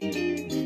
Música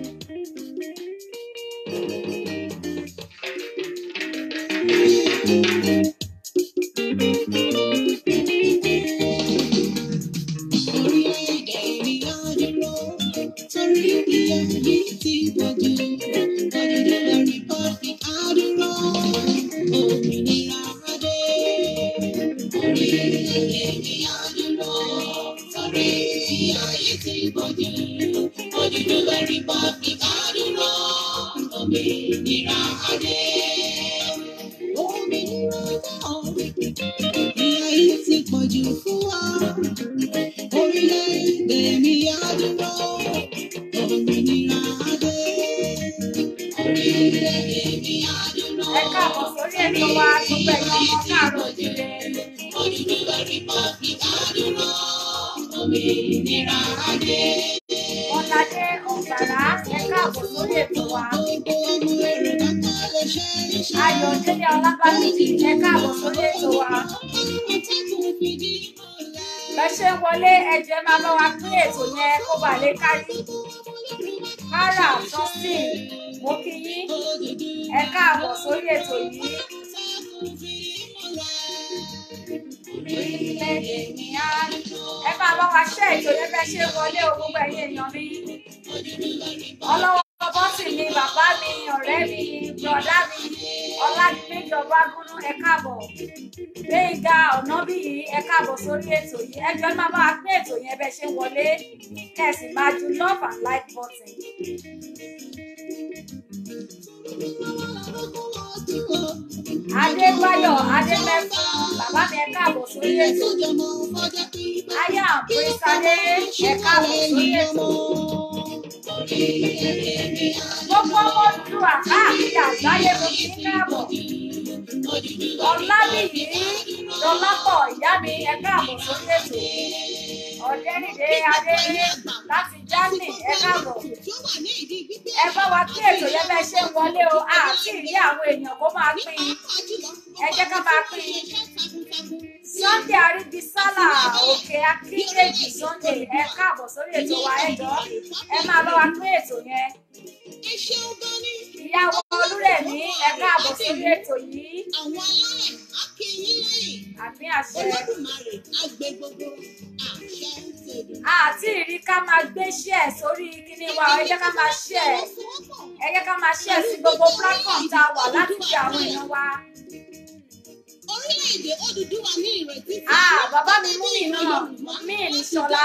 Ọ̀wágúnú ẹ káàbọ̀ Gbénga Ọ̀nàbíyì ẹ káàbọ̀ sórí ètò yìí ẹ jọ̀ọ́ ẹ máa bá wa pín ètò yẹn bẹ́ẹ̀ ṣe wọlé kẹ́ máa ju love and like button. Adébáyọ̀ Adémẹ́fọ́ bàbá mi ẹ káàbọ̀ sórí ètò ayé àpèsàdé ẹ káàbọ̀ sórí ètò gbogbo ọmọ Oòduà káàkiri àgbáyé mo ti ń káàbọ̀. Ọlábíyí Dọlápọ̀ ìyá mi ẹ̀ka àbọ̀sọ́ tètò. Ọ̀dẹ́nìdé Adé láti Germany ẹ̀ka àbọ̀. Ẹ bá wa kí ètò yẹn bẹ́ẹ̀ ṣe ń wọlé o, àti ìrí àwọn èèyàn kó máa pín in. Ẹ jẹ́ ká máa pín in. Sunday Aríbísálà òkè Akíndèjì Sunday ẹ̀ka àbọ̀sọ́ ètò wa ẹ̀jọ́. Ẹ máa bá wa pín ètò yẹn ìyàwó olúrẹ̀mí ẹ káàbọ̀ sórí ètò yìí. àwọn alárẹ̀ á kí yín lẹ́yìn. àmì àṣẹ. olódùmarè á gbé gbogbo àṣẹ ń àti ìrí ká máa gbé share sórí kíní wa ẹ jẹ́ ká máa share ẹ jẹ́ ká máa share sí gbogbo platform tá a wà láti fi àwọn èèyàn wa orílẹ̀-èdè Odùduwà ní ìrètí. Ah, bàbá mi mú mi náà mí ní sọlá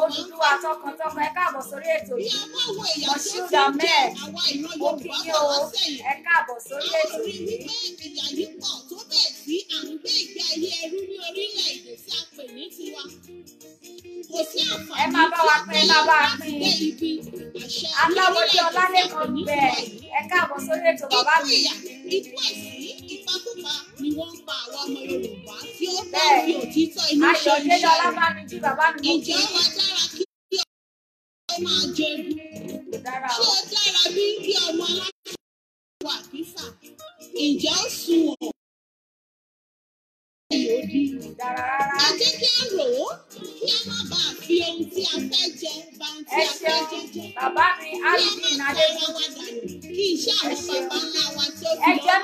Odùduwà tọkàntọkàn ẹ káàbọ̀ sórí ètò yìí ọ̀ṣúdà mẹ́ẹ̀ mo kí yín o ẹ káàbọ̀ sórí ètò yìí. ìyá yìí pọ̀ tó bẹ̀ sí à ń gbé ìgbé ayé ẹrú ní pín in láti dé ibi ẹ káàbọ̀ sórí ètò bàbá mi ni wọ́n pa àwọn ọmọ Yorùbá tí ó bá fi òtítọ́ inú ṣe iṣẹ́ ìjọ wa dára kí ó máa jẹun ṣé ó dára bí kí ọmọ aláṣẹ wà pífà ǹjẹ́ ó sunwọ̀n yóò bàbá mi alvin adébúlù kí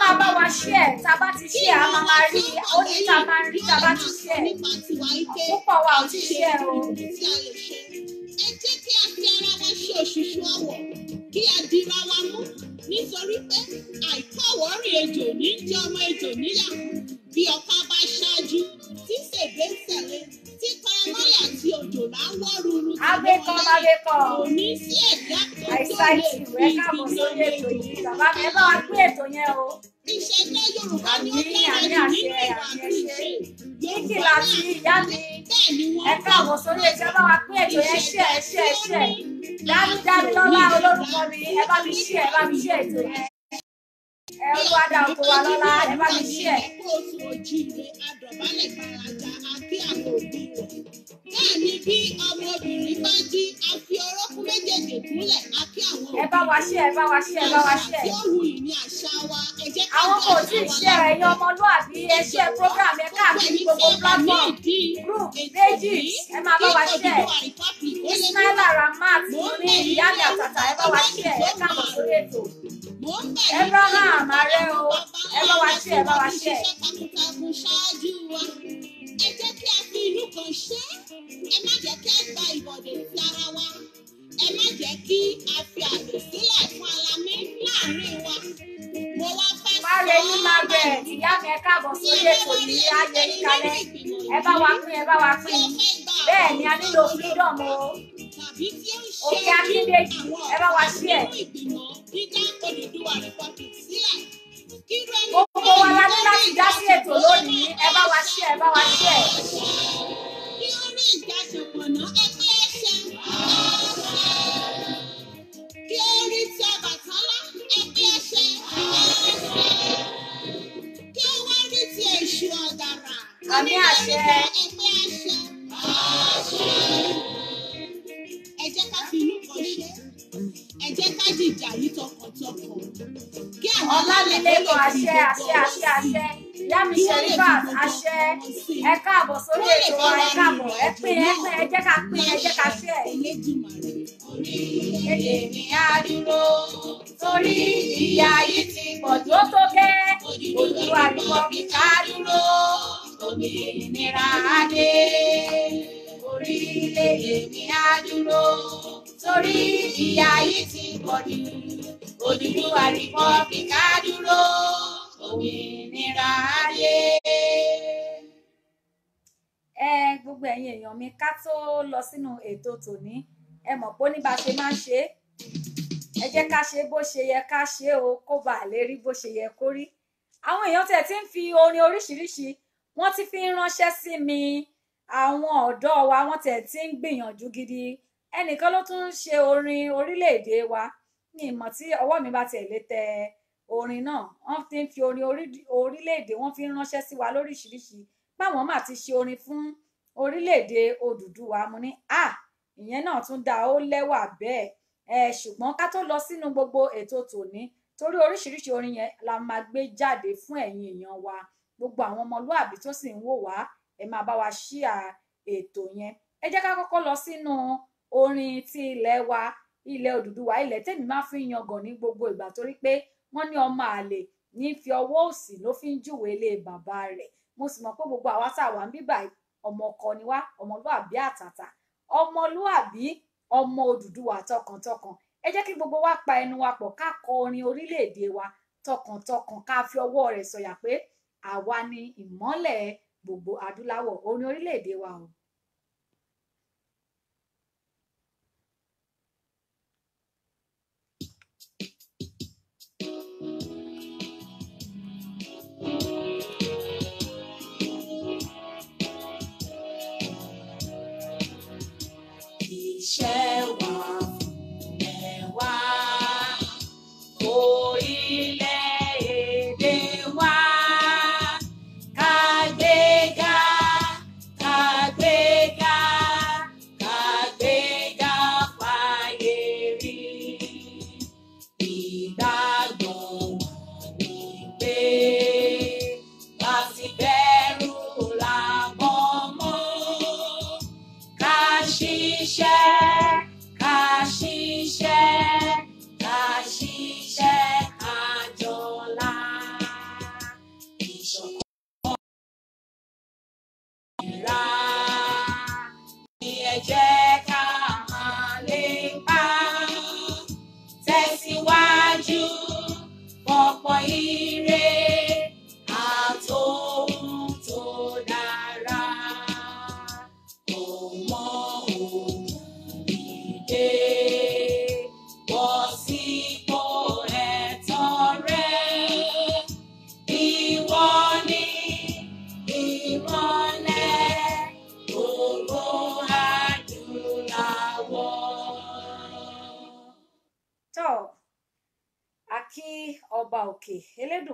máa bá wa ṣí ẹ̀ tá a bá ti ṣí ẹ̀ a máa máa rí ó ní tá máa rí tá a bá ti ṣí ẹ̀ púpọ̀ wa ò ti ṣí ẹ̀ o ẹ jẹ́ kí a fi ara wa ṣe òṣùṣù ọwọ̀ kí a dira wa mú nítorí pé àìkọ́wọ́rì ejò ní í jẹ́ ọmọ ejò níyà bí ọ̀pá bá ṣáájú tí sèbé ń tẹ̀lé tí paramọ́lẹ̀ àti òjòlá wọ́ ruru tó wọlé kò ní sí ẹ̀dá tó tó lè fi ìgbìyànjú ètò yìí ìṣẹ̀lẹ̀ Yorùbá ni ó lẹ́rẹ̀ jù nínú ìwà àtúnṣe. Yìí láti ìyá mi. Ẹ sórí ẹ̀ṣẹ̀ bá wa pé ètò yẹn ṣẹ̀ ẹ̀ṣẹ̀ ẹ̀ṣẹ̀. Dájúdájú lọ́lá olórúkọ mi, ẹ bá mi ṣe ẹ bá mi ṣe ètò yẹn ẹ olúwa dá oko wa lọ́lá ẹ bá mi ṣí ẹ. kóòtù òjìlè adọ̀bálẹ̀ gbàràjà àti àwọn ni bí ọmọbìnrin bá jí a fi orókún méjèèjì kúnlẹ̀ a kí àwọn òbí. ẹ bá wa ṣe ẹ bá wa ṣe ẹ bá wa ṣe. àṣà tí àwọn kò tí ì ṣe ẹ̀yin ọmọlúàbí ẹ ṣe program ẹ káàkiri gbogbo platform group méjì ẹ máa bá wa ṣe ẹ ismaila ramat ní ìyá mi àtàtà ẹ bá wa ṣe ẹ káàmọ̀ sórí ètò ẹ bá hàn àmàrẹ o ẹ bá wa ṣe ẹ bá wa ṣe. ẹ jẹ́ kí a fi inú kan ṣe ẹ má jẹ́ kí a gba ìbọ̀dé sí ara wa ẹ má jẹ́ kí a fi àmì sílẹ̀ fún alamí láàrin wa. mo wá fẹ́ sọ ọ́ Fáre ní máa bẹ̀rẹ̀ ìyá mi ẹ káàbọ̀ sórí ètò yìí ajé ìkàlẹ̀ ẹ bá wa pín ẹ bá wa pín bẹ́ẹ̀ ni a nílò freedom o òkè akíndéjì ẹ bá wa ṣí ẹ̀ dídá Odùduwà republic sílẹ̀. gbogbo wa la ní láti dá sí ètò lónìí ẹ bá wa ṣe ẹ bá wa ṣe. kí ó rí ìjàṣepọ̀ náà ẹgbẹ́ ẹ̀ṣẹ̀ kí ó rí ti Ọbàtálá ẹgbẹ́ ẹ̀ṣẹ̀ kí ó wá rí ti Èṣù Ọ̀dàrà àmì àṣẹ ẹgbẹ́ ẹ̀ṣẹ̀. ẹ jẹ́ ká fi inú kan ṣe ẹ jẹ́ ká jìjà yìí tọkàntọkàn. kí àwọn ọlálẹ́lẹ́kọ̀ àṣẹ àṣẹ àṣẹ àṣẹ ìyá mi ṣẹlífà àṣẹ ẹ káàbọ̀ sórí ètò wa ẹ káàbọ̀ ẹ pín ẹ pín ẹ jẹ́ ká pín ẹ jẹ́ ká ṣẹ́ ẹ. èmi á dúró torí ìyà yìí ti pọ̀ ó tó gẹ́ ojú àdúgbò mi ká dúró òmìnira á dé orílẹ̀-èdè mi á dúró torí ìyà yìí ti pọ̀ jù Odùduwà republic á dúró òmìnira ayé. ẹ gbogbo ẹ̀yin èèyàn mi ká tó lọ sínú ètò tòní ẹ mọ̀ pé ó ní bá ṣe máa ṣe é ẹ jẹ́ ká ṣe bó ṣe yẹ ká ṣe o kó bàa lè rí bó ṣe yẹ kó rí àwọn èèyàn tẹ̀ ti ń fi orin oríṣiríṣi wọ́n ti fi ń ránṣẹ́ sí mi àwọn ọ̀dọ́ wa wọ́n tẹ̀ ti ń gbìyànjú gidi ẹnìkan ló tún ń ṣe orin orílẹ̀-èdè wa ní ìmọ̀ tí ọwọ́ mi bá tẹ̀ lé tẹ orin náà wọ́n ti ń fi orin orílẹ̀-èdè wọ́n fi ń ránṣẹ́ sí wa lóríṣiríṣi báwọn mà ti ṣe orin fún orílẹ̀-èdè Odùduwà mo ní à ìyẹn náà tún dáa ó lẹ́wà bẹ́ẹ̀ ẹ ṣùgbọ́n ká tó lọ sínú gbogbo ètò tòní torí oríṣiríṣi orin yẹn la máa gbé jáde fún ẹ̀yin èèyàn wa gbogbo àwọn ọmọlúàbí tó sì ń wò wá ẹ máa bá wa ṣíà ètò yẹn ẹ jẹ́ ká kọ́kọ́ lọ sínú orin ti ilẹ̀ wa ilẹ̀ Odùduwà ilẹ̀ tèmi máa fi ń yangàn ní gbogbo ìgbà torí pé wọ́n ní ọmọ àlè ní fi ọwọ́ òsì ló fi ń júwèé ilé bàbá rẹ̀ mo sì mọ̀ pé gbogbo àwa tá a wà ń bíbà ọmọ ọkọ ni wá ọmọlúàbí àtàtà ọmọlúàbí ọmọ Odùduwà tọkàntọkàn ẹ jẹ́ kí gbogbo wa pa ẹnu wa pọ̀ ká kọ orin orílẹ̀-èdè wa tọkàntọkàn ká fi ọwọ́ rẹ̀ sọ̀yà pé àwa ni ìmọ́lẹ̀ gbogbo adúláwọ̀ òun ni orílẹ̀-èdè wa o. share.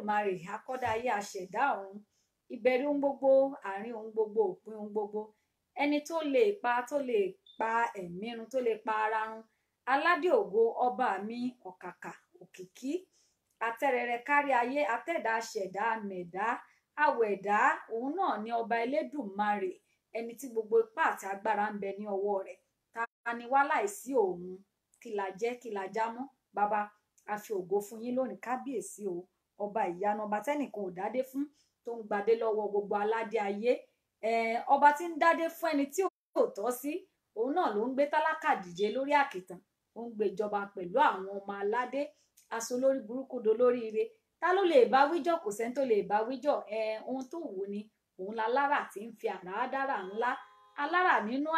elédùnmarè akọ́dáyé aṣẹ̀dá ọ̀run ìbẹ̀rẹ̀ ohun gbogbo àárín ohun gbogbo òpin ohun gbogbo ẹni tó lè pa tó lè pa ẹ̀mí run tó lè pa ara run aládé ọba mi ọ̀kàkà òkìkí atẹ́rẹrẹ kárí ayé atẹ́dá aṣẹ̀dá mẹ̀dá awẹ̀dá òun náà ni ọba elédùnmarè ẹni tí gbogbo ipá àti agbára ń bẹ ní ọwọ́ rẹ̀ ta ni wá láìsí òun kí la jẹ́ kí bàbá a fi ògo fún yín lónìí kábíyèsí o. ọba ìyanu ọba tẹ́nìkan ò dádé fún tó ń gbadé lọ́wọ́ gbogbo aládé ayé ọba tí ń dádé fún ẹni tí ò tọ́ sí òun náà ló ń gbé tálákà dìje lórí àkìtàn ó ń gbé ìjọba pẹ̀lú àwọn ọmọ aládé aṣọ lórí burúkú ta ló lè bá wíjọ kò sẹ́ni lè bá wíjọ ohun tó wù ni òun la lára ń fi nínú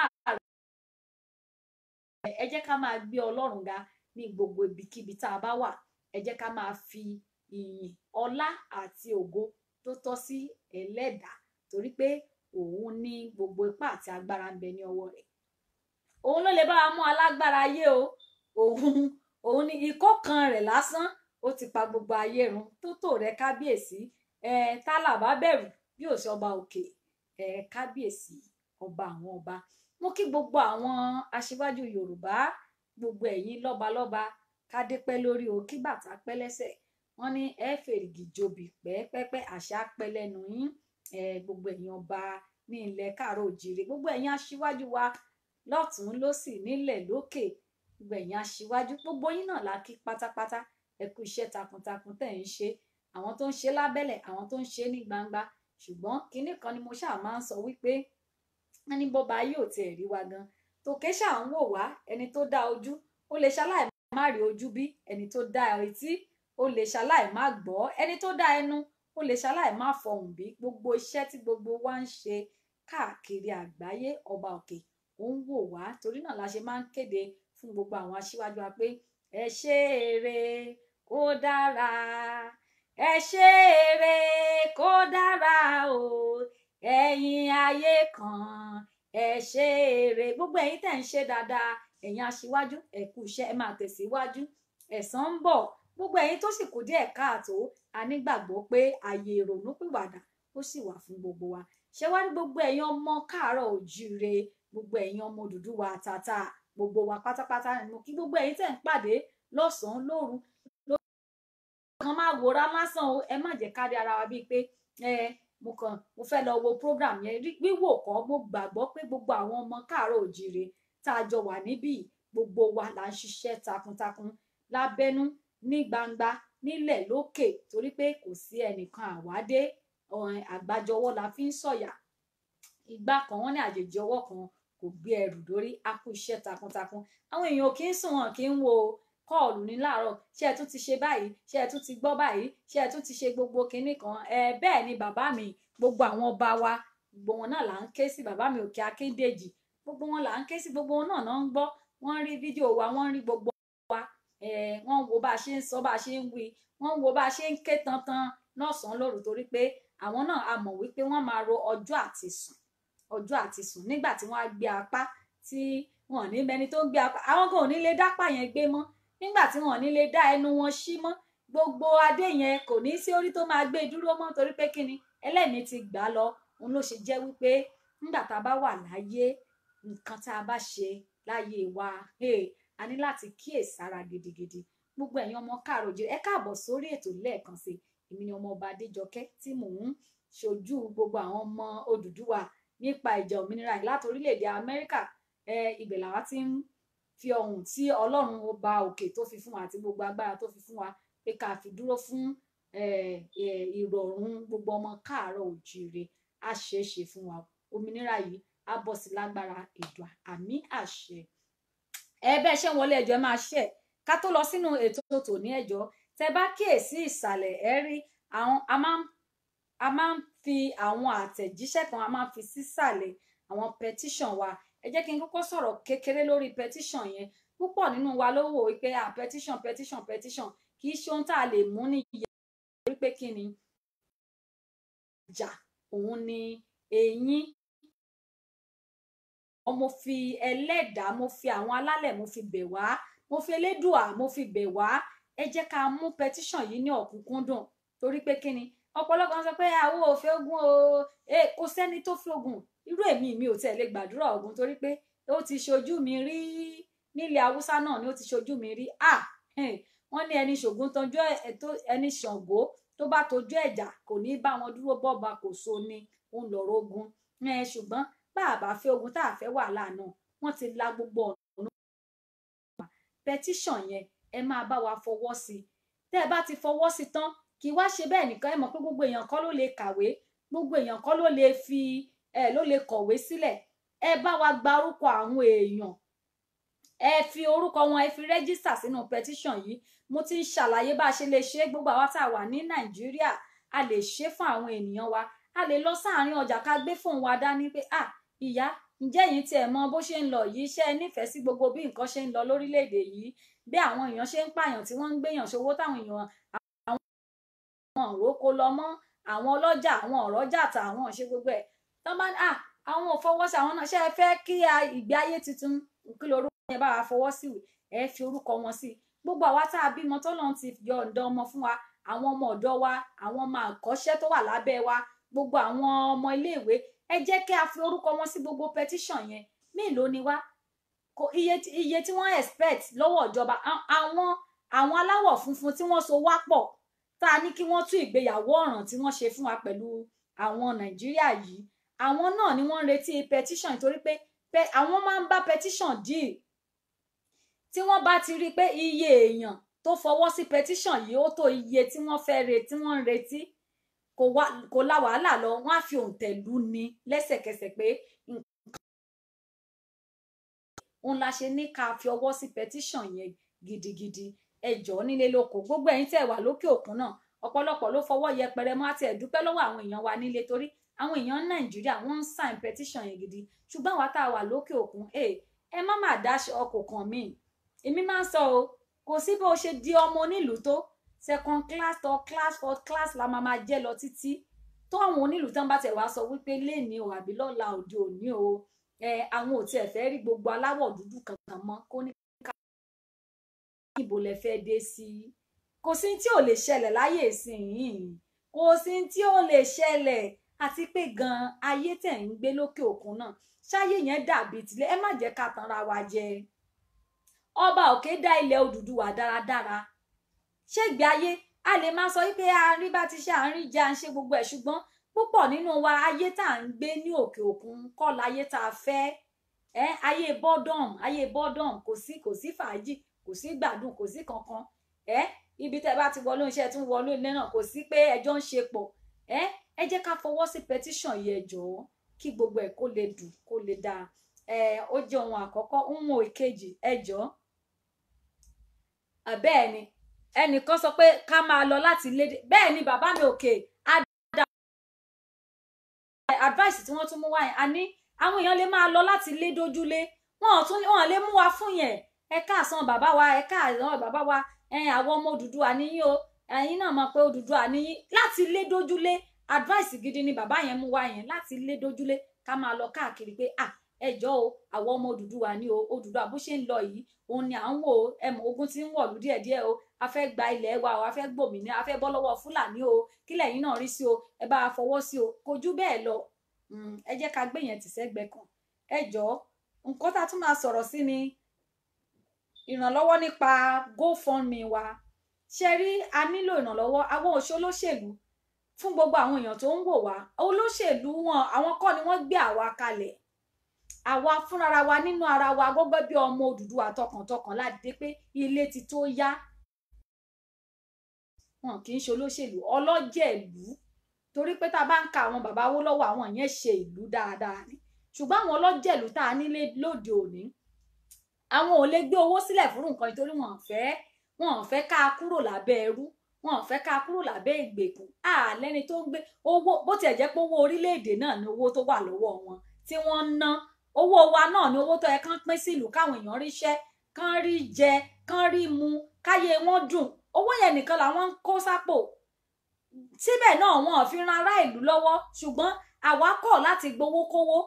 ẹ jẹ́ ká máa gbé ọlọ́run ga ní ìyìn ọlá àti ògo tó tọ́ sí ẹlẹ́dàá torí pé òun ní gbogbo ipá àti agbára ń bẹ ní ọwọ́ rẹ̀ òun ló lè bá mú alágbára ayé o òun òun ni ikọ́ kan rẹ̀ lásán ó ti pa gbogbo ayé run tó tò rẹ kábíyèsí ẹ tálà bá bẹ̀rù bí ò sí ọba òkè ẹ kábíyèsí ọba àwọn ọba mo kí gbogbo àwọn aṣíwájú yorùbá gbogbo ẹ̀yin lọ́balọ́ba kádé lórí o kí bàtà pẹ́ lẹ́sẹ̀ wọ́n ní ẹ fèrègì jobi pẹ́ẹ́pẹ́pẹ́ àṣà pẹ́ lẹ́nu yín gbogbo èèyàn ọba ní ilẹ̀ káàárọ̀ òjìrì gbogbo ẹ̀yin aṣíwájú wa lọ́tún lósì nílẹ̀ lókè gbogbo ẹ̀yin aṣíwájú gbogbo yín náà la kí pátápátá ẹ kú iṣẹ́ takuntakun tẹ̀ ń ṣe àwọn tó ń ṣe lábẹ́lẹ̀ àwọn tó ń ṣe ní gbangba ṣùgbọ́n kinní kan ni mo ṣáà máa ń sọ wípé wọ́n ní bọ́ba yìí ò tiẹ̀ rí wa gan tòkè ṣáà ń wò wá ẹni tó dá ojú ó lè ṣaláì má rí ojú bí ẹni tó dá etí o lè ṣaláì má gbọ́ ẹni tó dá ẹnu o lè ṣaláì má fọhùn bí gbogbo iṣẹ́ tí gbogbo wa ń ṣe káàkiri àgbáyé ọba òkè ó ń wò wá torí náà la ṣe máa ń kéde fún gbogbo àwọn aṣíwájú wa pé ẹ ṣe eré kó dára ẹ ṣe eré kó dára o ẹ̀yin ayé kan ẹ ṣe eré gbogbo ẹ̀yin tẹ́ ń ṣe dáadáa ẹ̀yin aṣíwájú ẹ iṣẹ́ ẹ máa tẹ̀síwájú ẹ̀san ń bọ̀ gbogbo ẹ̀yin tó sì kù díẹ̀ káàtó a nígbàgbọ́ pé ààyè ìrònúpìwàdà ó sì wà fún gbogbo wa ṣé wá ní gbogbo ẹ̀yin ọmọ káàárọ̀ òjíire gbogbo ẹ̀yin ọmọ dúdú wa tata gbogbo wa pátápátá ni mo kí gbogbo ẹ̀yin tẹ̀ ń pàdé lọ́sàn-án lóru lórí kan máa wòra lásán o ẹ má jẹ́ kárí ara wa bíi pé ẹ mo kàn mo fẹ́ lọ wo program yẹn wíwò kọ́ mo gbàgbọ́ pé gbogbo àwọn ọmọ káàárọ̀ òjíire tá a jọ wà níbí gbogbo wa là ń ṣiṣẹ́ takuntakun lábẹ́nú ní gbangba nílẹ̀ lókè torí pé kò sí ẹnìkan àwádé àgbájọwọ́ la fi ń sọ̀yà ìgbà kan wọ́n ní àjèjì ọwọ́ kan kò gbé ẹrù dórí a kú iṣẹ́ takuntakun àwọn èèyàn kì í sùn wọn kì í wo kọ́ọ̀lù ní láàárọ̀ ṣé ẹ tún ti ṣe báyìí ṣé ẹ tún ti gbọ́ báyìí ṣé ẹ tún ti ṣe gbogbo kinní kan ẹ bẹ́ẹ̀ ni bàbá mi gbogbo àwọn ọba wa gbogbo wọn náà là ń ké sí bàbá mi òkè akíndèjì gbogbo wọn là ń ké sí gbogbo wọn náà náà ń gbọ́ wọ́n ń rí fídíò wa wọ́n ń rí gbogbo Eh, wọ́n ń wo bá a ṣe ń sọ bá a ṣe ń wí wọ́n ń wo bá a ṣe ń ké tantan lọ́sàn-án lóru torí pé àwọn náà a mọ̀ wípé wọ́n máa ro ọjọ́ àti sùn ọjọ́ àti sùn nígbà tí wọ́n á gbé apá tí wọn ò ní mẹni tó ń gbé apá àwọn kan ò ní lè dápá yẹn gbé mọ́ nígbà tí wọn ò ní lè dá ẹnu wọn ṣí mọ́ gbogbo adé yẹn kò ní sí orí tó máa gbé dúró mọ́ torí pé kí ẹlẹ́mìí ti gbà lọ òun ló ṣe jẹ́ wípé nígbà tá a bá wà láyé nǹkan tá a bá ṣe láyé wa eh, a ní láti kíyèsára gidigidi gbogbo ẹ̀yin ọmọ káàrọ̀ oòjíire ẹ káàbọ̀ sórí ètò lẹ́ẹ̀kan sí èmi ni ọmọ ọba adéjọkẹ́ tí mò ń ṣojú gbogbo àwọn ọmọ Odùduwà nípa ìjà òmìnira yìí láti orílẹ̀-èdè Amẹ́ríkà ibẹ̀ làwa ti ń fi ohun tí ọlọ́run ọba òkè tó fi fún wa àti gbogbo agbára tó fi fún wa pé ká fi dúró fún ìrọ̀rùn gbogbo ọmọ káàárọ̀ oòjíire á fún wa òmìnira yìí á bọ̀ sí lágbára èdùà àmì àṣẹ ẹ bẹ́ẹ̀ ṣe ń wọlé ẹjọ́ ẹ máa ṣẹ̀ ká tó lọ sínú ètò tòní ẹjọ́ tẹ bá kíyèsí ìsàlẹ̀ ẹ rí àwọn a máa a máa ń fi àwọn àtẹ̀jíṣẹ́ kan a máa ń fi sísàlẹ̀ àwọn petition wa ẹ jẹ́ kí n kọ́kọ́ sọ̀rọ̀ kékeré lórí petition yẹn púpọ̀ nínú wa ló wò wípé à petition petition petition kì í ṣe ohun tá a lè mú ní iye wípé kí ni ìjà òun ni eyín mo fi ẹlẹ́dàá mo fi àwọn alálẹ̀ mo fi bẹ̀ wá mo fi elédùà mo fi bẹ̀ wá ẹ jẹ́ ká mú petition yìí ní ọ̀kúnkúndùn torí pé kí ni ọ̀pọ̀lọpọ̀ sọ pé àwọn ò fẹ́ ogun o kò sẹ́ni tó fògùn irú èmi mi ò tẹ̀lé gbàdúrà ogun torí pé ó ti ṣojú mi rí nílẹ̀ haúsá náà ni ó ti ṣojú mi rí à wọ́n ní ẹni ṣògùn tọjú ẹni ṣàngó tó bá tọ́jú ẹ̀jà kò ní bá wọn dúró bọ́ba kò so ni òun lọ̀rọ̀ ogun ṣùgbọ́n bá a bá fẹ́ ogun tá a fẹ́ wàhálà náà wọ́n ti la gbogbo ọ̀nà ọ̀nà yẹn ẹ máa bá wa fọwọ́ sí i tẹ́ ẹ bá ti fọwọ́ sí i tán kì í wá ṣe bẹ́ẹ̀ nìkan ẹ mọ̀ pé gbogbo èèyàn kọ́ ló lè kàwé gbogbo èèyàn kọ́ ló lè fi ẹ ló lè kọ̀wé sílẹ̀ ẹ bá wa gba orúkọ àwọn èèyàn ẹ fi orúkọ wọn ẹ fi rẹ́gísítà sínú petition yìí mo ti ń ṣàlàyé bá a ṣe lè ṣe gbogbo àwa tá a wà ní nàìjíríà a lè ṣe fún àwọn ènìyàn wa a lè lọ sáàárín ọjà ká gbé fóun wa dání pé ah ìyá ǹjẹ́ yìí tiẹ̀ mọ bó ṣe ń lọ yìí ṣe nífẹ̀ẹ́ sí gbogbo bí nǹkan ṣe ń lọ lórílẹ̀‐èdè yìí bí àwọn èèyàn ṣe ń pààyàn tí wọ́n ń gbéyàn ṣòwò táwọn èèyàn àwọn òrókó lọ mọ́ àwọn ọlọ́jà àwọn ọ̀rọ́jà tà àwọn ṣe gbogbo ẹ̀ tán bá à àwọn ò fọwọ́ sí àwọn náà ṣe é fẹ́ kí ìgbé ayé tuntun kí lorúkọ yẹn bá wa fọwọ́ sí ẹ fi orúkọ wọn sí gbogbo àwa tá a bímọ tọ́lọ́run ti yọ ọ̀dọ́ ọmọ fún wa àwọn ọmọ ọ̀dọ́ wa àwọn ọmọ àkọ́ṣẹ́ tó wà lábẹ́ wa gbogbo àwọn ọmọ iléèwé ẹ jẹ́ kí a fi orúkọ wọn sí gbogbo petition yẹn mélòó ni wá iye tí wọ́n expect lọ́wọ́ ìjọba àwọn àwọn aláwọ̀ funfun tí wọ́n so wá pọ̀ tá a ní kí wọ́n tún ìgbéyàwó ọ̀ràn tí wọ́n ṣe fún wa pẹ̀lú àwọn nàìjíríà yìí àwọn náà ni wọ́n ń retí petition nítorí pé àwọn máa ń bá petition deal tí wọ́n bá ti rí i pé iye èèyàn tó fọwọ́ sí petition yìí ó tó iye tí wọ́n fẹ́ retí wọ́n ń retí kò wá kò la wàhálà lọ wọn á fi òǹtẹ̀ lù ní lẹ́sẹ̀kẹsẹ̀ pé nǹkan la ṣe ní ká fi ọwọ́ sí petition yẹn gidigidi ẹjọ́ nílé lóko gbogbo ẹ̀yin tẹ́ wà lókè òkun náà ọ̀pọ̀lọpọ̀ ló fọwọ́ yẹpẹrẹ mọ́ àti ẹ̀dúpẹ́ lọ́wọ́ àwọn èèyàn wa nílé torí àwọn èèyàn nàìjíríà wọ́n ń sign petition yẹn gidi ṣùgbọ́n àwa tá a wà lókè òkun ẹ eh, ẹ má má dáṣọ ọkọ̀ kan míì èmi máa ń sọ o kò sí bó ṣe di ọmọ onílùú tó second class third class fourth class la máa máa jẹ́ lọ títí tó àwọn onílù tán bá tẹ̀ wá sọ wípé léèní o àbí lọ́la òde òní o àwọn ò tiẹ̀ fẹ́ rí gbogbo aláwọ̀ dúdú kankan mọ́ kó ní ká ìbò lẹ fẹ́ dé sí i kò sí tí ò lè ṣẹlẹ̀ láyé ìsinyìí kò sí tí ò lè ṣẹlẹ̀ àti pé gan-an ayé tẹ̀ ń gbé lókè òkun náà ṣáyé yẹn dàbí tilẹ̀ ẹ má jẹ́ ká tanra wa jẹ ọba òkè dá ilẹ̀ Odùduwà dáradára ṣègbè ayé a lè máa sọ wípé a ń rí bá ti ṣe à ń rí jẹ à ń ṣe gbogbo ẹ̀ ṣùgbọ́n púpọ̀ nínú wa ayé tá à ń gbé ní òkè òkun kọ́ láyé tá a fẹ́ ẹ ayé bọ́dọ̀m ayé bọ́dọ̀m kò sí kò sí fàájì kò sí gbádùn kò sí kankan ẹ ibi tẹ́ bá ti wọlé iṣẹ́ tún wọlé ilé náà kò sí pé ẹjọ́ ń ṣe pọ̀ ẹ ẹ jẹ́ ká fọwọ́ sí petition yìí ẹ kí gbogbo ẹ̀ kó lè dùn kó lè dáa ẹ ó jẹ́ ohun àkọ́kọ́ ohun èkejì ẹ jọ̀ọ́ àbẹ́ẹ̀ ni ẹnìkan sọ pé ká máa lọ láti ilé bẹ́ẹ̀ ni bàbá mi òkè àdá advice tí wọ́n tún mú wá yẹn a ní àwọn èèyàn lè máa lọ láti ilé dójúlé wọn tún wọn lè mú wa fún yẹn ẹ káàsán bàbá wa ẹ káàsán bàbá wa ẹ̀yin àwọn ọmọ Odùduwà níyìn o ẹ̀yin náà mọ̀ pé Odùduwà níyìn láti ilé dójúlé advice gidi ni bàbá yẹn mú wá yẹn láti ilé dójúlé ká máa lọ káàkiri pé ah ẹjọ́ o àwọn ọmọ Odùduwà ni o Odùduwà bó ṣe ń lọ yìí òun ni à ń wò ẹmọ ogun ti ń wọ̀lú díẹ̀díẹ̀ o a fẹ́ gba ilẹ̀ wa o a fẹ́ gbòmìnira a fẹ́ bọ́ lọ́wọ́ fúlàní o kílẹ̀ yín náà rí sí o ẹ bá a fọwọ́ sí o kò jù bẹ́ẹ̀ lọ hmm, ẹ jẹ́ ká gbé yẹn tì sẹ́gbẹ́ kan ẹ jọ nǹkan tá a tún máa sọ̀rọ̀ sí ni ìrànlọ́wọ́ nípa GoFundMe wa ṣe rí a nílò ìrànlọ́wọ́ àwọn òṣèlóṣèlú fún gbogbo àwọn èèyàn tó ń wò wá olóṣèlú wọn àwọn kọ́ ni wọ́n gbé àwa kalẹ̀ àwa fúnra wa nínú ara wa gbọ́gbẹ́ bí ọmọ Odùduwà tọkàntọkàn láti dé pé ilé ti tó yá wọn kì í ṣe olóṣèlú ọlọ́jẹ̀ ìlú torí pé tá a bá ń ka àwọn bàbá owó lọ́wọ́ àwọn yẹn ṣe ìlú dáadáa ni ṣùgbọ́n àwọn ọlọ́jẹ̀ ìlú tá a nílé lóde òní àwọn ò lè gbé owó sílẹ̀ fún nǹkan nítorí wọn fẹ́ wọn fẹ́ ká kúrò lábẹ́ ẹrú wọn fẹ́ ká kúrò lábẹ́ ìgbèkùn à lẹ́ni tó ń gbé owó bó tiẹ̀ jẹ́ pé owó orílẹ̀-èdè náà ni owó tó wà lọ́wọ́ wọn tí wọ́n ń ná owó wa náà ni owó tó yẹ kán pín sílùú káwọn èèyàn ríṣẹ́ kán rí jẹ kán rí mu káyé wọn dùn owó yẹn nìkan làwọn ń kó sápò síbẹ̀ náà wọn ò fi ran ará ìlú lọ́wọ́ ṣùgbọ́n àwa kọ̀ láti gbowó kówó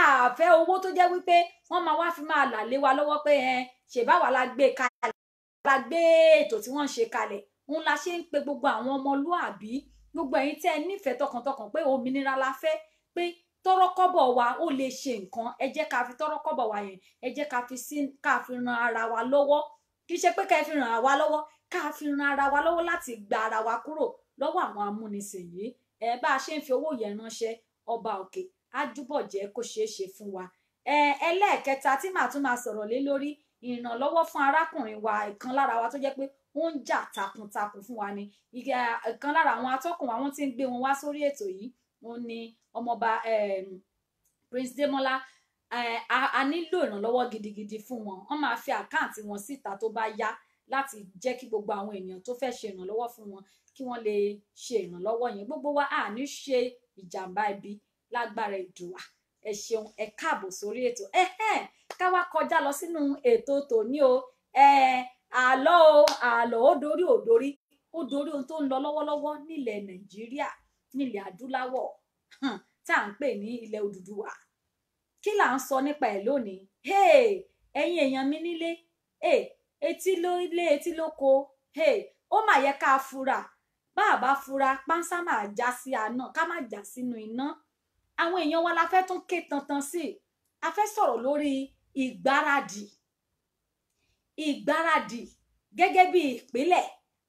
àfẹ́ owó tó jẹ́ wípé wọ́n máa wá fi máa là lé wa lọ́wọ́ pé ẹ ṣèbáwa la gbé kalẹ̀ la gbé ètò tí wọ́n ń ṣe kalẹ̀ òun la ṣe ń pe gbogbo àwọn ọmọlúàbí gbogbo ẹ̀yin tẹ́ ẹ nífẹ̀ẹ́ tọkàntọkàn pé òmìnira la fẹ́ pé tọrọkọ́bọ̀ wa ó lè ṣe nǹkan ẹ jẹ́ ká fi tọrọkọ́bọ̀ wa yẹn ẹ jẹ́ ká fi ran ara wa lọ́wọ́ kì í ṣe pé ká fi ràn wá lọ́wọ́ ká fi ran ara wa lọ́wọ́ láti gba ara wa kúrò lọ́wọ́ àwọn amúnisìn yìí ẹ bá a ṣe ń fi owó yẹn ránṣẹ́ ọba òkè á túbọ̀ jẹ́ kó ṣeé ṣe fún wa ẹ ẹlẹ́ẹ̀kẹta tí màá tún máa sọ̀rọ̀ lé lórí ìrànlọ́wọ́ fún arákùnrin wa ìkan lára wa tó jẹ́ pé ó ń jà takuntakun fún wa ni ìkan lára àwọn atọ́kùn wa wọ́n ti ń gbé wọn wá sórí ètò yìí wọ́n ní ọmọọba Prince Demola a nílò ìrànlọ́wọ́ gidigidi fún wọn wọ́n máa fi àkáǹtì wọn síta tó bá yá láti jẹ́ kí gbogbo àwọn ènìyàn tó fẹ́ ṣe ìrànlọ́wọ́ fún wọn kí wọ́n lè ṣe ìrànlọ́wọ́ yẹn gbogbo wa à ní ṣe ìjàmbá ibi lágbára ìdùwà ẹ ṣeun ẹ káàbọ̀ sórí ètò ẹ ẹ ká wá kọjá lọ sínú ètò tòní o ẹ àlọ́ o àlọ́ ó dorí ò dorí ó dorí ohun tó ń lọ lọ́wọ́lọ́wọ́ nílẹ̀ nàìjíríà nílẹ̀ adúláwọ̀ tá à ń pè ní ilẹ̀ Odùduwà kí là ń sọ nípa ẹ̀ lónìí ẹ̀yin èèyàn mi nílé etí ló lé etí lóko ó mà yẹ ká fura bá a bá fura pánsá máa já sí àná ká má já sínú iná àwọn èèyàn wa la fẹ́ tún ké tantan sí i a fẹ́ sọ̀rọ̀ lórí ìgbáradì ìgbáradì gẹ́gẹ́ bí ìpínlẹ̀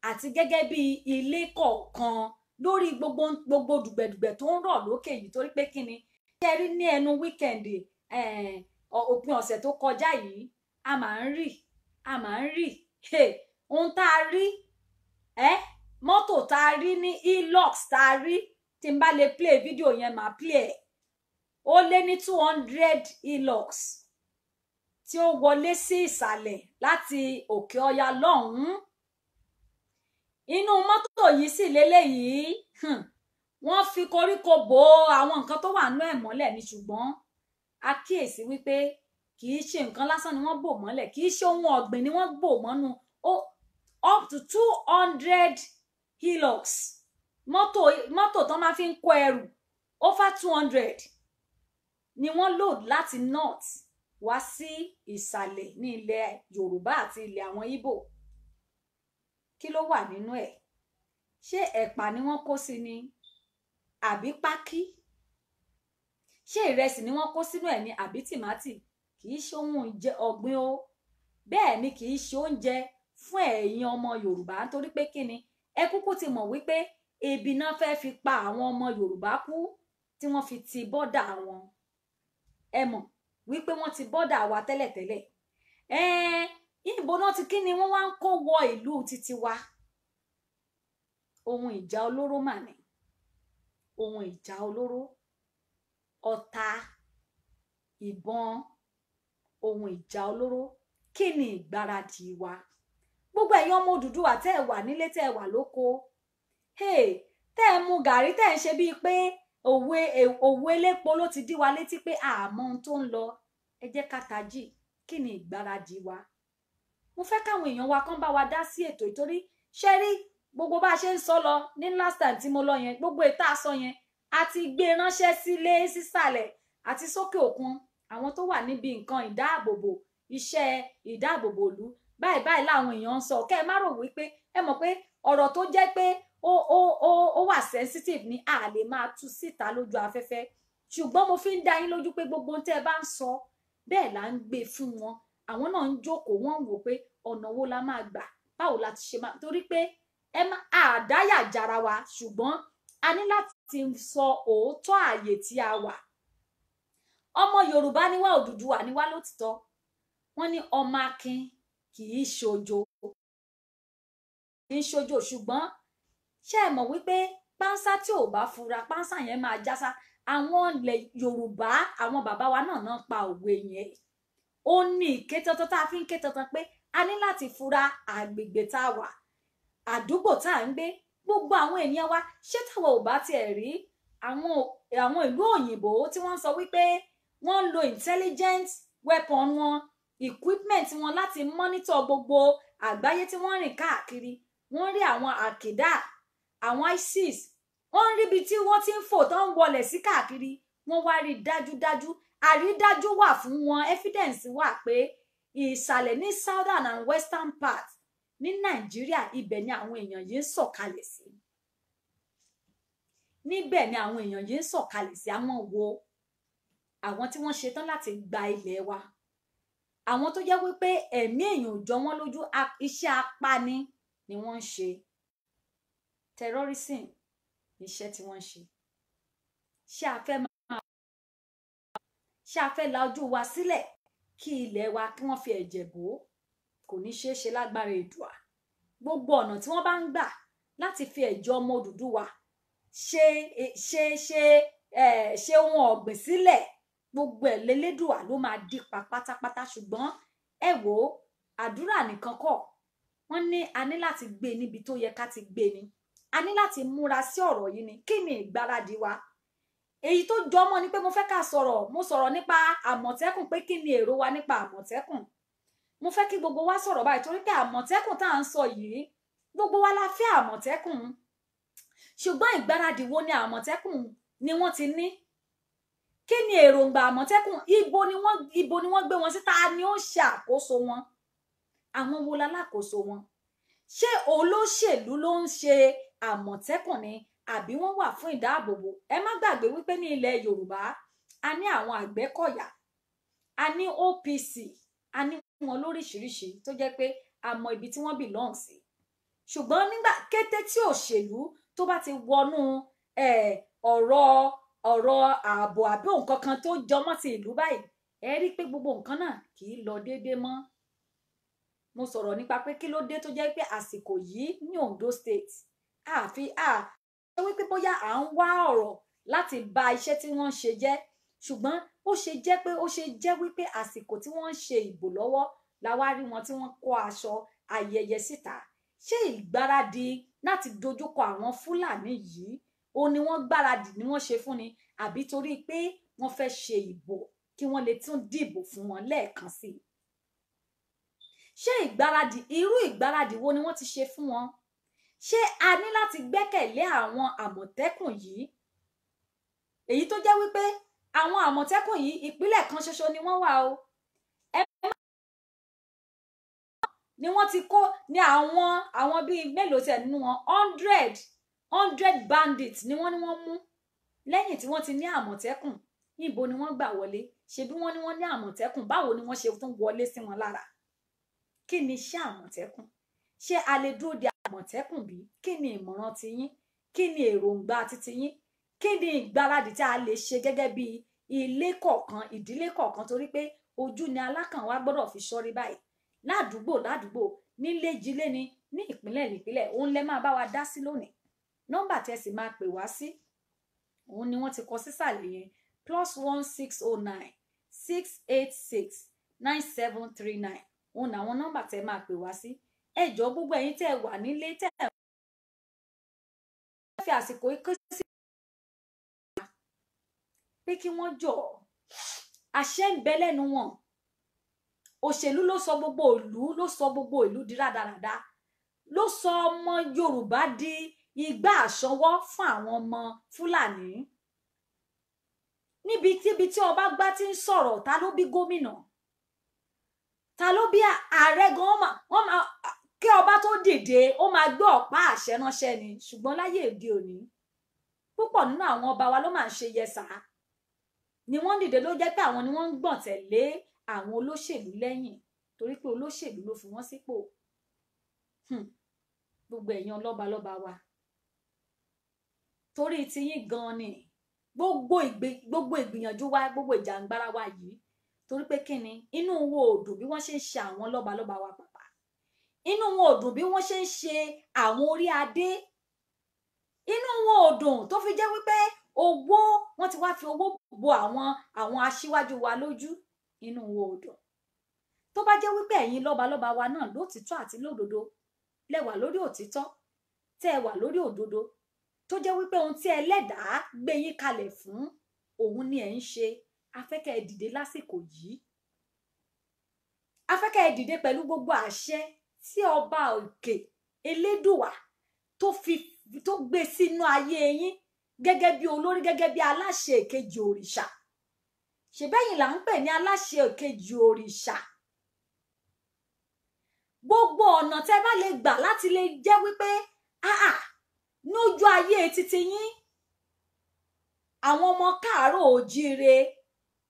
àti gẹ́gẹ́ bí ilé kọ̀ọ̀kan lórí gbogbo gbogbo dùgbẹ̀dùgbẹ̀ tó ń rọ̀ lókè yìí torí pé kíni ṣe rí ní ẹnu wíkẹ̀ndì eh, òpin ọ̀sẹ̀ tó kọjá yìí a máa ń rí a máa ń rí ohun tá a rí ẹ mọ́tò tá a rí ní elux tá a rí tí n bá lè play video yẹn máa play ẹ̀ ó lé ní two hundred elux tí ó wọlé sí ìsàlẹ̀ láti òkè ọya lọ́hùn-ún inú mọ́tò yìí sì lélẹ́yìí hmm, wọ́n fi koríko bo àwọn nǹkan tó wà nú ẹ̀ mọ́lẹ̀ ní ṣùgbọ́n a kíyèsí wípé kì í ṣe nǹkan lásán ni wọ́n bò mọ́lẹ̀ kì í ṣe ohun ọ̀gbìn ni wọ́n bò mọ́nu up to two hundred hilux mọ́tò mọ́tò tán máa fi ń kó ẹrù over two hundred ni wọ́n load láti north wá sí ìsàlẹ̀ ní ilẹ̀ Yorùbá àti ilẹ̀ àwọn Ìgbò kí ló wà nínú ẹ̀ ṣé ẹ̀pà ni wọ́n kó sí ni àbí pákí ṣé ìrẹsì ni wọ́n kó sínú ẹ̀ ni àbí tìmátì kì í ṣe ohun ọ̀gbìn o bẹ́ẹ̀ ni kì í ṣe oúnjẹ fún ẹ̀yin ọmọ Yorùbá nítorí pé kíni ẹ kúkú ti mọ̀ wípé ebi náà fẹ́ fi pa àwọn ọmọ Yorùbá kú tí wọ́n fi ti bọ́dà wọn ẹ mọ̀ wípé wọ́n ti bọ́dà wa tẹ́lẹ̀tẹ́lẹ̀ ẹ̀ẹ́n ìbò náà ti kíni wọ́n wá ń kó wọ ìlú títí wa ohun ìjà olóró mà ní ohun ìjà olóró ọ̀tá ìbọn ohun ìjà olóró kí ni ìgbáradì wa gbogbo ẹ̀yin ọmọ Odùduwà tẹ́ ẹ wà nílé tẹ́ ẹ wà lóko tẹ́ ẹ mu gàrí tẹ́ ẹ ń ṣe bíi pé òwe òwe elépo ló ti dí wa létí pé àmọ́ ohun tó ń lọ ẹ jẹ́ ká tají kí ni ìgbáradì wa mo fẹ́ káwọn èèyàn wa kán bá wa dá sí ètò ìtorí ṣé rí gbogbo bá a ṣe ń sọ lọ ní last time tí mo lọ yẹn gbogbo ètò àsọ yẹn a ti gbé ránṣẹ́ sílé sísàlẹ̀ àti sókè òkun àwọn tó wà níbi nǹkan ìdáàbòbò iṣẹ́ ìdáàbòbò ìlú báyìí báyìí làwọn èèyàn ń sọ kẹ́ ẹ má rò wípé ẹ mọ̀ pé ọ̀rọ̀ tó jẹ́ pé ó ó ó ó wà sensitive ni a lè máa tú síta lójú afẹ́fẹ́ ṣùgbọ́n mo fi ń dá yín lójú pé gbogbo ohun tẹ́ ẹ bá ń sọ bẹ́ẹ̀ là ń gbé fún wọn àwọn náà ń jókòó wọ́n ń wò pé ọ̀nà wo la máa gbà báwo la ti ṣe máa torí pé ẹ má àdáyà jara wa ṣùgbọ́n a ní láti sọ òótọ́ ààyè tí a wà ọmọ yorùbá ni wá Odùduwà ni wá lótìtọ́ wọ́n ní ọmọ akin kì í ṣojo kì í ṣojo ṣùgbọ́n ṣé ẹ mọ̀ wípé pánsá tí ò bá fura pánsá yẹn máa jásá àwọn ilẹ̀ yorùbá àwọn bàbá wa náà náà pa òwe yẹn ó ní ìké tọ́tọ́ tá a fi ń ké tọ́tọ́ pé a ní láti fura àgbègbè tá a wà àdúgbò tá à ń gbé gbogbo àwọn ènìyàn wa ṣé táwọn ò bá tiẹ̀ rí àwọn ìlú òyìnbó tí wọ́n sọ wípé wọ́n ń lo intelligent weapon wọn equipment wọn láti monitor gbogbo àgbáyé tí wọ́n rìn káàkiri wọ́n rí àwọn àkèdá àwọn ISIS wọ́n ń ríbi tí wọ́n ti ń fò tó ń wọlẹ̀ sí káàkiri wọ́n wá rí dájúdájú àrídájú wà fún wọn evidence wà pé ìsàlẹ̀ ní southern and western part ní Nàìjíríà ibẹ̀ ni àwọn èèyàn yìí ń sọ̀kalẹ̀ sí níbẹ̀ ni àwọn èèyàn yìí ń sọ̀kalẹ̀ sí àwọn wo àwọn tí wọ́n ṣetán láti gba ilẹ̀ wa àwọn tó jẹ́ wípé ẹ̀mí èèyàn jọ wọ́n lójú iṣẹ́ apani ni wọ́n ń ṣe terrorism iṣẹ́ tí wọ́n ń ṣe ṣé a fẹ́ máa ṣé a fẹ́ la ojú wa sílẹ̀ kí ilẹ̀ wa kí wọ́n fi ẹ̀jẹ̀ bò ó kò ní ṣeé ṣe lágbára Èdùà gbogbo ọ̀nà tí wọ́n bá ń gbà láti fi ẹ̀jọ́ ọmọ Odùduwà ṣe ṣe ṣe ṣe ohun ọ̀gbìn sílẹ̀ gbogbo ẹ̀ lélẹ́dùà ló máa dípa pátápátá ṣùgbọ́n ẹ wò àdúrà nìkan kọ́ wọ́n ní a ní láti gbé e níbi tó yẹ ká ti gbé e ni a ní láti múra sí ọ̀rọ̀ yìí ni kí ni ìgbáradì wa èyí tó jọmọ́ ni pé mo fẹ́ ká sọ̀rọ̀ mo sọ̀rọ̀ nípa àmọ̀tẹ́kùn pé kí ni èrò wa nípa àmọ̀tẹ́kùn mo fẹ́ kí gbogbo wa sọ̀rọ̀ báyìí torí pé àmọ̀tẹ́kùn tá à ń sọ yìí gbogbo wa la fẹ́ àmọ̀tẹ́kùn ṣùgbọ́n ìgbáradì wo ni àmọ̀tẹ́kùn ni wọ́n ti ní kí ni èròǹgbà àmọ̀tẹ́kùn ibo ni wọ́n ibo ni wọ́n gbé wọn sí ni ó ṣe àkóso wọn àwọn wo lalákòóso wọn ṣé olóṣèlú ló ń ṣe àmọ̀tẹ́kùn ni àbí wọ́n wà fún ìdáàbòbò ẹ má gbàgbé wípé ní ilẹ̀ yorùbá a ní àwọn àgbẹ̀kọ̀yà a ní OPC a ní wọn lóríṣiríṣi tó jẹ́ pé a mọ ibi tí wọ́n belong sí ṣùgbọ́n nígbà kété tí òṣèlú tó bá ti wọnú ọ̀rọ̀ ọ̀rọ̀ ààbò àbí nǹkan kan tó jọmọ́ ti ìlú báyìí ẹ rí i pé gbogbo nǹkan náà kì í lọ déédéé mọ́ mo sọ̀rọ̀ nípa pé kí ló dé tó jẹ́ pé àsìkò yìí ní Ondo state àfi à ṣé wípé bóyá à ń wá ọ̀rọ̀ láti ba iṣẹ́ tí wọ́n ń ṣe jẹ́ ṣùgbọ́n ó ṣe jẹ́ pé ó ṣe jẹ́ wípé àsìkò tí wọ́n ń ṣe ìbò lọ́wọ́ la wá rí wọn tí wọ́n kó aṣọ ayẹyẹ síta ṣé ìgbáradì láti dojúkọ àwọn Fúlàní yìí o ni wọ́n gbáradì ni wọ́n ṣe fún ni àbí torí pé wọ́n fẹ́ ṣe ìbò kí wọ́n lè tún dìbò fún wọn lẹ́ẹ̀kan sí i ṣé ìgbáradì irú ìgbáradì wo ni wọ́n ti ṣe fún wọn ṣé a ní láti gbẹ́kẹ̀lé àwọn àmọ̀tẹ́kùn yìí èyí tó jẹ́ wípé àwọn àmọ̀tẹ́kùn yìí ìpínlẹ̀ kan ṣoṣo ni wọ́n wà o ẹ ni wọ́n ti kó ní àwọn àwọn bíi mélòó tẹ̀ nínú wọn hundred hundred bandits ni wọ́n ni wọ́n mú lẹ́yìn tí wọ́n ti ní àmọ̀tẹ́kùn níbo ni wọ́n gbà wọlé ṣebí wọ́n ní wọ́n ní àmọ̀tẹ́kùn báwo ni wọ́n ṣe tún wọlé sí wọn lára kí ni iṣẹ́ àmọ̀tẹ́kùn ṣé a lè dúró de àmọ̀tẹ́kùn bí kí ni ìmọ̀ràn ti yín kí ni èròǹgbà titi yín kí ni ìgbáradì tí a lè ṣe gẹ́gẹ́ bí ilé kọ̀ọ̀kan ìdílé kọ̀ọ̀kan torí pé ojú ni alákàn wa gbọ́dọ̀ fi ṣọ́rí báyìí ládùúgbò ládùúgbò nílé jílé ni ní ìpínlẹ̀ nípínlẹ̀ òun lẹ máa bá wa dá sí lónìí nọ́mbà tẹ́ sì máa pè wá sí òun ni wọ́n ti kọ sísàlẹ̀ yẹn plus one six oh nine six eight six nine seven three nine òun làwọn nọ́mbà tẹ́ máa pè wá sí ẹ jọ̀ọ́ gbogbo ẹ̀yin tẹ́ wà nílé tẹ́ ẹ fi àsìkò ikú sí pé kí wọ́n jọ àṣẹ ń bẹ lẹ́nu wọn òṣèlú ló sọ gbogbo ìlú ló sọ gbogbo ìlú di rádaràda ló sọ ọmọ Yorùbá di igbá àṣọwọ́ fún àwọn ọmọ fúlàní níbikíbi tí ọba gbá ti ń sọ̀rọ̀ ta ló bí gómìnà ta ló bí ààrẹ gan wọn máa kí ọba tó dìde ó máa gbé ọ̀pá àṣẹ ránṣẹ́ ni ṣùgbọ́n láyé èdè òní púpọ̀ nínú àwọn ọba wa ló máa ń ṣe yẹsà ni wọ́n dìde ló jẹ́ pé àwọn ni wọ́n ń gbọ̀n tẹ̀lé àwọn olóṣèlú lẹ́yìn torí pé olóṣèlú ló fi wọ́n sípò hmm. gbogbo ẹ̀yin ọlọ́balọ́ba wa torí tiyín gan ni gbogbo ìgbìyànjú wa gbogbo ìjàngbara wa yìí torí pé kí ni inú wọn ò bí wọ́n ṣe ń ṣe àwọn lọ́balọ́ba wa pàpà inú wọn ò bí wọ́n ṣe ń ṣe àwọn orí adé inú wọn ò tó fi jẹ́ wípé owó wọ́n ti wá fi owó bo àwọn àwọn aṣíwájú wa lójú inú wọn ò tó bá jẹ́ wípé ẹ̀yin lọ́balọ́ba wa náà lótìtọ́ àti lódodo lẹ́wà lórí òtítọ́ tẹ́ ẹ wà lórí òdodo tó jẹ́ wípé ohun tí ẹlẹ́dàá gbé yín kalẹ̀ fún òun ni ẹ̀ ń ṣe afẹ́kẹ́ ẹ dìde lásìkò yìí afẹ́kẹ́ ẹ dìde pẹ̀lú gbogbo àṣẹ tí ọba òkè elédùwà tó fi tó gbé sínú ayé yín gẹ́gẹ́ bí olórí gẹ́gẹ́ bí aláṣẹ èkejì òrìṣà ṣèbẹ́yìn là ń pè ní aláṣẹ èkejì òrìṣà gbogbo ọ̀nà tẹ́ bá lè gbà láti lè jẹ́ wípé áà. Ah, ah lójú ayé títí yín àwọn ọmọ káàárọ̀ òjíire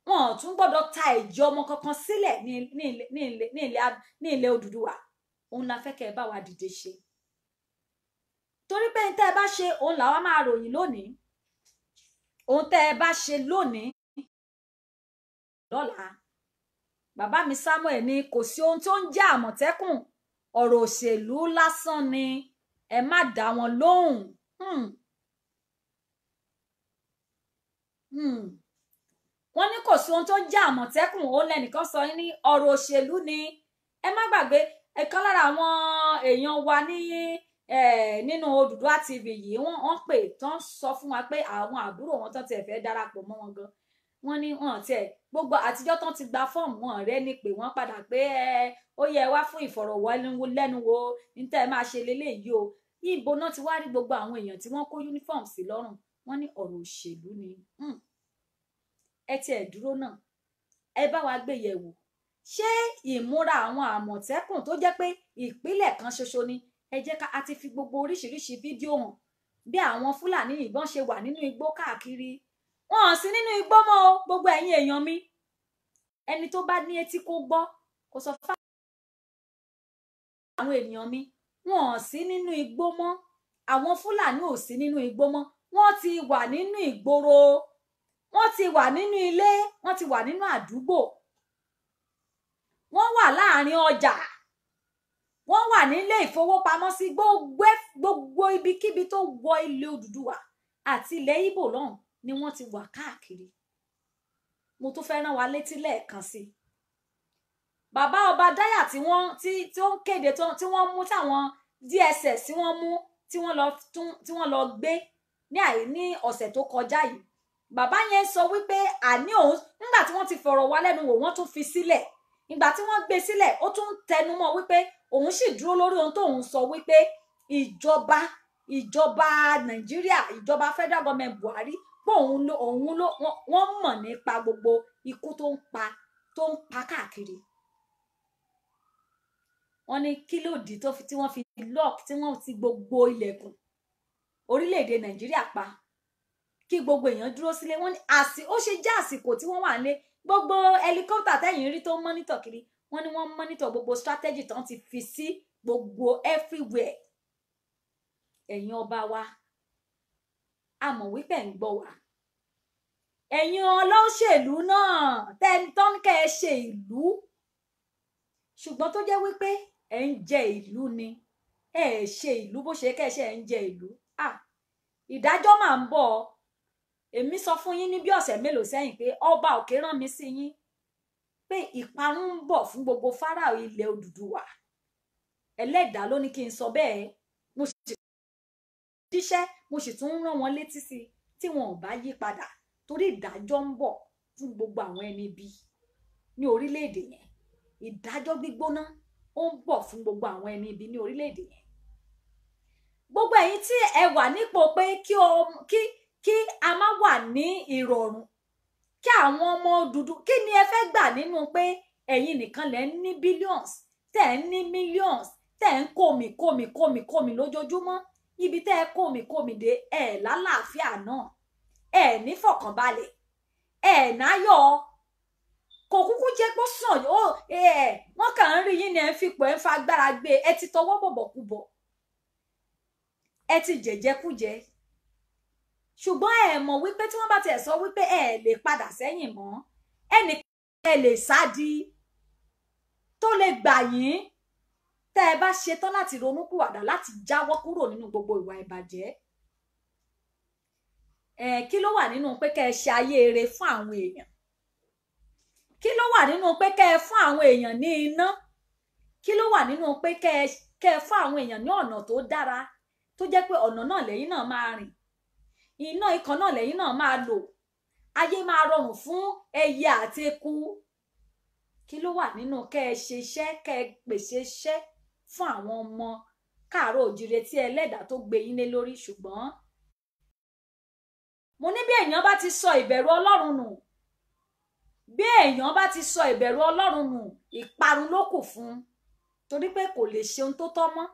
wọn ò tún gbọ́dọ̀ ta ìjọ ọmọ kankan sílẹ̀ ní ilẹ̀ Odùduwà òun la fẹ́ kẹ́ ẹ bá wa dìde ṣe torí pé ní tẹ́ ẹ bá ṣe òun làwa máa ròyìn lónìí òun tẹ́ ẹ bá ṣe lónìí lọ́la bàbá mi Samuel ní kò sí ohun tó ń jẹ́ Àmọ̀tẹ́kùn ọ̀rọ̀ òṣèlú lásán ni ẹ má dá wọn lóhùn hmm. hmm. wọ́n ní kò sí ohun tó ń jẹ́ àmọ̀tẹ́kùn ó lẹ́nìkan sọ ní ọ̀rọ̀ òṣèlú ni ẹ má gbàgbé ẹ̀kan lára àwọn èèyàn wa ní nínú Odùduwà TV yìí wọ́n pè tó ń sọ fún wa pé àwọn àbúrò wọn tó tiẹ̀ fẹ́ darapọ̀ mọ́ wọn gan wọ́n ní wọn tiẹ̀ gbogbo àtijọ́ tán ti gba fọ́ọ̀mù wọn rẹ ni pé wọ́n padà pé ẹ ó yẹ wá fún ìfọ̀rọ̀wánilẹ́nuwò níta ẹ máa ṣe leléyìí o ibo náà ti wá rí gbogbo àwọn èèyàn tí wọ́n kó uniform sí lọ́rùn wọ́n ní ọ̀rọ̀ òṣèlú ni hmm. ẹ tiẹ̀ dúró náà ẹ bá wa gbé yẹ̀wò ṣé ìmúra àwọn àmọ̀tẹ́kùn tó jẹ́ pé ìpínlẹ̀ kan ṣoṣo ni ẹ jẹ́ ká a ti fi gbogbo oríṣiríṣi fídíò hàn bí àwọn fúlàní ìbọn ṣe wà nínú igbó káàkiri wọn hàn sí nínú igbó mọ́ o gbogbo ẹ̀yin èèyàn mi ẹni tó bá ní etí kó gbọ́ kó sọ fáwọn àwọn ènìyàn mi wọn ò sí nínú igbó mọ́ àwọn fúlàní ò sí nínú igbó mọ́ wọ́n ti wà nínú ìgboro wọ́n ti wà nínú ilé wọ́n ti wà nínú àdúgbò wọ́n wà láàrin ọjà wọ́n wà nílé ìfowópamọ́sí gbogbo gbogbo ibikíbi tó wọ ilé Odùduwà àti ilẹ̀ Ìbò lọ́hùn ni wọ́n ti wà káàkiri mo tún fẹ́ rán wa létí lẹ́ẹ̀kan sí i bàbá ọba dáyà tí wọ́n tí tí ó ń kéde tí wọ́n mú táwọn DSS tí wọ́n mú tí wọ́n lọ tún tí wọ́n lọ gbé ní àyè ní ọ̀sẹ̀ tó kọjá yìí bàbá yẹn sọ wípé àní òun nígbà tí wọ́n ti fọ̀rọ̀ wá lẹ́nu wò wọ́n tún fi sílẹ̀ ìgbà tí wọ́n gbé sílẹ̀ ó tún tẹnumọ́ wípé òun sì dúró lórí ohun tóun sọ wípé ìjọba ìjọba nàìjíríà ìjọba federal government buhari pé òun ló òun ló wọ́n mọ̀ nípa gbogbo ikú tó ń pa tó ń pa káàkiri wọ́n ní kí ló dì tó fi tí wọ́n fi lock tí wọ́n ti gbogbo ilẹ̀kùn orílẹ̀-èdè nàìjíríà pa kí gbogbo èèyàn dúró sílé wọ́n ní àsì ó ṣe jẹ́ àsìkò tí wọ́n wà nílé gbogbo ẹlikọ́pítà tẹ́yìn rí tó ń kiri wọ́n ní wọ́n ń mọ́nítọ̀ gbogbo strategy tán ti fi sí gbogbo everywhere ẹ̀yin ọba wa a mọ̀ wípé ń gbọ́ wa ẹ̀yin ọlọ́ṣèlú náà tẹ́ntọ́nkẹ́ ṣe ìlú ṣùgbọ́n tó jẹ́ wípé ẹ ń jẹ ìlú ni ẹ ẹ ṣe ìlú bó ṣe kẹṣẹ ẹ ń jẹ ìlú ah ìdájọ́ máa ń bọ̀ ọ́ èmi sọ fún yín ní bí ọ̀sẹ̀ mélòó sẹ́yìn pé ọba òkè rán mi sí yín pé ìparun ń bọ̀ fún gbogbo fáráò ilẹ̀ Odùduwà ẹlẹ́dàá ló ní kí n sọ bẹ́ẹ̀ mo sì tún jíṣẹ́ mo sì tún ń rán wọn létí sí i tí wọn ò bá yí padà torí ìdájọ́ ń bọ̀ fún gbogbo àwọn ẹni bí ní orílẹ̀ yẹn ìdájọ́ gbígbóná ó ń bọ̀ fún gbogbo àwọn ẹni ibi ní orílẹ̀-èdè yẹn gbogbo ẹ̀yin tí ẹ wà nípò pé kí kí kí a má wà ní ìrọ̀rùn kí àwọn ọmọ dúdú kí ni ẹ fẹ́ gbà nínú pé ẹ̀yin nìkan lẹ ń ní billions tẹ̀ ń ní millions tẹ̀ ń kòmì kòmì kòmì kòmì lójoojúmọ́ ibi tẹ́ ẹ kòmì kòmì dé ẹ̀ lálàáfíà náà ẹ̀ ní fọ̀kànbalẹ̀ ẹ̀ náyọ̀ kò kúkú jẹ́ pé sàn ó wọ́n kàn ń rí yín ni ẹ̀ ń fipò ẹ̀ ń fa agbára gbé e. ẹ ti tọwọ́ bọ̀bọ̀ kú bọ̀ ẹ ti jẹ̀jẹ̀kújẹ ṣùgbọ́n ẹ mọ̀ wípé tí wọ́n bá tiẹ̀ sọ wípé ẹ lè padà sẹ́yìn mọ́ ẹnìkan ẹ lè sádi tó lè gbà yín tẹ́ ẹ bá ṣetán láti ronúkúwàdà láti jáwọ́ kúrò nínú gbogbo ìwà ìbàjẹ́ ẹ kí ló wà nínú pé kẹ́ ẹ ṣe ayé rere fún àwọn èèyàn kí ló wà nínú pé kẹ́ ẹ fún àwọn èèyàn ní iná kí ló wà nínú pé kẹ́ ẹ kẹ́ ẹ fún àwọn èèyàn ní ọ̀nà tó dára tó jẹ́ pé ọ̀nà náà lẹ́yìn náà máa rìn iná ikọ̀ náà lẹ́yìn náà máa lò ayé máa rọrùn fún ẹyẹ àti eku kí ló wà nínú kẹ́ ẹ ṣe iṣẹ́ ẹ pèsè iṣẹ́ fún àwọn ọmọ káàárọ̀ òjìrè tí ẹlẹ́dàá tó gbé yín lé lórí ṣùgbọ́n mo ní bí èèyàn bá ti sọ ìbẹ̀rù Ọlọ́run nù bí èèyàn bá ti sọ ìbẹ̀rù ọlọ́run nù ìparun ló kù fún un torí pé kò lè ṣe ohun tó tọ́ mọ́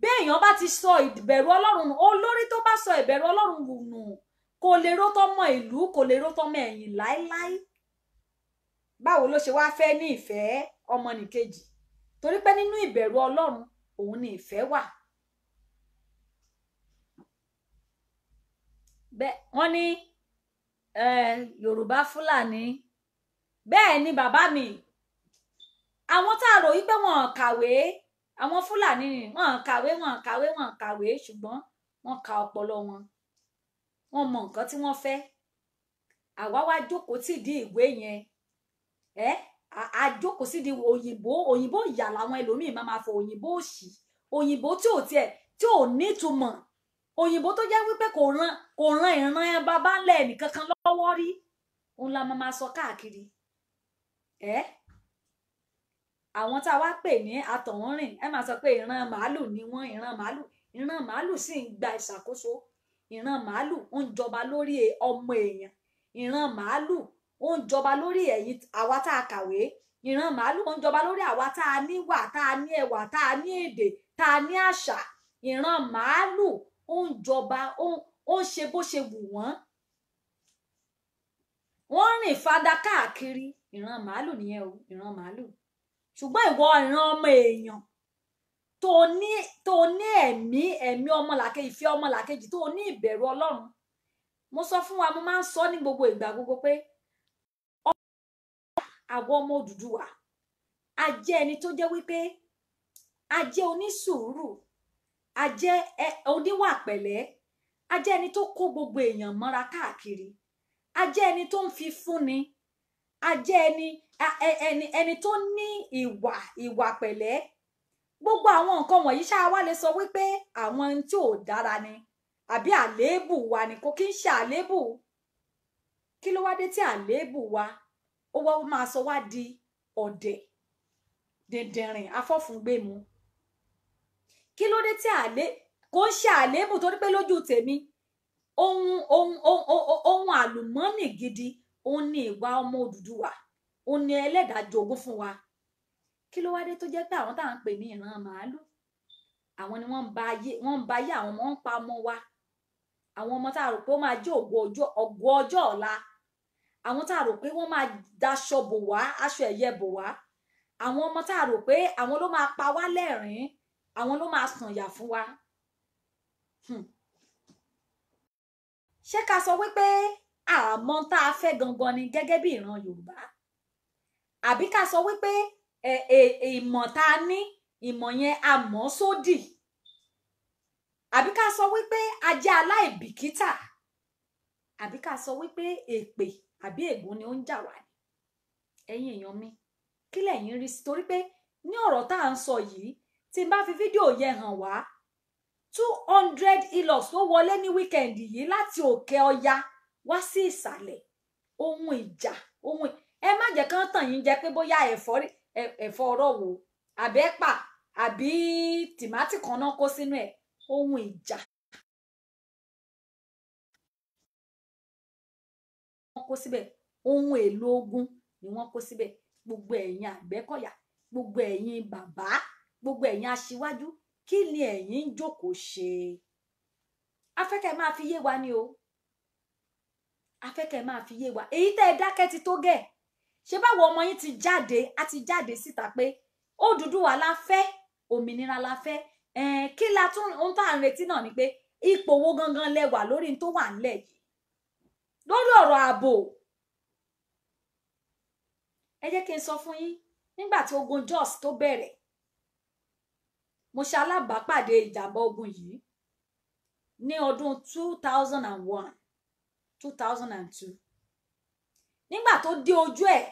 bí èèyàn bá ti sọ ìbẹ̀rù ọlọ́run nù olórí tó bá sọ ìbẹ̀rù ọlọ́run nù kò lè ró tọ́mọ ìlú kò lè ró tọ́mọ ẹ̀yìn láéláé báwo ló ṣe wá fẹ́ ní ìfẹ́ ọmọnìkejì torí pé nínú ìbẹ̀rù ọlọ́run òun ni ìfẹ́ wà. bẹ́ẹ̀ wọ́n ní eh, yorùbá fúlàní bẹ́ẹ̀ ni bàbá mi àwọn tá a rò wípé wọn kàwé àwọn fúlàní ni wọn kàwé wọn kàwé wọn kàwé ṣùgbọ́n wọn ka ọpọlọ wọn wọn mọ nǹkan tí wọn fẹ́ àwa wá jókòó tí di ìwé yẹn ẹ àjókòó sí di òyìnbó òyìnbó ìyà làwọn ẹlòmíì máa ma fọ òyìnbó òṣì òyìnbó tí ò tiẹ̀ tí ò nítumọ̀ òyìnbó tó jẹ́ wípé kò ran kò ran ìran bàbá ńlẹ̀ nìkankan lọ́wọ́ rí òun la máa sọ káàkiri ẹ àwọn tá a wá pè ní àtọ̀húnrìn ẹ máa sọ pé ìran màálù ni wọ́n ìran màálù ìran màálù sì ń gba ìṣàkóso ìran màálù ó ń jọba lórí ọmọ èèyàn ìran màálù ó ń jọba lórí ẹ̀yin àwa tá a kàwé ìran màálù ó ń jọba lórí àwa tá a níwà tá a ní ẹwà tá a ní èdè tá a ní àṣà ìran màálù ó ń jọba ó ń ṣe bó ṣe wù wọ́n wọ́n rìn fada káàkiri ìran màálù nìyẹn o ìran màálù ṣùgbọ́n ìwọ ìran ọmọ èèyàn tó ní tó ní ẹ̀mí ẹ̀mí ọmọlàkejì ìfẹ́ ọmọlàkejì tó ní ìbẹ̀rù Ọlọ́run mo sọ fún wa mo máa ń sọ ní gbogbo ìgbà gbogbo pé àwọn ọmọ Odùduwà a jẹ́ ẹni tó jẹ́ wípé a jẹ́ onísùúrù a jẹ́ oníwà pẹ̀lẹ́ a ẹni tó kó gbogbo èèyàn mọ́ra káàkiri a jẹ́ ẹni tó ń fi fúnni a jẹ́ ẹni ẹni ẹni tó ní ìwà ìwà pẹ̀lẹ́ gbogbo àwọn nǹkan wọ̀nyí ṣáà wá lè sọ wípé àwọn tí ò dára ni àbí àléébù wa ni kò kí ń ṣe àléébù kí ló wá dé tí àléébù wa ó wá máa sọ wá di ọ̀dẹ̀ dìndìnrìn afọ́fúngbẹ̀mú kí ló dé tí àlé kò ń ṣe àléébù torí pé lójú tèmi ohun ohun ohun àlùmọ́nì gidi òun ni ìwà ọmọ Odùduwà òun ni ẹlẹ́dàá jogún fún wa kí ló wá dé tó jẹ́ pé àwọn táwọn ń pè ní ìran màálù àwọn ni wọ́n ń ba ayé wọ́n ń ba ayé àwọn ọmọ ń pa ọmọ wa àwọn ọmọ tá a rò pé ó máa jẹ́ ògo ọjọ́ ọ̀la àwọn tá a rò pé wọ́n máa daṣọ bò wá aṣọ ẹ̀yẹ bò wá àwọn ọmọ tá a rò pé àwọn ló máa pa wá lẹ́rìn-ín àwọn ló máa sànyà fún wa. Hmm ṣé ká sọ wípé àmọ́ tá a fẹ́ gangan ni gẹ́gẹ́ bí ìran yorùbá àbí ká sọ e ìmọ̀ tá a ní ìmọ̀ yẹn a mọ̀ sódì àbí ká sọ wípé a jẹ́ aláìbìkítà àbí ká sọ wípé èpè àbí ègún ni ó ń jà ni ẹ̀yin èèyàn mi kí lẹ̀yin rí sí torí pé ní ọ̀rọ̀ tá à ń sọ yìí tí fi fídíò yẹn hàn wá two hundred ilos tó wọlé ní weekend. yìí láti òkè ọya wá sí ìsàlẹ̀ ohun ìjà ohun ẹ má jẹ́ kán tàn yín jẹ pé bóyá ẹ̀fọ́ ẹ̀fọ́ ọ̀rọ̀ wo àbẹ́pà àbí tìmátì kan náà kó sínú ẹ̀ ohun ìjà wọ́n kó síbẹ̀ ohun èlò ogun ni wọ́n kó síbẹ̀ gbogbo ẹ̀yin àgbẹ̀kọ̀yà gbogbo ẹ̀yin bàbá gbogbo ẹ̀yin aṣíwájú kí ni ẹ̀yin ń jókòó ṣe afẹ́kẹ́ máa fi yé wa ni o afẹ́kẹ́ máa fi yé wa èyí tẹ́ ẹ dákẹ́ ti tó gẹ̀ ṣé báwo ọmọ yín ti jáde á ti jáde síta pé Odùduwà la fẹ́ òmìnira la fẹ́ ẹ̀ẹ́n kí la tún ohun tá ń retí náà ni pé ipò wo gangan lẹ lórí tó wà ńlẹ̀ yìí lórí ọ̀rọ̀ ààbò ẹ jẹ́ kí n sọ fún yín nígbà tí ogun Jos tó bẹ̀rẹ̀ mo ṣalábàápàdé ìjàmbá ogun yìí ní ọdún two thousand and one two thousand and two nígbà tó dé ojú ẹ̀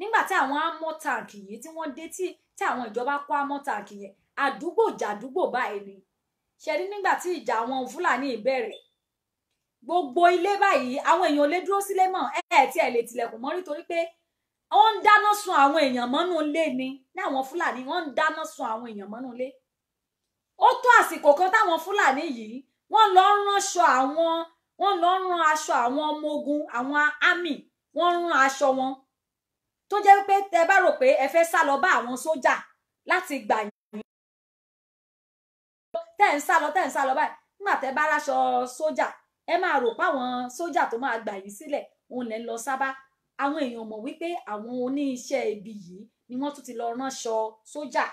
nígbà tí àwọn amọ̀ tàǹkì yìí tí wọ́n dé tí tí àwọn ìjọba kó amọ̀ tàǹkì yẹn àdúgbò jàdúgbò báyìí ni ṣẹ̀rí nígbà tí ìjà àwọn fúlàní ìbẹ̀rẹ̀ gbogbo ilé báyìí àwọn èèyàn ò lè dúró sílé mọ́ ẹ ẹ tí ẹ lè tilẹ̀kùn mọ́ nítorí pé wọ́n ń dáná sun àwọn èèyàn mọ́nú ilé ni ní àwọn fúlàní wọ́n ń dáná sun àwọn èèyàn mọ́nú ilé ó tó àsìkò kan táwọn fúlàní yìí wọ́n lọ ń ránṣọ àwọn wọ́n lọ ń ran aṣọ àwọn ọmọ ogun àwọn army wọ́n ń ran aṣọ wọn tó jẹ́ pé tẹ bá rò pé ẹ fẹ́ sá lọ bá àwọn sójà láti gbà yín tẹ́ ń sá lọ tẹ́ ń sá lọ báyìí nígbà tẹ bá ráṣọ sójà ẹ máa rò páwọn sójà tó máa gbà yín sílẹ̀ òun lẹ́ ń lọ sábà àwọn èèyàn mọ̀ wípé àwọn oníṣẹ́ ibi yìí ni wọ́n tún ti lọ ránṣọ sójà.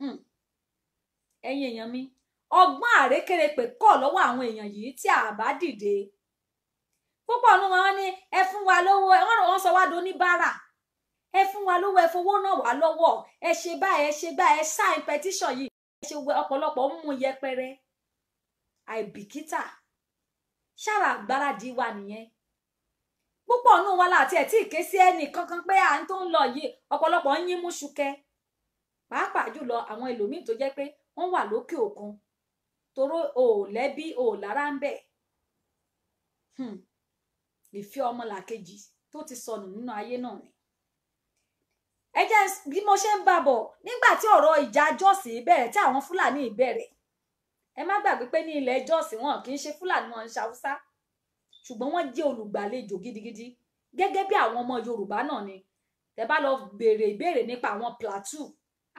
Hmm ẹ̀yin èèyàn mi ọgbọ́n àrékèrèpè kọ̀ lọ́wọ́ àwọn èèyàn yìí tí a bá dìde púpọ̀ nínú wọn ní ẹ fún wa lówó wọn sọ wá do oníbàárà ẹ fún wa lówó ẹ fowó náà wá lọ́wọ́ ẹ ṣe báyìí ẹ ṣe báyìí ẹ sign petition yìí ẹ ṣe ọ̀pọ̀lọpọ̀ ń mú yẹpẹrẹ àìbìkítà ṣára àgbáradì wa nìyẹn púpọ̀ nù wọn láti ẹ̀ tí ì ké sí ẹnì kankan pé à ń tó ń lọ yìí ọ̀pọ̀lọpọ̀ ń yín mú ṣúkẹ́ pàápàá jùlọ àwọn ẹlòmíín tó jẹ́ pé wọ́n wà lókè òkun toró o ò lẹ́bí o ò lára ń bẹ̀ hmm. ìfẹ́ ọmọlàkejì tó ti sọnù nínú ayé náà ni ẹ jẹ́ bí mo ṣe ń bá bọ̀ nígbà tí ọ̀rọ̀ ìjà jọ́sì bẹ̀rẹ̀ tí àwọn fúlàní ìbẹ̀rẹ̀ ẹ má gbàgbé pé ní ilẹ̀ jọ́sì wọn kì í ṣe fúlàní wọn ń ṣàwùsá ṣùgbọ́n wọ́n jẹ́ olùgbàlejò gidigidi gẹ́gẹ́ bí àwọn ọmọ yorùbá náà ni tẹ bá lọ béèrè ìbéèrè nípa àwọn plateau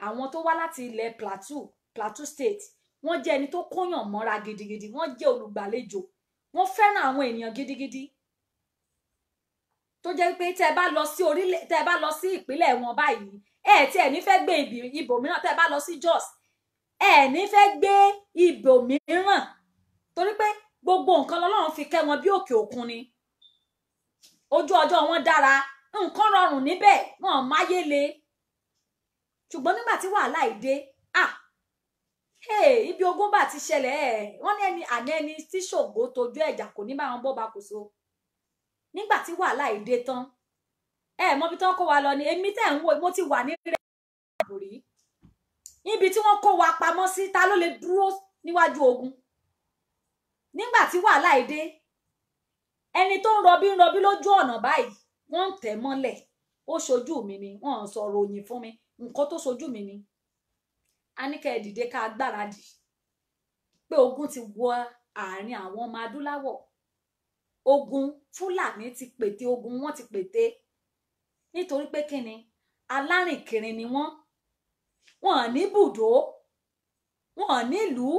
àwọn tó wá láti ilẹ̀ plateau Plateau State wọ́n jẹ́ ẹni tó kóyàn mọ́ra gidigidi wọ́n jẹ́ olùgbàlejò wọ́n fẹ́ràn àwọn ènìyàn gidigidi tó jẹ́ pé tẹ́ bá lọ sí orílẹ̀ tẹ́ bá lọ sí ìpínlẹ̀ wọn báyìí ẹ tí ẹ ní fẹ́ gbé ibòmíràn tẹ́ bá lọ sí Jos ẹ ní fẹ́ gbé ibòmíràn torí pé gbogbo nǹkan lọ́lọ́run fi kẹ́ wọn bí òkè òkun ni ojú ọjọ́ wọn dára nǹkan rọrùn níbẹ̀ wọn máyé le ṣùgbọ́n nígbà tí wàhálà ìdé ibi ogún bá ti ṣẹlẹ̀ ẹ̀ eh, wọ́n ní ẹni àná ẹni tí ṣògo tójú ẹ̀jà kò ní bá wọn bọ́ba kò so nígbà tí wàhálà èdè tán ẹ mọ ibi tí wọ́n kó wa lọ ni èmi tẹ̀ ń wò mo ti wà ní rẹ̀ àbòrí níbi tí wọ́n kó wa pamọ́ sí ta ló lè dúró níwájú ogun nígbà tí wàhálà èdè ẹni tó ń rọbí ń rọbí lójú ọ̀nà báyìí wọ́n ń tẹ̀ mọ́lẹ̀ ó ṣojú mi ni wọ́n sọ̀rọ̀ òyìn fún mi nǹkan tó ṣojú mi ni a ní kẹ́ ẹ dìde ká gbáradì pé ogun ti wọ àárín àwọn ọmọ adúláwọ̀ ogun fúlàní ti pète ogun wọn ti pète nítorí pé kíni alárìnkìrìn ni wọ́n wọn ní bùdó wọn nílùú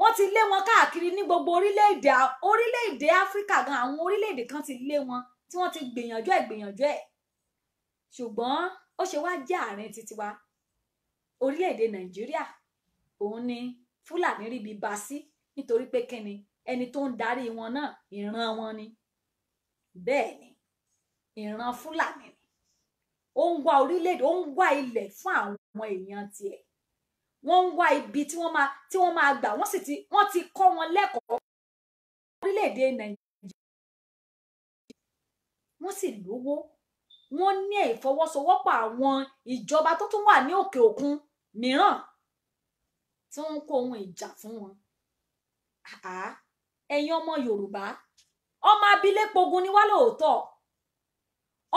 wọ́n ti lé wọn káàkiri ní gbogbo orílẹ̀-èdè orílẹ̀-èdè áfíríkà gan àwọn orílẹ̀-èdè kan ti lé wọn tí wọ́n ti gbìyànjú ẹ̀ gbìyànjú ẹ̀ ṣùgbọ́n ó ṣe wá jẹ́ àárín títí wa orílẹ̀-èdè nàìjíríà òun ni fúlàní ríbi bá sí nítorí pé kíni ẹni tó ń darí wọn náà ìran wọn ni bẹ́ẹ̀ ni ìran fúlàní ni ó ń wá orílẹ̀-èdè ó ń wá ilẹ̀ fún àwọn èèyàn tiẹ̀ wọ́n ń wá ibi tí wọ́n máa tí wọ́n máa gbà wọ́n sì ti wọ́n ti kọ́ wọn lẹ́kọ̀ọ́ orílẹ̀-èdè nàìjíríà wọ́n sì lówó wọ́n ní ìfọwọ́sowọ́pọ̀ àwọn ìjọba tó tún wà ní òkè òkun mìíràn tí wọ́n ń kó ohun ìjà fún wọn. ẹ̀yin ọmọ Yorùbá ọmọ abilékpogun ni wá lóòótọ́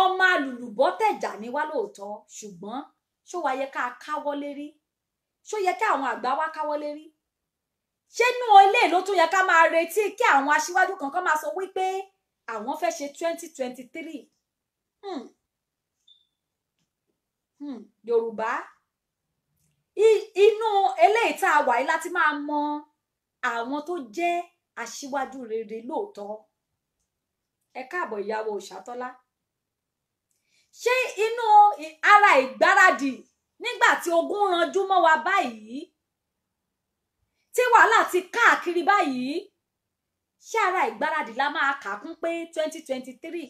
ọmọ alùlùbọ́tẹ̀jà ni wá lóòótọ́ ṣùgbọ́n ṣó wàá yẹ ká káwọ́ lérí ṣó yẹ kí àwọn àgbà wá káwọ́ lérí ṣé inú ilé ló tún yẹ ká máa retí kí àwọn aṣíwájú kankan máa sọ wípé àwọn fẹ́ ṣe twenty twenty three. Hmm. Hmm, yorùbá inú eléyìí tá a wà yìí láti máa mọ àwọn tó jẹ́ aṣíwájú rere lóòótọ́ ẹ káàbọ̀ ìyàwó òṣàtọ́lá ṣé inú ara ìgbáradì nígbà tí ogun ranjú mọ́ wa báyìí tí wàhálà ti káàkiri báyìí ṣé ara ìgbáradì la máa kà kún pé twenty twenty three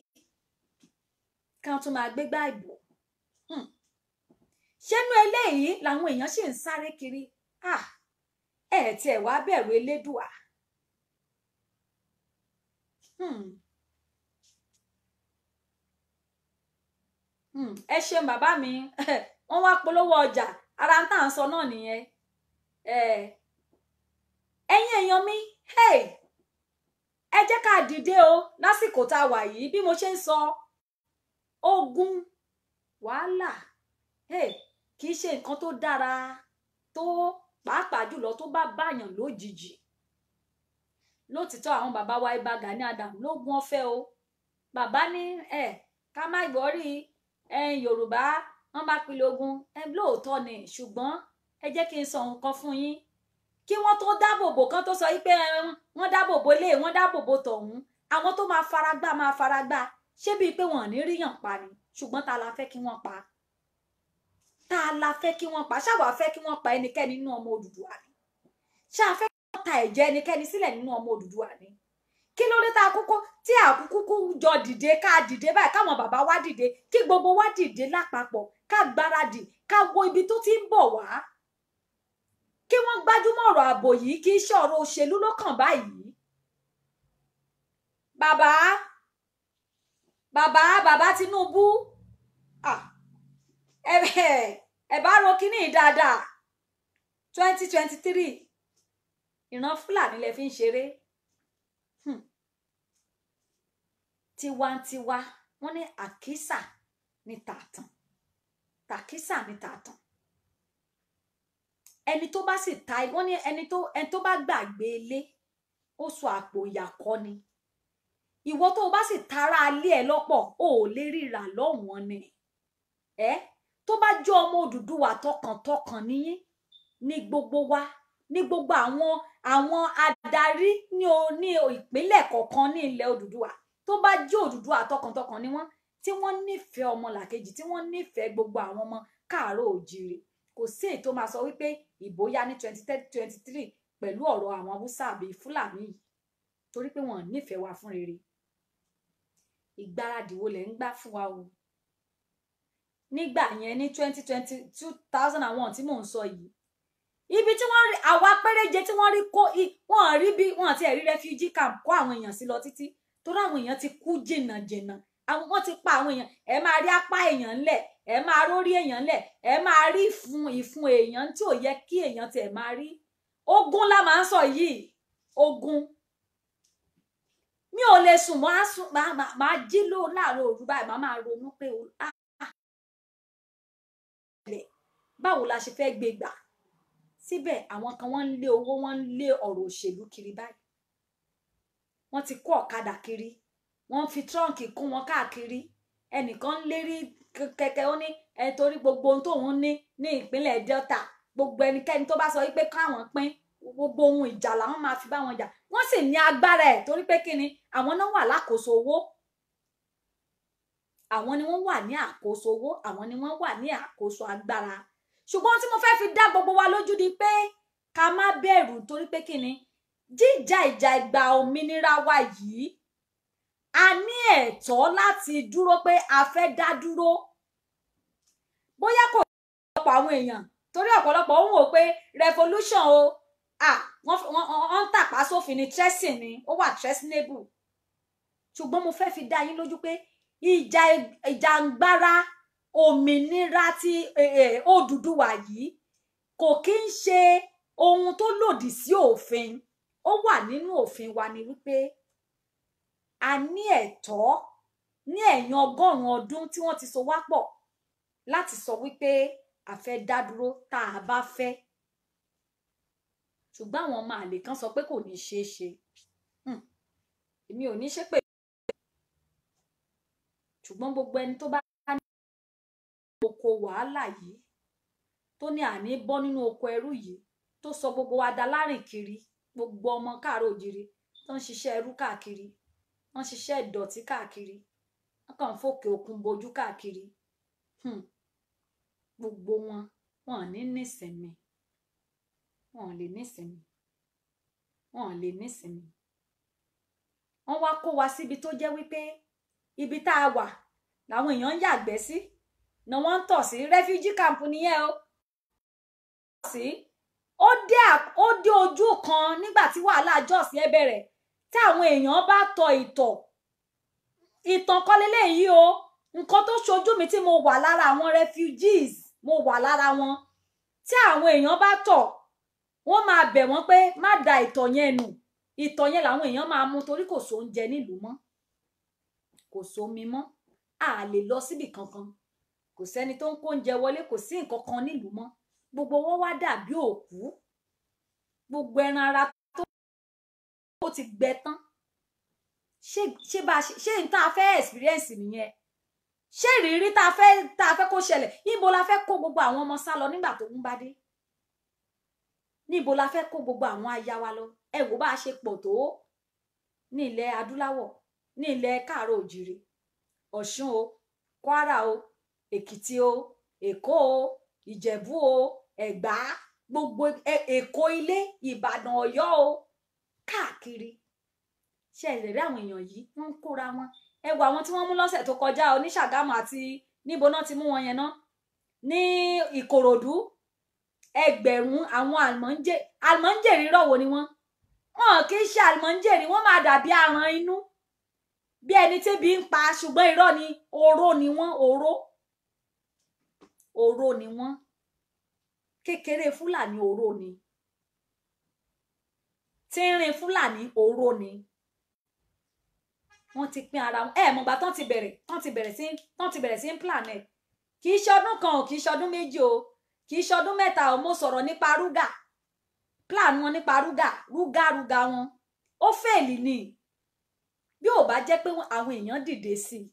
kan tún máa gbégbá ìbò ṣẹ́nu eléyìí làwọn èèyàn ṣì ń sáré kiri ẹ tiẹ̀ wá bẹrù elédùá. Hmm. Hmm, ẹ ṣe bàbá mi wọn wá polówó ọjà ara ń tà ń sọ náà nìyẹn ẹ̀yin èèyàn mi ẹ jẹ́ ká dìde o lásìkò tá a wà yìí bí mo ṣe ń sọ ogun wàhálà. Hey. kì í ṣe nǹkan tó dára tó pàápàá jùlọ tó bá báyàn lójijì lótìtọ́ àwọn bàbá wa Ìbà Gani Adam ló gun ọ̀fẹ́ o bàbá ní ẹ ká má gbọ́rí Yorùbá wọn bá pilẹ̀ ogun ẹ lóòótọ́ ni ṣùgbọ́n ẹ jẹ́ kí n sọ nǹkan fún yín kí wọ́n tó dáàbòbò kan tó sọ yí pé wọ́n dáàbòbò ilé wọ́n dáàbòbò tọ̀hún àwọn tó máa faragbá máa faragbá ṣé bíi pé wọ́n ò ní ríyàn pa ni ṣùgbọ́n ta la fẹ́ kí wọ́n pa tá a la fẹ́ kí wọ́n pa ṣáà wàá fẹ́ kí wọ́n pa ẹnikẹ́ni nínú ọmọ Odùduwà ni ṣáà fẹ́ kí wọ́n ta ẹ̀jẹ̀ ẹnikẹ́ni sílẹ̀ nínú ọmọ Odùduwà ni kí ló dé tá a kúkú tí àkúkú jọ dìde ká dìde báyìí káwọn bàbá wa dìde kí gbogbo wa dìde lápapọ̀ ká gbáradì ká wo ibi tó ti ń bọ̀ wá kí wọ́n gbájúmọ̀ ọ̀rọ̀ ààbò yìí kí iṣẹ́ ọ̀rọ̀ òṣèlú ló kàn báyìí bàbá Tinubu ah ẹ bá ro kínní dáadáa twenty twenty three ìran fúlàní lẹ fi ń ṣeré hmm. tiwantiwa wọ́n ní àkísà ní tààtàn tàkísà ní tààtàn ẹni tó bá sì ta wọ́n ní ẹni tó ẹni tó bá gbàgbé ilé ó sọ àpò ìyàkọ ni ìwọ tó o bá sì tara alé ẹ lọ́pọ̀ o ò lè ríra lọ́wọ́n ni ẹ tó bá jẹ́ ọmọ Odùduwà tọkàntọkàn nìyí ní gbogbo wa ní gbogbo àwọn àwọn adarí ní o ní ìpínlẹ̀ kọ̀ọ̀kan ní ilẹ̀ Odùduwà tó bá jẹ́ Odùduwà tọkàntọkàn ni wọ́n tí wọ́n nífẹ̀ẹ́ ọmọlàkejì tí wọ́n nífẹ̀ẹ́ gbogbo àwọn ọmọ káàárọ̀ òjìrì kò sí èyí tó máa sọ wípé ìbóyá ní twenty twenty three pẹ̀lú ọ̀rọ̀ àwọn haúsá àbí fúlàní yìí torí pé wọ́n nífẹ̀ẹ́ wa fún rere ìgbáradì wo lẹ̀ ń gbà fún wa o nígbà yẹn ní twenty twenty two thousand and one tí mò ń sọ yìí ibi tí wọ́n rí àwa péréje tí wọ́n rí kó wọ́n rí bí wọ́n ti ẹ̀rí refugee camp kó àwọn èèyàn sí lọ títí torí àwọn èèyàn ti kú jìnnà jìnnà àwọn wọ́n ti pa àwọn èèyàn ẹ máa rí apá èèyàn ńlẹ̀ ẹ máa rórí èèyàn ńlẹ̀ ẹ máa rí ìfun ìfun èèyàn tí ò yẹ kí èèyàn tiẹ̀ máa rí ogun la máa ń sọ yìí ogun mi ò lè sùn máa sùn máa jí lóò láàárọ̀ òru báyìí máa máa ronú pé ah, báwo la ṣe fẹ́ gbé gbà síbẹ̀ àwọn kan wọ́n ń lé owó wọ́n ń lé ọ̀rọ̀ òṣèlú kiri báyìí wọ́n ti kó ọ̀kadà kiri wọ́n fi trọ́ǹkì kún wọn káàkiri ẹnìkan ń lérí kẹ̀kẹ́ ó ní ẹni torí gbogbo ohun tóun ní ní ìpínlẹ̀ delta gbogbo ẹnikẹ́ni tó bá sọ wípé káwọn pín gbogbo ohun ìjà làwọn máa fi bá wọn jà wọ́n sì ní agbára ẹ̀ torí pé kí ni àwọn náà wà lákòóso owó àwọn ni wọ́n wà ní àkóso owó àwọn ni wọ́n wà ní àkóso agbára ṣùgbọ́n tí mo fẹ́ fi dá gbogbo wa lójú di pé ká má bẹ̀rù torí pé kí ni jíjà ìjà ìgbà òmìnira wa yìí a ní ẹ̀tọ́ láti dúró pé a fẹ́ dá dúró bóyá kò ọ̀pọ̀ àwọn èèyàn torí ọ̀pọ̀lọpọ̀ ń wò pé revolution o ah wọ́n ń tàpá sófin ni tressing ni ó wà tressingable ṣùgbọ́n mo fẹ́ fi dá yín lójú pé ìjà ìjàngbara òmìnira ti Odùduwà yìí kò kí ń ṣe ohun tó lòdì sí òfin ó wà nínú òfin wa ni wípé a ní ẹ̀tọ́ ní ẹ̀yìn ọgọ́rùn-ún ọdún tí wọ́n ti so wá pọ̀ láti sọ wípé a fẹ́ dá dúró tá a bá fẹ́ ṣùgbọ́n àwọn ọmọ àlè kan sọ pé kò ní ṣeé ṣe hmm. èmi ò ní ṣépè ṣùgbọ́n gbogbo ẹni tó bá wàhálà yìí tó ní àní bọ́ nínú oko ẹrú yìí tó sọ gbogbo wa da lárìn kiri gbogbo ọmọ káàárọ̀ òjìrì tó ń ṣiṣẹ́ ẹrú káàkiri wọ́n ń ṣiṣẹ́ ìdọ̀tí káàkiri wọ́n kàn ń fòkè òkun bojú káàkiri hmm. gbogbo wọn wọn ní nísìmí wọn lè nísìmí wọn lè nísìmí wọ́n wá kó wa síbi tó jẹ́ wípé ibi tá a wà làwọn èèyàn ń yàgbẹ́ sí. Si ni wọ́n ń tọ̀ sí refugee camp nìyẹn o. ó dé ojú kan nígbà tí wàhálà Jos yẹn bẹ̀rẹ̀ tí àwọn èèyàn bá tọ ìtọ̀ ìtàn kọ́lélẹ̀ yìí o nǹkan tó ṣojú mi tí mo wà lára àwọn refugees mo wà lára wọn tí àwọn èèyàn bá tọ̀ wọ́n máa bẹ̀ wọ́n pé má da ìtọ̀ yẹn nù ìtọ̀ yẹn làwọn èèyàn máa mú torí kò sóúnjẹ nílùú mọ́ kò sómi mọ́ a lè lọ síbi kankan kò sẹ́ni tó ń kó oúnjẹ wọlé kò sí nǹkan kan nílùú mọ́ gbogbo wọn wá dàbí òkú gbogbo ẹran ara tó ti gbẹ tán ṣé bá ṣe n tá a fẹ́ experience nìyẹn ṣé ìrírí tá a fẹ́ tá a fẹ́ kó ṣẹlẹ̀ níbo la fẹ́ kó gbogbo àwọn ọmọ sá lọ nígbà tó ń bá dé níbo la fẹ́ kó gbogbo àwọn aya wa lọ ẹ wò bá a ṣe pọ̀ tó ní ilẹ̀ adúláwọ̀ ní ilẹ̀ káàárọ̀ òjìrì Ọ̀ṣun o Kwara o èkìtì o èkó o ìjẹ̀bú o ẹ̀gbá gbogbo e, èkó ilé ìbàdàn ọ̀yọ́ o káàkiri ṣe ìlérí àwọn èèyàn yìí wọ́n ń kóra wọn ẹ wo àwọn tí wọ́n mú lọ́sẹ̀ tó kọjá o ní ṣàgámù àti níbo náà ti mú wọn yẹn náà ní ìkòròdú ẹgbẹ̀rún àwọn àlmọ́ńjẹ àlmọ́ńjẹ̀rí ni wọ́n wọn kì í ṣe àlmọ́ńjẹ̀rí wọ́n máa dàbí aràn inú bí ẹni tẹ́bi ń pa ṣùgbọ́n irọ́ ni oró ni wọ́n oró oró ni wọ́n kékeré fúlàní oró ni tínrín fúlàní oró ni wọ́n ti pín ara wọn ẹ mọ̀gbà tán ti bẹ̀rẹ̀ tán ti bẹ̀rẹ̀ sí tán ti bẹ̀rẹ̀ sí ń planet kì í ṣọdún kan ò kì í ṣọdún méjì o kì í ṣọdún mẹ́ta ò mo sọ̀rọ̀ nípa rúgà plan wọn nípa rúgà rúgà rúgà wọn ó fẹ́ẹ̀lì ni bí ò bá jẹ́ pé àwọn èèyàn dìde sí i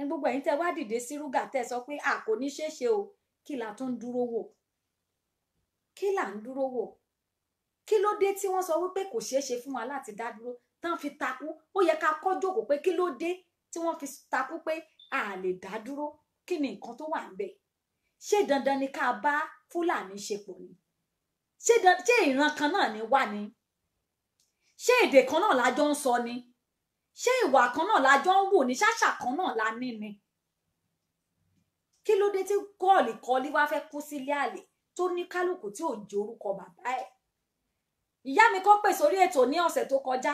ẹ gbogbo ẹ̀yin tẹ́ wá dìde sí rúgà tẹ́ sọ pé a kò ní ṣeé ṣe o kí la tún dúró wò kí là ń dúró wò kí ló dé tí wọ́n sọ wípé kò ṣeé ṣe fún wa láti dá dúró tán fi takú ó yẹ ká kọ́ jókòó pé kí ló dé tí wọ́n fi takú pé a lè dá dúró kí ni nǹkan tó wà ń bẹ̀ ṣé dandan ni ká bá fúlàní ṣe pọ̀ ni ṣé ìran kan náà ni wà ni ṣé èdè kan náà lájọ ń sọ ni ṣé ìwà kan náà lájọ ń wò ní ṣáṣà kan náà la ní ni kí ló dé tí kọ́ọ̀lì kọ́ọ̀lì wá fẹ́ kú sílé àlè tó ní kálukú tí ò jẹ́ orúkọ bàbá ẹ̀ ìyá mi kọ́ pè sórí ètò ní ọ̀sẹ̀ tó kọjá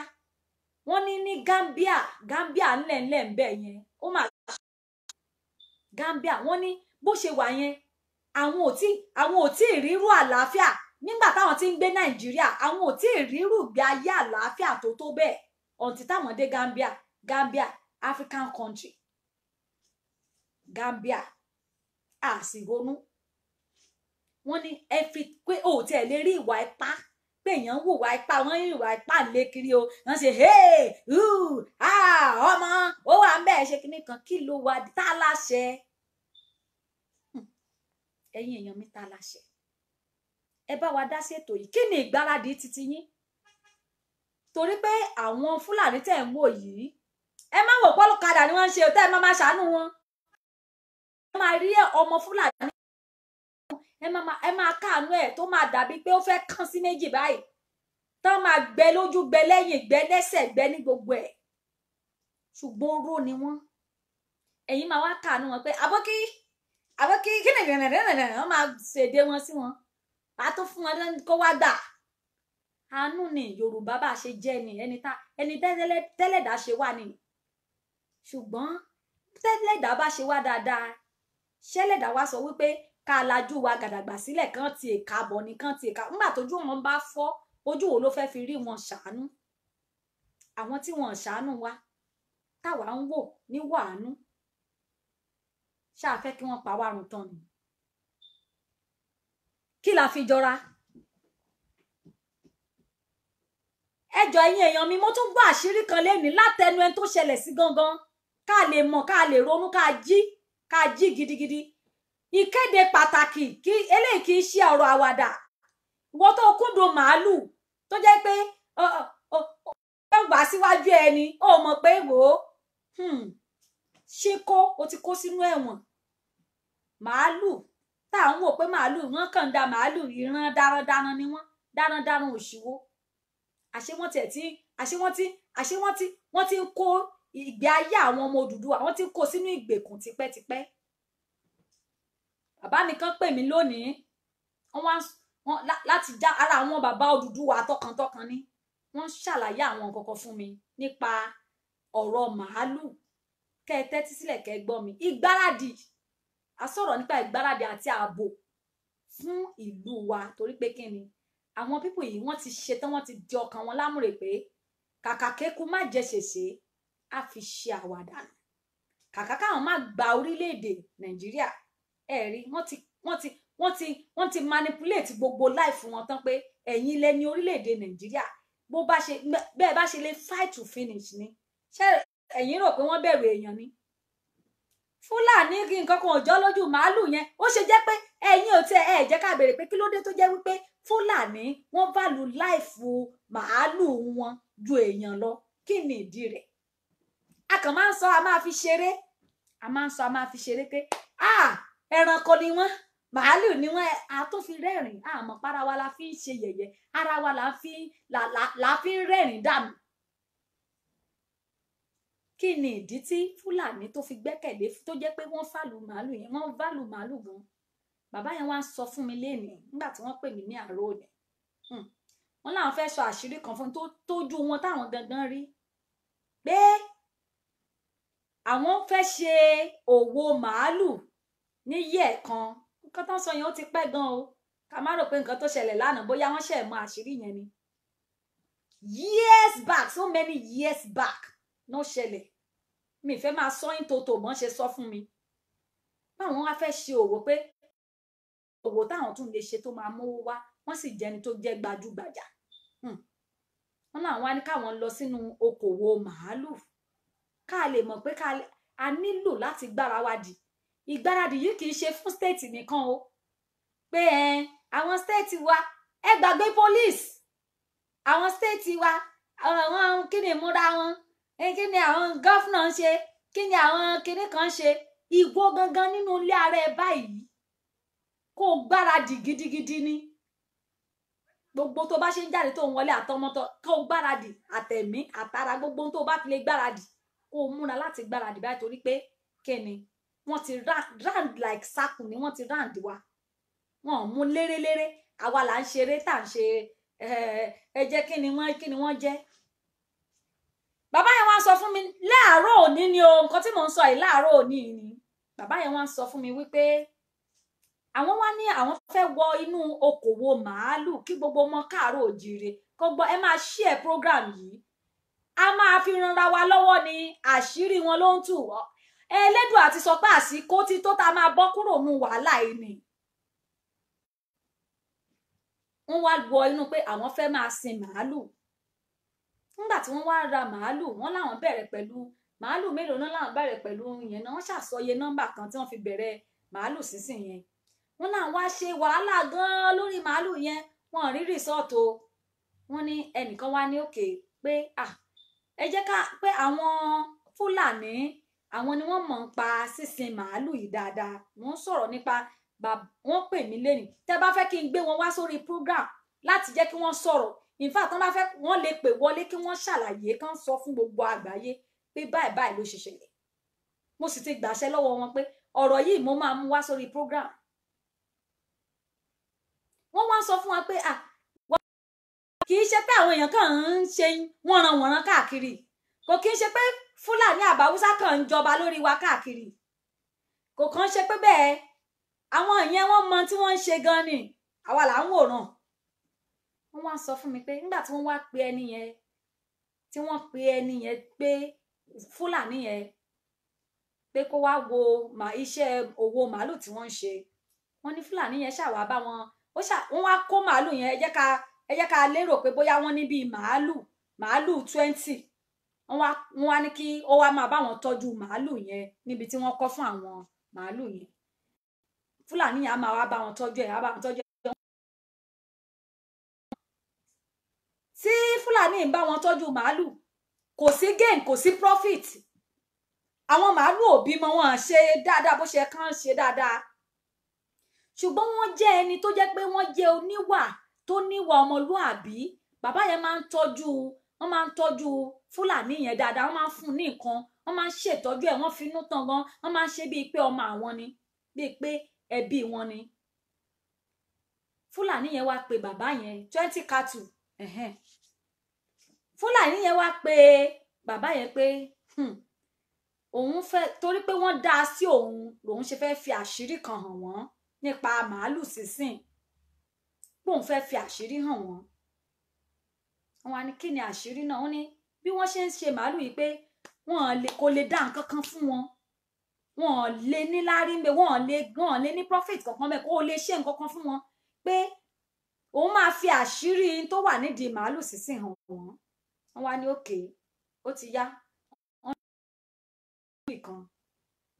wọ́n ní ní Gambia Gambia ńlẹ̀ńlẹ̀ ń bẹ̀ yẹn ó mà Gambia wọ́n ní bó ṣe wà yẹn àwọn ò tí àwọn ò tí ì àlàáfíà nígbà táwọn ti ń gbé Nàìjíríà àwọn ò tí ì ìgbé ayé àlàáfíà tó tó bẹ́ẹ̀ ọ̀ǹtí táwọn dé Gambia Gambia African country Gambia ah, wọ́n ní ẹ fi pé o oh, ò tiẹ̀ lè rí ìwà ipá pé èèyàn ń wùwà ipá wọ́n ń ìwà ipá kiri o wọ́n ṣe hey uh, ah omo. ó wà ń bẹ́ẹ̀ ṣe kíní kan kí ló wà tá a láṣẹ hmm. mi tá a láṣẹ ẹ bá wa dá sí ètò yìí kí ni titi yín torí pé àwọn fúlàní tẹ̀ ń wò yìí ẹ má wò pọ́lù kadà ni wọ́n ń ṣe tẹ́ ẹ má má ṣàánú wọn. ẹ máa rí ọmọ fúlàní ẹ máa káàánú ẹ tó máa dàbí pé ó fẹ́ kán sí méjì báyìí tán máa gbẹ lójú gbẹ lẹ́yìn gbẹ lẹ́sẹ̀ gbẹ ní gbogbo ẹ̀ ṣùgbọ́n oró ni wọ́n ẹ̀yin máa wá káàánú wọn pé abọ́kí abọ́kí kí nìgbẹ̀rẹ̀ wọ́n máa ṣèdè wọn sí wọn pàtó fún wọn kó wá gbà àánú ni yorùbá bá ṣe jẹ́ ni ẹni tá ẹni tẹ́lẹ̀dá ṣe wà ni ṣùgbọ́n tẹ́lẹ̀dá bá ṣe wá dáadáa ṣẹlẹ̀dá wá sọ wípé ká lajú wa gàdàgbà sílẹ̀ kán ti èka bọ̀ ni kán ti èka nígbà tójú wọn bá fọ́ ojú wo ló fẹ́ fi rí wọn ṣàánú àwọn tí wọn ṣàánú wa táwa ń wò ní wàánú ṣáà fẹ́ kí wọ́n pa wárun tán ni kí la fi jọra ẹjọ ẹ̀yin èèyàn mi mo tún gbọ́ àṣírí kan lénìí látẹnu ẹni tó ṣẹlẹ̀ sí gangan ká lè mọ̀ ká lè ronú ká jí ká jí gidigidi ìkéde pàtàkì kí eléyìí kì í ṣe ọ̀rọ̀ àwàdà ìwọ tó kúndùn màálù tó jẹ́ pé ó ń gbà síwájú ẹni ó mọ̀ pé wò ó ṣe kó o ti kó sínú ẹ̀wọ̀n màálù tá à ń wò pé màálù wọn kàn ń da màálù ìran darandaran ni wọn darandaran òṣìwò àṣé wọ́n tiẹ̀ ti àṣé wọ́n ti àṣé wọ́n ti wọ́n ti ń kó ìgbé ayé àwọn ọmọ Odùduwà wọ́n ti ń kó sínú ìgbèkùn tipẹ́tipẹ́ bàbá mi kan pè mí lónìí wọ́n wá láti já ara àwọn bàbá Odùduwà tọkàntọkàn ni wọ́n ṣàlàyé àwọn nǹkan kan fún mi nípa ọ̀rọ̀ màálù kẹ́ ẹ tẹ́tí sílẹ̀ kẹ́ ẹ gbọ́ mi ìgbáradì a sọ̀rọ̀ nípa ìgbáradì àti ààbò fún ìlú wa torí pé kí ni àwọn pípò yìí wọ́n ti ṣetán wọ́n ti di ọkàn wọn lámúre pé kàkà kéku má jẹ ṣèṣe á fi ṣe àwàdà kàkà káwọn má gba orílẹ̀-èdè nàìjíríà ẹ̀ rí wọ́n ti wọ́n ti wọ́n ti wọ́n ti manipulate gbogbo life wọn tán pé ẹ̀yin lẹ ní orílẹ̀-èdè nàìjíríà bó bá ṣe bẹ́ẹ̀ bá ṣe lè fight to finish ni ṣé ẹ̀yin rò pé wọ́n bẹ̀rù èèyàn ni fúlàní nǹkan kan òjọ́ lójú màálù yẹn ó ṣe jẹ́ pé ẹ̀yin ò tẹ ẹ̀ jẹ́ ká béèrè pé kí ló dé tó jẹ́ wípé fúlàní wọ́n bàlù láìfù màálù wọn ju èèyàn lọ kí ni ìdí rẹ̀ a kàn máa ń sọ a máa fi ṣeré a máa ń sọ a máa fi ṣeré pé ẹranko ni wọ́n màálù ni wọ́n a tún fi rẹ́rìn àmọ́ para wa la fi ń ṣe yẹ̀yẹ́ ara wa la fi ń rẹ́rìn dànù kí ni ìdí tí fúlàní tó fi gbẹ́kẹ̀lé tó jẹ́ pé wọ́n fàlù màálù yẹn wọ́n válù màálù gan bàbá yẹn wá ń sọ fún mi lénìí nígbà tí wọ́n pè mí ní àárọ̀ òní hmm. wọ́n láwọn fẹ́ sọ àṣírí kan fún tó tójú wọn táwọn gangan rí pé àwọn fẹ́ ṣe òwò màálù ní yẹ̀ kan nǹkan tó ń sọ yẹn ó ti pẹ́ gan o ká má rò pé nǹkan tó ṣẹlẹ̀ lánàá bóyá wọ́n ṣẹ̀ mọ àṣírí yẹn ni years back so many years back ló ṣẹlẹ̀ mi fẹ́ máa sọ yín tòótọ́ mọ́ ṣe sọ fún mi báwọn wá fẹ́ ṣe òwò pé òwò táwọn tún lè ṣe tó máa mówó wá wọ́n sì jẹni tó jẹ́ gbajúgbajà hmm. wọ́n láwọn á ní káwọn lọ sínú okòwò màálù ká lè mọ̀ pé a nílò láti gbára wa dì ìgbáradì yìí kì í ṣe fún stéètì nìkan o pé àwọn stéètì wa ẹ gbàgbé police àwọn stéètì wa àwọn kíni ìmúra wọn kí ni àwọn gọ́fúnà ń ṣe kí ni àwọn kinní kan ṣe ìwọ gangan nínú ilé ara ẹ báyìí kó o gbáradì gidigidi ni gbogbo tó bá ṣe ń jáde tó ń wọlé àtọmọtọ kó o gbáradì àtẹ̀mí àtara gbogbo tó o bá fi lè gbáradì kó o múra láti gbáradì báyìí torí pé kí ni wọ́n ti round like circle ni wọ́n ti round wa wọn ò mú lérelére àwa là ń ṣeré tá à ń ṣe eh, ẹ jẹ́ kí ni wọ́n kí ni wọ́n jẹ́ bàbá yẹn wá sọ fún mi láàárọ̀ òní ni o nǹkan tí mò ń sọ yìí láàárọ̀ òní ni bàbá yẹn wá sọ fún mi wípé àwọn wá ní àwọn fẹ́ wọ inú okòwò màálù kí gbogbo ọmọ káàárọ̀ òjìire kó gbọ́ ẹ máa ṣí ẹ̀ program yìí a máa fi ranra wa lọ́wọ́ ni àṣírí wọn ló ń tù wọ́ ẹlẹ́dùn àti sọ pé àsìkò ti tó ta máa bọ́ kúrò nù wàhálà yìí ni wọ́n wá wọ inú pé àwọn fẹ́ máa sin màálù nígbà tí wọ́n wá ra màálù wọ́n láwọn bẹ̀rẹ̀ pẹ̀lú màálù mélòó náà láwọn bẹ̀rẹ̀ pẹ̀lú yẹn náà wọ́n ṣàsọyẹ nọ́mbà kan tí wọ́n fi bẹ̀rẹ̀ màálù sísìn yẹn wọ́n láwọn wá ṣe wàhálà gan-an lórí màálù yẹn wọ́n rí rìsọ́ọ̀tì o wọ́n ní ẹnìkan wá ní òkè pé ah ẹ jẹ́ ká pé àwọn fúlàní àwọn ni wọ́n mọ̀ ń pa sísin màálù yìí dáadáa wọ́n sọ̀rọ̀ nípa wọ́n pè mí lẹ́nu tẹ́ bá fẹ́ kí n gbé wọn wá sórí program láti jẹ́ kí wọ́n sọ̀rọ̀ in fact wọ́n bá fẹ́ wọ́n lè pè wọlé kí wọ́n ṣàlàyé kán sọ fún gbogbo àgbáyé pé báyìí báyìí ló ṣe ṣẹlẹ̀ mo sì ti gbàṣẹ lọ́wọ́ wọn pé ọ̀rọ̀ yìí mo máa mú wá sórí program wọ́n wá sọ fún wa pé à kì í ṣe pé àwọn èèyàn kan ń ṣe wọ́nranwọ̀nran káàkiri kò kì í ṣe pé fúlàní àbáwúsá kan ń jọba lórí wa káàkiri kò kàn ṣe pé bẹ́ẹ̀ àwọn ìyẹn wọ́n mọ tí wọ́n ń ṣe gan ni àwa là ń wòran wọ́n wá sọ fún mi pé nígbà tí wọ́n wá pe ẹni yẹn tí wọ́n pe ẹni yẹn pé fúlàní yẹn pé kó wá wo mà iṣẹ́ òwò màálù tí wọ́n ń ṣe wọ́n ní fúlàní yẹn ṣàwá bá wọn ó ṣà wọ́n wá kó màálù yẹn ẹ ká ẹ ká lérò pé bóyá wọ́n ní bíi màálù màálù twenty wọ́n wá wọ́n wá ní kí ó wá máa bá wọn tọ́jú màálù yẹn níbi tí wọ́n kọ́ fún àwọn màálù yẹn fúlàní yẹn á máa wá bá wọn tọ́jú ẹ̀ á bá wọn tọ́jú fúlàní ń bá wọn tọ́jú màálù kò sí gain kò sí profit àwọn màálù òbí mọ wọn ṣe dáadáa bó ṣe kàn ṣe dáadáa ṣùgbọ́n wọ́n jẹ́ ẹni tó jẹ́ pé wọ́n jẹ́ oníwà tó níwà ọmọlúàbí bàbá yẹn máa ń tọ́jú wọ́n máa ń tọ́jú fúlàní yẹn dáadáa wọ́n máa ń fún ní nǹkan wọ́n máa ń ṣètọ́jú ẹ̀ wọ́n finú tán gan wọ́n máa ń ṣe bíi pé ọmọ àwọn ni bíi pé ẹbí wọn ni fúlàní yẹn wá pe bàbá yẹn twenty cattle fúlàní yẹn wá pé bàbá yẹn pé hmm, òun fẹ́ torí pé wọ́n dá a sí òun lòun ṣe fẹ́ẹ́ fi àṣírí kan hàn wọ́n nípa màálù sísìn póun fẹ́ẹ́ fi àṣírí hàn wọ́n wọ́n á ní kí ni àṣírí náà wọ́n ní bí wọ́n ṣe ń ṣe màálù yìí pé wọ́n kò lè dá nǹkan kan fún wọn wọ́n lè ní lárí mbẹ wọ́n lè wọ́n lè ní profit kankan mbẹ kó lè ṣe nǹkan kan fún wọn pé òun máa fi àṣírí tó wà nídìí màálù sísìn hàn wọ́n wọ́n wá ní òkè ó ti yá wọ́n ní ìkan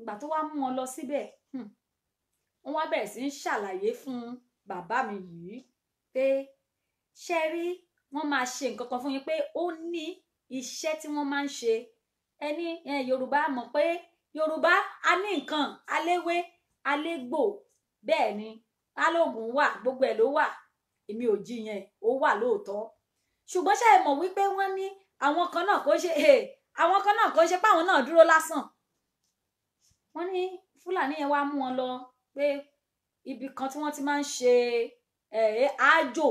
ìgbà tó wá mú wọn lọ síbẹ̀ hmm, wọ́n wá bẹ̀rẹ̀ sí ń ṣàlàyé fún bàbá mi yìí pé ṣe rí wọ́n máa ṣe nǹkan kan fún yín pé ó ní iṣẹ́ tí wọ́n máa ń ṣe ẹni Yorùbá mọ̀ pé Yorùbá a ní nǹkan aléwé alégbò bẹ́ẹ̀ ni alóògùn wà gbogbo ẹ̀ ló wà èmi ò jiyàn ó wà lóòótọ́ ṣùgbọ́n ṣe mọ̀ wípé wọ́n ní àwọn kan náà kò ṣe eh, àwọn kan náà kò ṣe páwọn náà dúró lásán wọ́n ní fúlàní yẹn wàá mú wọn lọ pé ibì kan tí wọ́n ti máa ń ṣe eh, àájò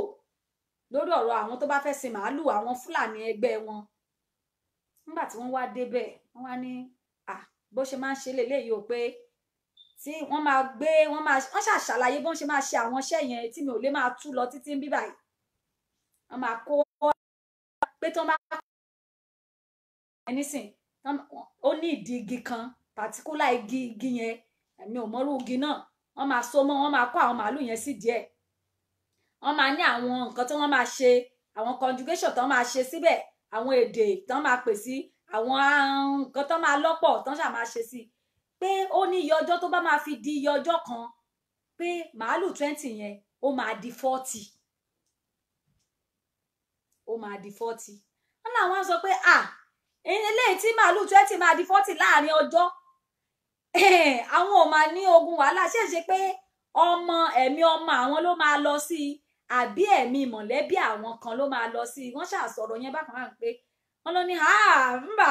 lórí ọ̀rọ̀ àwọn tó bá fẹ́ sin màálù àwọn fúlàní ẹgbẹ́ wọn nígbà tí wọ́n wá débẹ̀ wọ́n wá ní bó ṣe máa ń ṣe lélẹ́yìí o pé tí wọ́n máa gbé wọ́n máa wọ́n ṣàṣàlàyé bó ṣe máa ṣe àwọn iṣẹ́ yẹn tí mi ò lè máa tú lọ títí ń bí wọ́n máa kó pé tó máa ẹnísìn ó ní ìdí igi kan pàtíkúlà igi igi yẹn èmi ò mọrú igi náà wọ́n máa so mọ́ wọ́n máa kó àwọn màálù yẹn sí díẹ̀ wọ́n máa ní àwọn nǹkan tí wọ́n máa ṣe àwọn conjugation tó máa ṣe síbẹ̀ àwọn èdè tó máa pè sí àwọn nǹkan tó máa lọ́pọ̀ tó ṣà máa ṣe sí pé ó ní iye ọjọ́ tó bá máa fi di iye ọjọ́ kan pé màálù twenty yẹn ó máa di forty ó máa di forty wọn náà wọn sọ pé à eléyìí tí màálù twenty máa di forty láàrin ọjọ́ àwọn ò máa ní ogun wàhálà ṣèṣe pé ọmọ ẹ̀mí ọmọ àwọn ló máa lọ sí i àbí ẹ̀mí mọ̀lẹ́bí àwọn kan ló máa lọ sí i wọ́n ṣàsọ̀rọ̀ yẹn bákan náà pé wọ́n lọ ní àmbà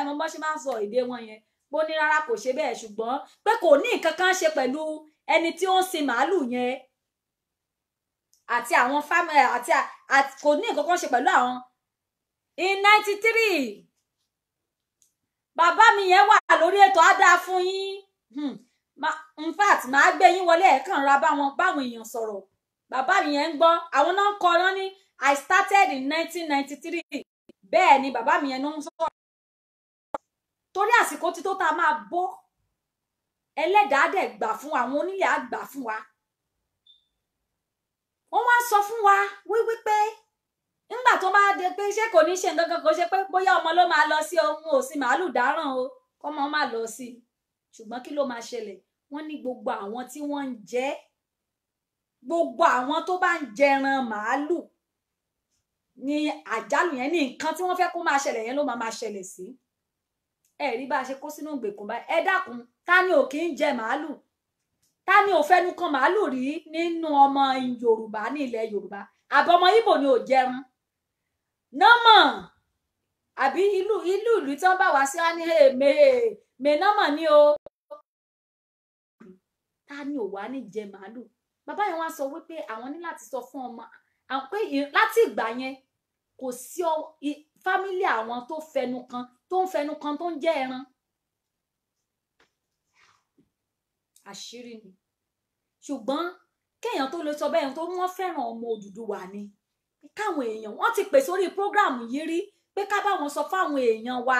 ẹmọ bọ́n ṣe máa ń sọ èdè wọn yẹn bó ní rárá kò ṣe bẹ́ẹ̀ ṣùgbọ́n pé kò ní nǹkan kan ṣe pẹ̀lú ẹni tí ó ń sin màálù yẹn àti àwọn fámìlì eh, àti kò ní nǹkan kan ṣe pẹ̀lú àwọn in ninety three bàbá mi yẹn wà lórí ètò á dáa fún yín hmm. in fact màá gbé yín wọlé ẹ̀ẹ̀kan ra báwọn báwọn èèyàn sọ̀rọ̀ bàbá mi yẹn ń gbọ́ àwọn náà ń kọ náà ní I started in nineteen ninety three bẹ́ẹ̀ ni bàbá mi yẹn ló ń sọ̀rọ̀ torí àsìkò tító tá a máa bọ́ ẹlẹ́dàá dẹ̀ gbà fún wa àwọn onílẹ̀ á gbà fún wa wọ́n wá sọ fún wa wíwí pé tó bá dé pé ṣé kò ní ṣe nǹkan kan kò ṣe pé bóyá ọmọ ló máa lọ sí ohun òsìn màálù dáràn o kọ́mọ máa lọ sí i ṣùgbọ́n kí ló máa ṣẹlẹ̀ wọ́n ní gbogbo àwọn tí wọ́n ń jẹ gbogbo àwọn tó bá ń jẹran màálù ni àjálù yẹn ní nǹkan tí wọ́n fẹ́ kó máa ṣẹlẹ̀ yẹn ló máa máa ṣẹlẹ̀ sí ẹ rí bá a ṣe kó sínú ìgbèkùn báyìí ẹ dákun ta ni ò ń jẹ màálù ta ni ò fẹnu kan màálù rí nínú ọmọ yorùbá ní ilẹ̀ yorùbá àbọ̀mọ ibo ni ò jẹun nọ́mọ̀ àbí ìlú ìlú ìlú tí wọ́n bá wá sí wa ní èèmè me nọ́mọ̀ ni o ta ni ò wá ní jẹ màálù bàbá yẹn wá sọ wípé àwọn ní láti sọ fún ọmọ àwọn pé láti ìgbà yẹn kò sí fámílì àwọn tó fẹnu kan tó ń fẹnu kan tó ń jẹ ẹran àṣírí ni ṣùgbọ́n kéèyàn tó lè sọ bẹ́ẹ̀ tó wọ́n fẹ́ràn ọmọ Odùduwà ni káwọn èèyàn wọ́n ti pè sórí prógráàmù yìí rí pé ká bá wọn sọ fáwọn èèyàn wa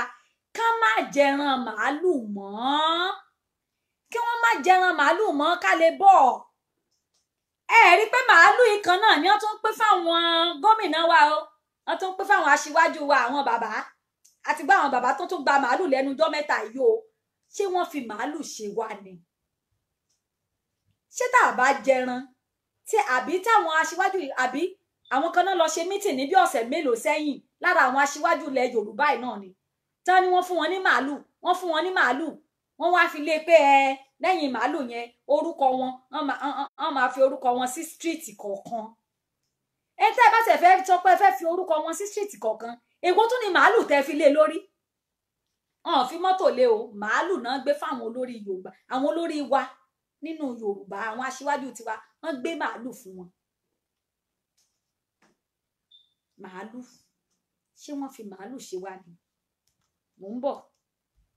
ká má jẹran màálù mọ́ kí wọ́n má jẹran màálù mọ́ ká lè bọ̀ ẹ rí i pé màálù yìí kan náà ni wọ́n tún ń pè fáwọn gómìnà wa o wọ́n tún ń pè fáwọn aṣíwájú wa àwọn bàbá àti gbọ́ àwọn bàbá tó tún gba màálù lẹ́nu ọjọ́ mẹ́ta yìí o ṣé wọ́n fi màálù ṣe wá ni ṣé tá a bá jẹran tí àbí táwọn aṣíwájú àbí àwọn kan náà lọ ṣe mítìn ní bí ọ̀sẹ̀ mélòó sẹ́yìn lára àwọn aṣíwájú ilẹ̀ Yorùbá yìí náà ni tán ni wọ́n fún wọn ní màálù wọ́n fún wọn ní màálù wọ́n wá fi lé pé ẹ lẹ́yìn màálù yẹn orúkọ wọn wọ́n máa fi orúkọ wọn sí stíríìtì kọ̀ọ̀kan ẹ tẹ́ ẹ bá tẹ̀ fẹ́ tọpẹ́ fẹ́ fi orúkọ wọn sí stíríìtì kọ̀ọ̀kan èwo tún ni màálù tẹ́ fi lé lórí wọn fi mọ́tò lé o màálù náà gbé fáwọn olórí Yorùbá àwọn olórí wa nínú Yorùbá àwọn aṣíwájú tiwa wọ́n gbé màálù fún wọn màálù ṣé wọ́n fi màálù ṣe wá ni mò ń bọ̀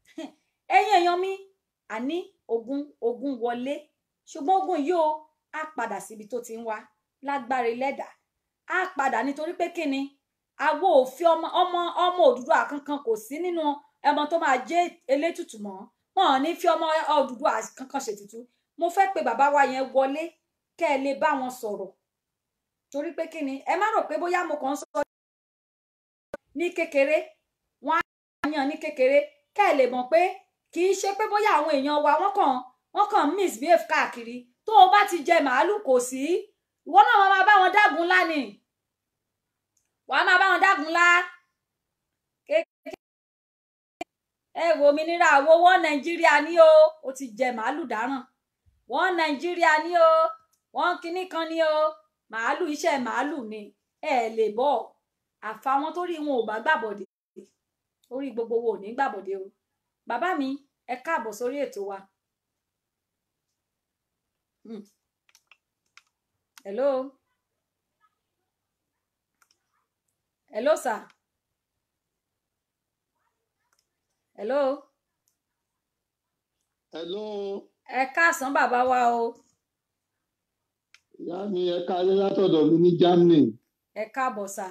ẹ̀yin èèyàn mi àní ogun ogun wọlé ṣùgbọ́n ogun yìí o á padà síbi tó ti ń wá lágbára ẹlẹ́dà á padà nítorí pé kíni àwo òfin ọmọ ọmọ ọmọ Odùduwà kankan kò sí nínú ẹmọ tó máa jẹ elétùtù mọ́ wọn ò ní fi ọmọ Odùduwà kankan ṣètùtù mo fẹ́ pe bàbá wa yẹn wọlé kẹ́ ẹ lè bá wọn sọ̀rọ̀ torí pé kí ni ẹ má rò mo kàn ń sọ ní kékeré wọn á yan ní kékeré kẹ́ ẹ lè mọ̀ pé kì í ṣe pé bóyá àwọn èèyàn wa wọ́n kàn wọ́n kàn misbehave káàkiri tó o bá ti jẹ màálù kò sí ìwọ náà wọn máa bá wọn dágun ni wàá máa bá wọn dágun ńlá kékeré ẹ wo mi níra àwòwọ́ Nàìjíríà ní o o ti jẹ màálù dáràn wọ́n nàìjíríà ní o wọ́n kinní kan ní o màálù iṣẹ́ màálù ni ẹ lè bọ̀ àfàwọn tó rí wọn ò bá gbàbọ̀dé orí gbogbo wo ní gbàbọ̀dé o bàbá mi ẹ káàbọ̀ sórí ètò wa. Hmm. hello hello sir hello. hello ẹ káàsán bàbá wa o. ìyá mi ẹ káalẹ́ látọ̀dọ̀ mi ní Germany. ẹ káàbọ̀ sá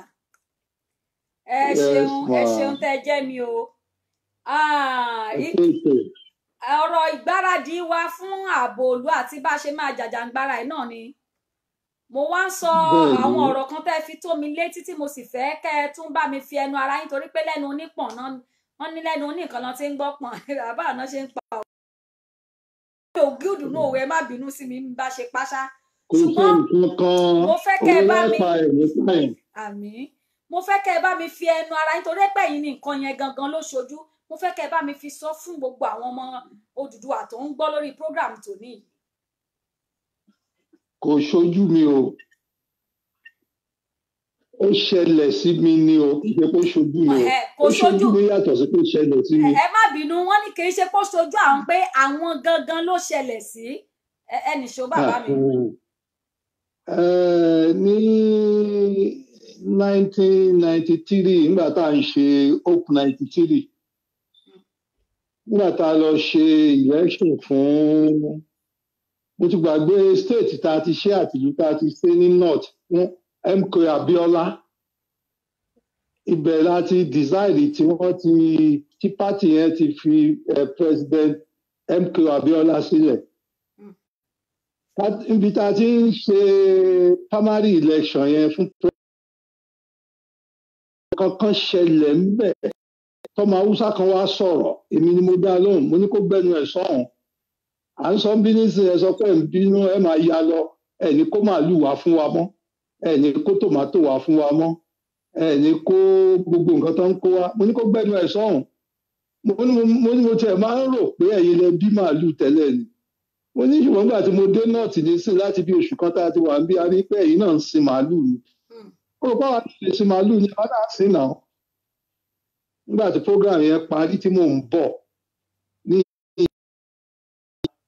ẹ ṣeun ẹ ṣeun tẹ́ jẹ́ mi o. ọ̀rọ̀ ìgbáradì wa fún ààbò òlu àti bá a ṣe máa jàjàǹgbara ẹ̀ náà ni mo wá ń sọ àwọn ọ̀rọ̀ kan tẹ́ fi tó mi létí tí mo sì fẹ́ kẹ́ ẹ tún bá mi fi ẹnu ara yín torí pé lẹ́nu onípọ̀n náà wọ́n ní lẹ́nu oníkan náà ń gbọ́ pọ̀n bàbá àná ṣe ń pa o gíùdù náà ẹ má bínú sí mi bá ṣe páṣá ṣùgbọ́n mo fẹ́ kẹ́ ẹ bá mi àmì mo fẹ́ kẹ́ ẹ bá mi fi ẹnu ara nítorí pé yìí ni nǹkan yẹn gangan ló ṣojú mo fẹ́ kẹ́ ẹ bá mi fi sọ fún gbogbo àwọn ọmọ Odùduwà tó ń gbọ́ lórí program tòní. kò ṣojú mi o ó ṣẹlẹ̀ sí mi ni o kì í ṣe pé ṣojú mi o ó ṣojú mi yàtọ̀ sí pé ó ṣẹlẹ̀ sí mi. ẹ má bínú wọn ní kì í ṣe pé ó ṣojú àwọn pé àwọn gangan ló ṣẹlẹ̀ sí ẹnì ṣó bàbá mi. Ah, eh, ní nineteen ninety three nígbà tá à ń ṣe hope ninety three nígbà tá a lọ ṣe election fún mo ti gbàgbé state tá a ti ṣe àtìlú tá a ti ṣe ní north MK Abiola ibẹ̀ láti decide tí wọ́n ti tí party yẹn ti fi eh, president MK Abiola sílẹ̀ ibi tá a ti ń ṣe primary election yẹn fún kankan ṣẹlẹ̀ ń bẹ̀ tọmọ haúsá kan wá sọ̀rọ̀ èmi ni mo dá lóhùn mo ní kó gbẹnu ẹ̀ sọ̀hún à ń sọ bí nísìnyí ẹ sọ pé ń bínú ẹ máa ya lọ ẹ ní kó màálù wá fún wa mọ́ ẹ ní kó tòmátò wá fún wa mọ́ ẹ ní kó gbogbo nǹkan tó ń kó wa mo ní kó gbẹ́nu ẹ̀ sọ́hùn mo ní mo tiẹ̀ máa ń rò pé ẹ̀yin lẹ bí màálù tẹ́lẹ̀ ni mo ní ṣùgbọ́n nígbà tí mo dé nọ́ọ̀tì nísìn láti bí oṣù kan tá a ti wà ń bí a ní pé ẹ̀yin náà ń sin màálù ni hmm. ó rò báwa lè sin màálù ni àwọn náà sin náà nígbà tí program yẹn parí tí mò ń bọ̀ ní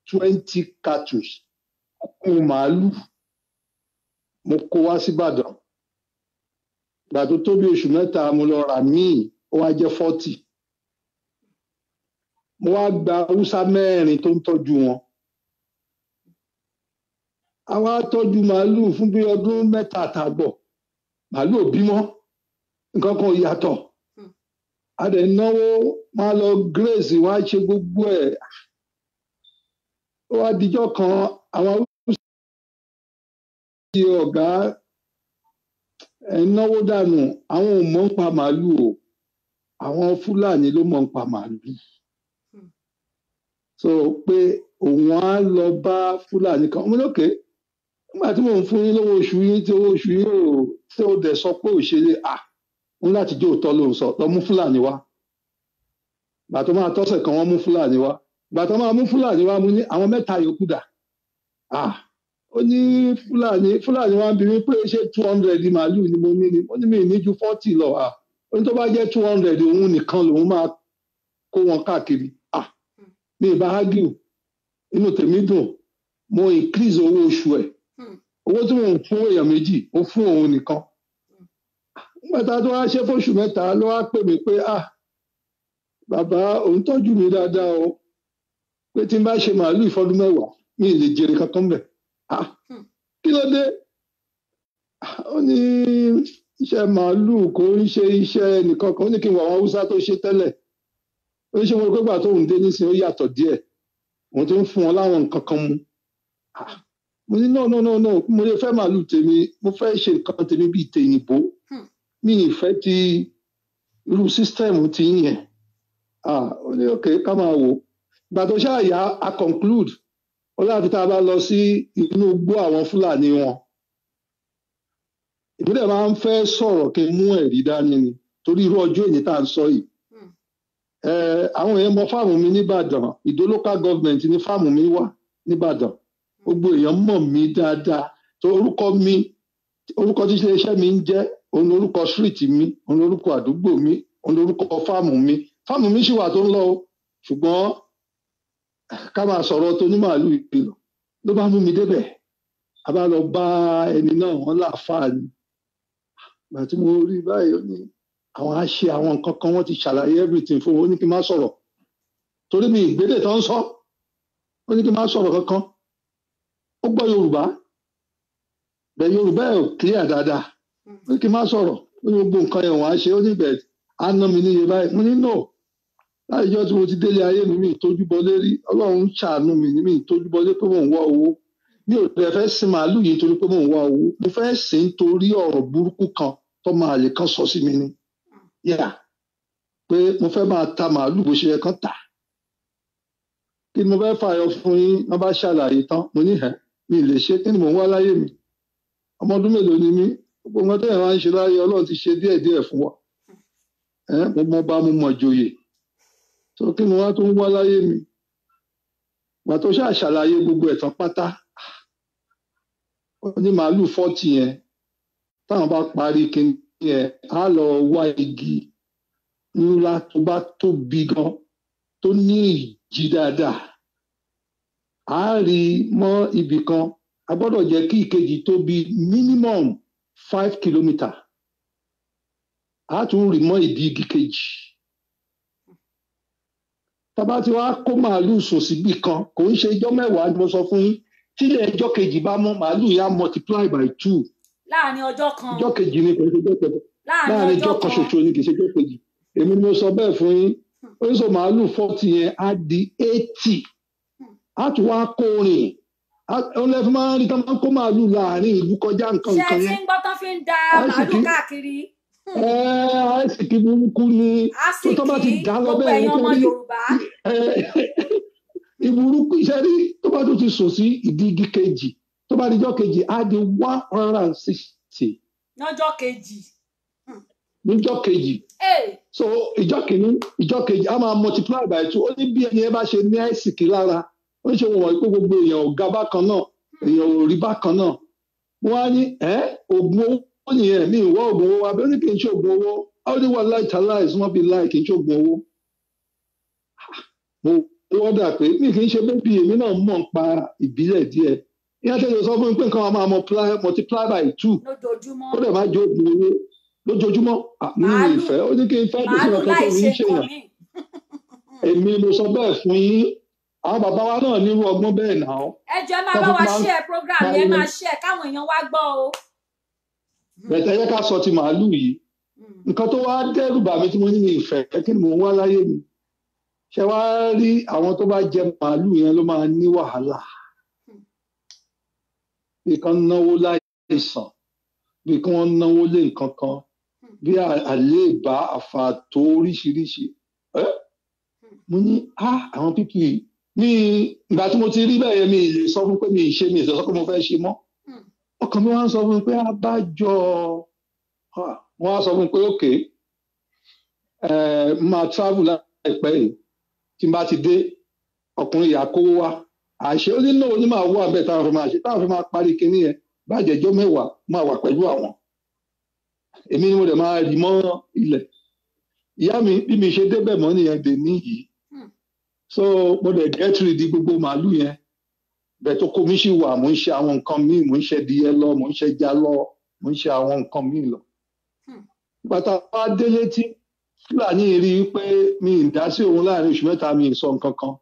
twenty cartridge fún màálù mo kó wá síbàdàn ìgbà tó tó bí oṣù mẹ́ta mo lọ rà míì ó wá jẹ́ fọ́tì mo wá gba haúsá mẹ́rin tó ń tọ́jú wọn a wá tọ́jú màálùú fún bí ọdún mẹ́ta àtààbọ̀ màálùú ò bímọ nǹkan kan yàtọ̀ hmm. a náwó máa lọ grace wá ṣe gbogbo ẹ̀ ó wá dijọ́ kan àwọn ṣe ọ̀gá ẹ̀ náwó dànù àwọn ò mọ̀ ń pa màálù o àwọn fúlàní ló mọ̀ ń pa màálù hmm. so pé òun á lọ bá fúlàní kan ọmọ lókè nígbà tí mò ń fún yín lówó oṣù yín tí owó oṣù yín ò tí ó dẹ̀ sọ pé òṣèré à ń láti jó òótọ́ ló ń sọ lọ mú fúlàní wá bàtọ́ máa tọ́sẹ̀ kan wọ́n mú fúlàní wá bàtọ́ máa mú fúlàní wá mú ní àwọn mẹ́ta yòókù dà ah ó ní fúlàní fúlàní wa ń bi mí pé ṣé two hundred màálùú ni mo ní ni ó ní mi ní ju forty lọ à ó ní tó bá jẹ́ two hundred òun nìkan lòun máa kó wọn káàkiri à mi ì bá ágìl inú tèmi dùn mo increase owó oṣù ẹ̀ owó tí mo fún èèyàn méjì mo fún òun nìkan mẹ́ta tó wá ṣe fóṣù mẹ́ta ló wá pè mí pé ah bàbá òun tọ́jú mi dáadáa o pé tí n bá ṣe màálù ìfọdún mẹ́wàá mi ì lè jèrè kankan bẹ́ẹ̀. Hmm. kí ló dé ó ní iṣẹ́ màálùú kò ń ṣe iṣẹ́ nìkan kan ó ní kí n wọ àwọn haúsá tó ṣe tẹ́lẹ̀ ó ní ṣe mo rò pé gbà tóun dé nísìnyí ó yàtọ̀ díẹ̀ òun tó ń fún wọn láwọn nǹkan kan mu mo ní no no no no mo lè fẹ́ màálù tèmi mo fẹ́ ṣe nǹkan tèmi bíi tèyìnbó hmm. mi ì fẹ́ ti irú sísítẹ́ẹ̀mù ti yẹn ó ní òkè ká máa wò gbà ṣáà yá a conclude ọlọ́àfi tá a bá lọ sí inú igbó àwọn fúlàní wọn ìpínlẹ̀ máa ń fẹ́ sọ̀rọ̀ kí n mú ẹ̀rí dání ni torí irú ọjọ́ èyí tá à ń sọ yìí hmm. àwọn èèyàn mọ fáàmù mi nìbàdàn ìdó local government ní fáàmù mi wà nìbàdàn hmm. gbogbo èèyàn mọ̀ mí dáadáa tó orúkọ mi orúkọ tí iṣẹ́ mi ń jẹ́ òun lórúkọ street mi òun lórúkọ àdúgbò mi òun lórúkọ fáàmù mi fáàmù mi sì wà tó ń lọ ṣùgbọ́n ká máa sọ̀rọ̀ tó ní màálù yìí lọ ló bá mú mi débẹ̀ a bá lọ bá ẹni náà wọ́n láàfáà ni ìgbà tí mo rí báyìí ó ní àwọn á ṣe àwọn nǹkan kan wọ́n ti ṣàlàyé everything fún wọn ó ní kí n má sọ̀rọ̀ torí mi ìgbédè tó ń sọ ó ní kí n má sọ̀rọ̀ kankan ó gbọ́ Yorùbá bẹ̀ Yorùbá ẹ̀ ò clear dáadáa ó ní kí n má sọ̀rọ̀ ó ní gbogbo nǹkan yẹn wọ́n á ṣe ó ní bẹ̀ á ná mi níye báyìí mo ní no láìjọ́ tí mo ti délé ayé mi mi ìtójúbọlé rí ọlọ́run ń ṣàánú mi mi ìtójúbọlé pé mò ń wá owó mi ò tẹ fẹ́ sin màálù yìí torí pé mò ń wá owó mo fẹ́ sìn nítorí ọ̀rọ̀ burúkú kan tó máa lè kan sọ sí mi ni yà pé mo fẹ́ máa ta màálù bó ṣe yẹ kán tà kí ni mo fẹ́ fààyọ fún yín wọ́n bá ṣàlàyé tán mo ní hẹ́ mi lè ṣe kí ni mò ń wá láyé mi ọmọ ọdún mélòó ni mí gbogbo nǹkan tẹ́yìn wá ń ṣe láyé ọlọ́run ti ṣe díẹ̀díẹ̀ fún wa mo mọ bá mo mọ̀ joyè tó kí ni wọ́n tó ń wá láyé mi ìgbà tó ṣáà ṣàlàyé gbogbo ẹ̀tàn pátá ó ní màálùú fọ́ọ̀tì yẹn táwọn bá parí kíní yẹn á lọ wá igi ńlá tó bá tóbi gan tó ní ìjì dáadáa á rí mọ́ ibì kan a gbọ́dọ̀ jẹ́ kí ìkejì tóbi minimum five kilometre a tún rí mọ́ ìdí igi kejì tàbá ti wá kó màálù sòsì bì kan kò ń ṣe ijọ́ mẹ́wàá ni mo sọ fún yín tílé ẹjọ́ kejì bá mọ́ màálù yá multiply by two. láàárín ọjọ́ kan ọjọ́ kejì ni kò ń ṣe ọjọ́ kejì láàárín ọjọ́ kan ṣoṣo ni kì í ṣe ọjọ́ kejì èmi ni mo sọ bẹ́ẹ̀ fún yín ó ń sọ màálù forty yẹn á di eighty á tún wá kó rìn ó lẹ́ fún máa ń rí tán máa ń kó màálù láàárín ìlú kọjá nǹkan nǹkan yẹn. ṣé ẹ ti ń gbọ́ tán fi ń da màálù káàkiri ẹ àìsìkì burúkú ni tó bá ti dá lọ bẹ́ẹ̀ ní kẹ́lí ìburúkú iṣẹ́ rí tó bá tún ti sò sí ìdí igi kejì tó bá di ijọ́ kejì á di one hundred and sixty. lọ́jọ́ kejì. Hmm. níjọ́ kejì. so ìjọ́ kìíní ìjọ́ kejì á máa multiply by two ó ní bí ẹni ẹ bá ṣe ní àìsìkì lára ó ń ṣe wọ̀n pé gbogbo èèyàn ò ga bákan náà hmm. èèyàn ò rí bákan náà wọ́n á ní ẹ́ oògùn owó wọ́n nìyẹn mi ìwọ́ oògùn owó wa bí ó ní kí n ṣe oògùn owó áwọ́dé wà láì tàláì wọ́n fi láì kí n ṣe oògùn owó. Ah, mo wọ́n dà pé mi kì í ṣe bébí èmi náà mọ̀ ń pa ìbílẹ̀ díẹ̀ ìyá tẹ́lẹ̀ sọ fún mi pé nǹkan wa máa multiply by two ó dẹ̀ máa jẹ́ oògùn owó lójoojúmọ́ ah, mi ò fẹ́ ó ní kí n fẹ́ bí kí n kọ́ tó mi ń ṣe yàn èmi mo sọ bẹ́ẹ̀ fún yín àwọn bàbá wa náà nírú ọgbọ́n bẹ́ẹ̀ náà. ẹ jọ̀ọ́ máa bá wa ṣe ẹ program yẹn máa ṣe ẹ káwọn èèyàn wá gbọ́ o bẹ̀tẹ̀ yẹ ká sọ ti màálù yìí hmm. nǹkan tó wá dẹ́rù bà mí tí mo ní ní ìfẹ́ kí ni mò ń wá láyé mi ṣe wá rí àwọn tó bá jẹ màálù yẹn ló máa ní wàhálà bí kan náwó láìsàn bí kí wọ́n náwó lé nǹkan kan bí àléèbá àfààtò oríṣiríṣi mo ní àwọn pípì mi ìgbà tí mo ti rí bẹ́ẹ̀ yẹn mi ì sọ fún pé mi ì mi ì sọ pé mo fẹ́ ṣe mọ́ ọkàn mi wá ń sọ fún mi pé abájọ wọn á sọ fún mi pé òkè máa travel láìpẹ́ yìí tí n bá ti dé ọkùnrin ìyá kówó wá àṣẹ ó ní náà onímọ̀ àwọ̀ abẹ́ táwọn fi máa ṣe táwọn fi máa parí kinní yẹn bàjẹ́jọ́ mẹ́wàá máa wà pẹ̀lú àwọn èmi ni mo dẹ̀ máa rì mọ́ ilẹ̀ ìyá mi bí mi ṣe débẹ̀ mọ́ nìyẹn dè níyì hmm. so mo dẹ̀ get rid gbogbo màálù yẹn bẹ́ẹ̀ tó kó wà mò ń ṣe àwọn nǹkan míì mò ń ṣe díẹ̀ lọ mò ń ṣe já lọ mò ń ṣe àwọn nǹkan míì lọ. Hmm. bàtà wa délé tí fúlàní rí i pé mi ì dá sí òun láàrin oṣù mẹ́ta mi ì sọ nǹkan kan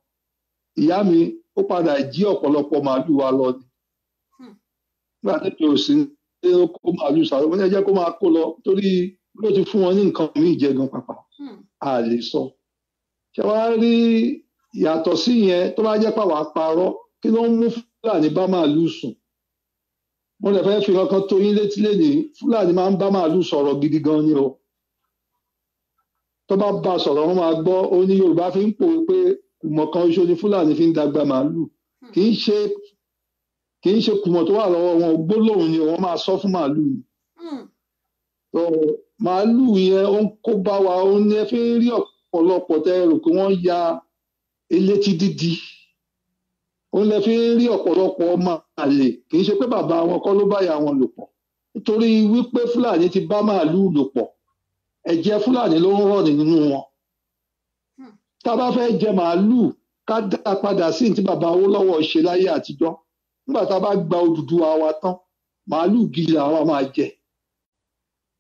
ìyá mi ó padà jí ọ̀pọ̀lọpọ̀ màálù wa lọ ni. Hmm. nígbà tí mi ò sí ní ó kó màálù sàrò mo ní ẹjẹ́ kó máa kó lọ torí ló ti fún wọn ní nǹkan míì jẹ gan pàpà hmm. a lè sọ. ṣé wàá rí yàtọ̀ sí yẹn tó bá jẹ́ pàwọ́ àparọ́ kí ló ń mú fúlàní bá màálù sùn mo lè fẹ́ fi kankan tó yín létí lénìí fúlàní máa ń bá màálù sọ̀rọ̀ gidi gan ni o tó bá ba sọ̀rọ̀ wọn máa gbọ́ ó ní yorùbá fi ń pò pé kùmọ̀ kan oṣù ni fúlàní fi ń dàgbà màálù kì í ṣe kì í ṣe kùmọ̀ tó wà lọ́wọ́ wọn gbólóhùn ni wọ́n máa sọ fún màálù ni hmm. màálù yẹn ó ń kó bá wa ó ní ẹ fi ń rí ọ̀pọ̀lọpọ̀ tẹ́ ẹ rò pé wọ́n ya elétí dídì òun lè fi rí ọ̀pọ̀lọpọ̀ ọmọ àlè kì í ṣe pé bàbá wọn kọ́ ló bá ìyá wọn lò pọ̀ nítorí wípé fúlàní ti bá màálùú lò pọ̀ ẹ̀jẹ̀ fúlàní ló ń rọ̀ nínú wọn hmm. tá a bá fẹ́ jẹ màálùú ká dá padà sí ní ti bàbá Awólọ́wọ̀ ṣe láyé àtijọ́ nígbà tá a bá gba Odùduwà wa tán màálùú gidi làwọn máa jẹ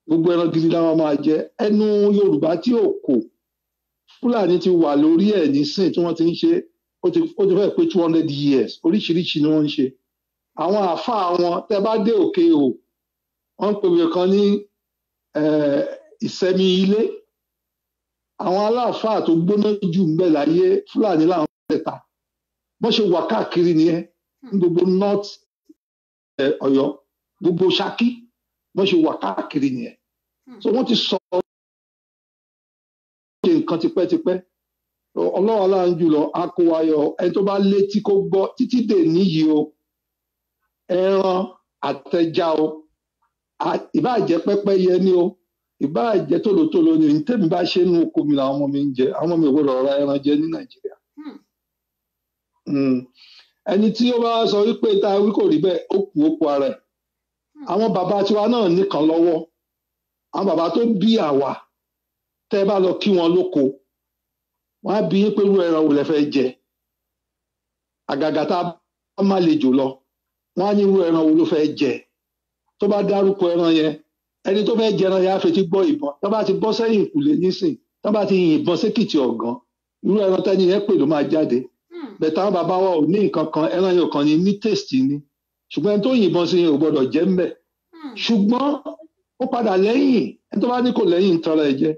gbogbo ẹran gidi làwọn máa jẹ ẹnu Yorùbá tí ò kò fúlàní ti wà lórí ẹ̀ nísìn tí wọ́n ti ń ṣe ó ti fẹ́ pé two hundred years oríṣiríṣi ni wọ́n ń ṣe àwọn àáfàá wọn tẹ bá dé òkè o wọ́n ń pèbè kan ní ìsẹ̀mí ilé àwọn aláàfáà tó gbóná jù ń bẹ láyé fúlàní làwọn mẹ́ta wọ́n ṣe wà káàkiri nìyẹn ní gbogbo north Ọ̀yọ́ gbogbo Ṣakí wọ́n ṣe wà káàkiri nìyẹn so wọ́n ti sọ ọ ṣe nǹkan tipẹ́tipẹ́ ọlọ́run aláàánú jùlọ akówayọ ẹni tó bá létí kó gbọ́ títí dè níyì o ẹran àtẹjá o ìbáà jẹ́ pẹ́pẹ́yẹ ni o ìbáà jẹ́ tòlótòló ni tèmi bá ṣe nínú oko mi làwọn ọmọ mi ń jẹ àwọn ọmọ mi ò gbọdọ̀ ra ẹran jẹ ní nàìjíríà hmm. Hmm. ẹni tí ó bá sọ wípé ta wí kò rí bẹ́ẹ̀ ó kù ó kù ara ẹ̀ hmm. àwọn bàbá tiwa náà nìkan lọ́wọ́ àwọn bàbá tó bí àwa tẹ́ bá lọ kí wọn lóko wọ́n á bí yín pé irú ẹran wo lẹ fẹ́ jẹ àgàgà tá a má le jù lọ wọ́n á ní irú ẹran wo ló fẹ́ jẹ tó bá dárúkọ ẹran yẹn ẹni tó fẹ́ jẹ ẹran yẹn á fetí gbọ́ ìbọn tó bá ti bọ́ sẹ́yìn ìkùlé nísìn tó bá ti yìnbọn sékìtì ọ̀gán irú ẹran tẹ́ni yẹn pè ló máa jáde hmm. bẹ̀tà àwọn bàbá wa ò ní nǹkan kan ẹran yẹn kan ní ní tèstì ni ṣùgbọ́n ẹni tó yìnbọn sí yẹn ò gbọ́dọ̀ jẹ́ mbẹ̀ hmm. ṣùgbọ́n ó padà lẹ́yìn ẹni tó bá ní kò lẹ́yìn tọrọ ẹ̀ jẹ́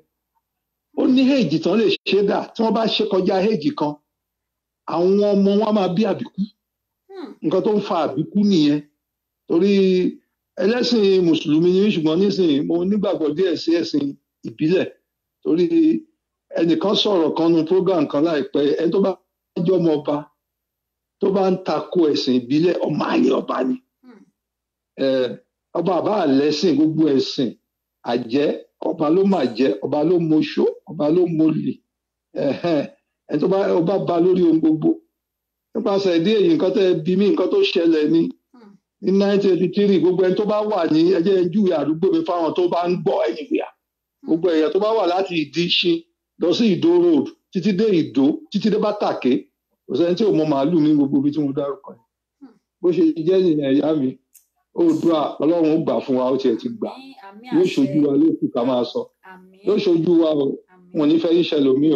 ó ní èjì tán lè ṣe dà tí wọ́n bá ṣe kọjá èjì kan àwọn ọmọ wọn máa bí àbíkú hmm. nǹkan tó ń fa àbíkú nìyẹn torí ẹlẹ́sìn mùsùlùmí ni ṣùgbọ́n nísìnyí mo nígbàgbọ́ díẹ̀ sí ẹ̀sìn ìbílẹ̀ torí ẹnìkan sọ̀rọ̀ kan nu program kan láìpẹ́ ẹni tó bá jọ́ ọmọ ọba tó bá ń tako ẹ̀sìn ìbílẹ̀ ọmọ àlè ọba ni hmm. ọba àbá àlẹ́sìn gbogbo ẹ̀sìn àjẹ́ ọba ló mà jẹ ọba ló moṣó ọba ló molè ẹ tó bá ọba ba lórí ohun gbogbo nípasẹ̀ ìdí èyí nǹkan tẹ́ bí mí nǹkan tó ṣẹlẹ̀ ni hmm. ní 1983 gbogbo ẹni tó bá wà ní ẹjẹ́ júwe àdúgbò mi fáwọn tó bá ń gbọ́ ẹ̀yìnwìyà hmm. gbogbo ẹ̀yà tó bá wà láti ìdíṣin lọ sí ìdó road títí dé ìdó títí dé bàtàké kò sẹ́ni tí ò mọ màálù ní gbogbo ibi tí mo dárúkọ yìí hmm. bó ṣe jẹ́ ìyá mi oòdùà ọlọ́run ó gbà fún wa ó tiẹ̀ ti gbà yóò ṣojú wa lókù ká máa sọ yóò ṣojú wa o wọn ní fẹ́ yíṣẹ́ lómi o.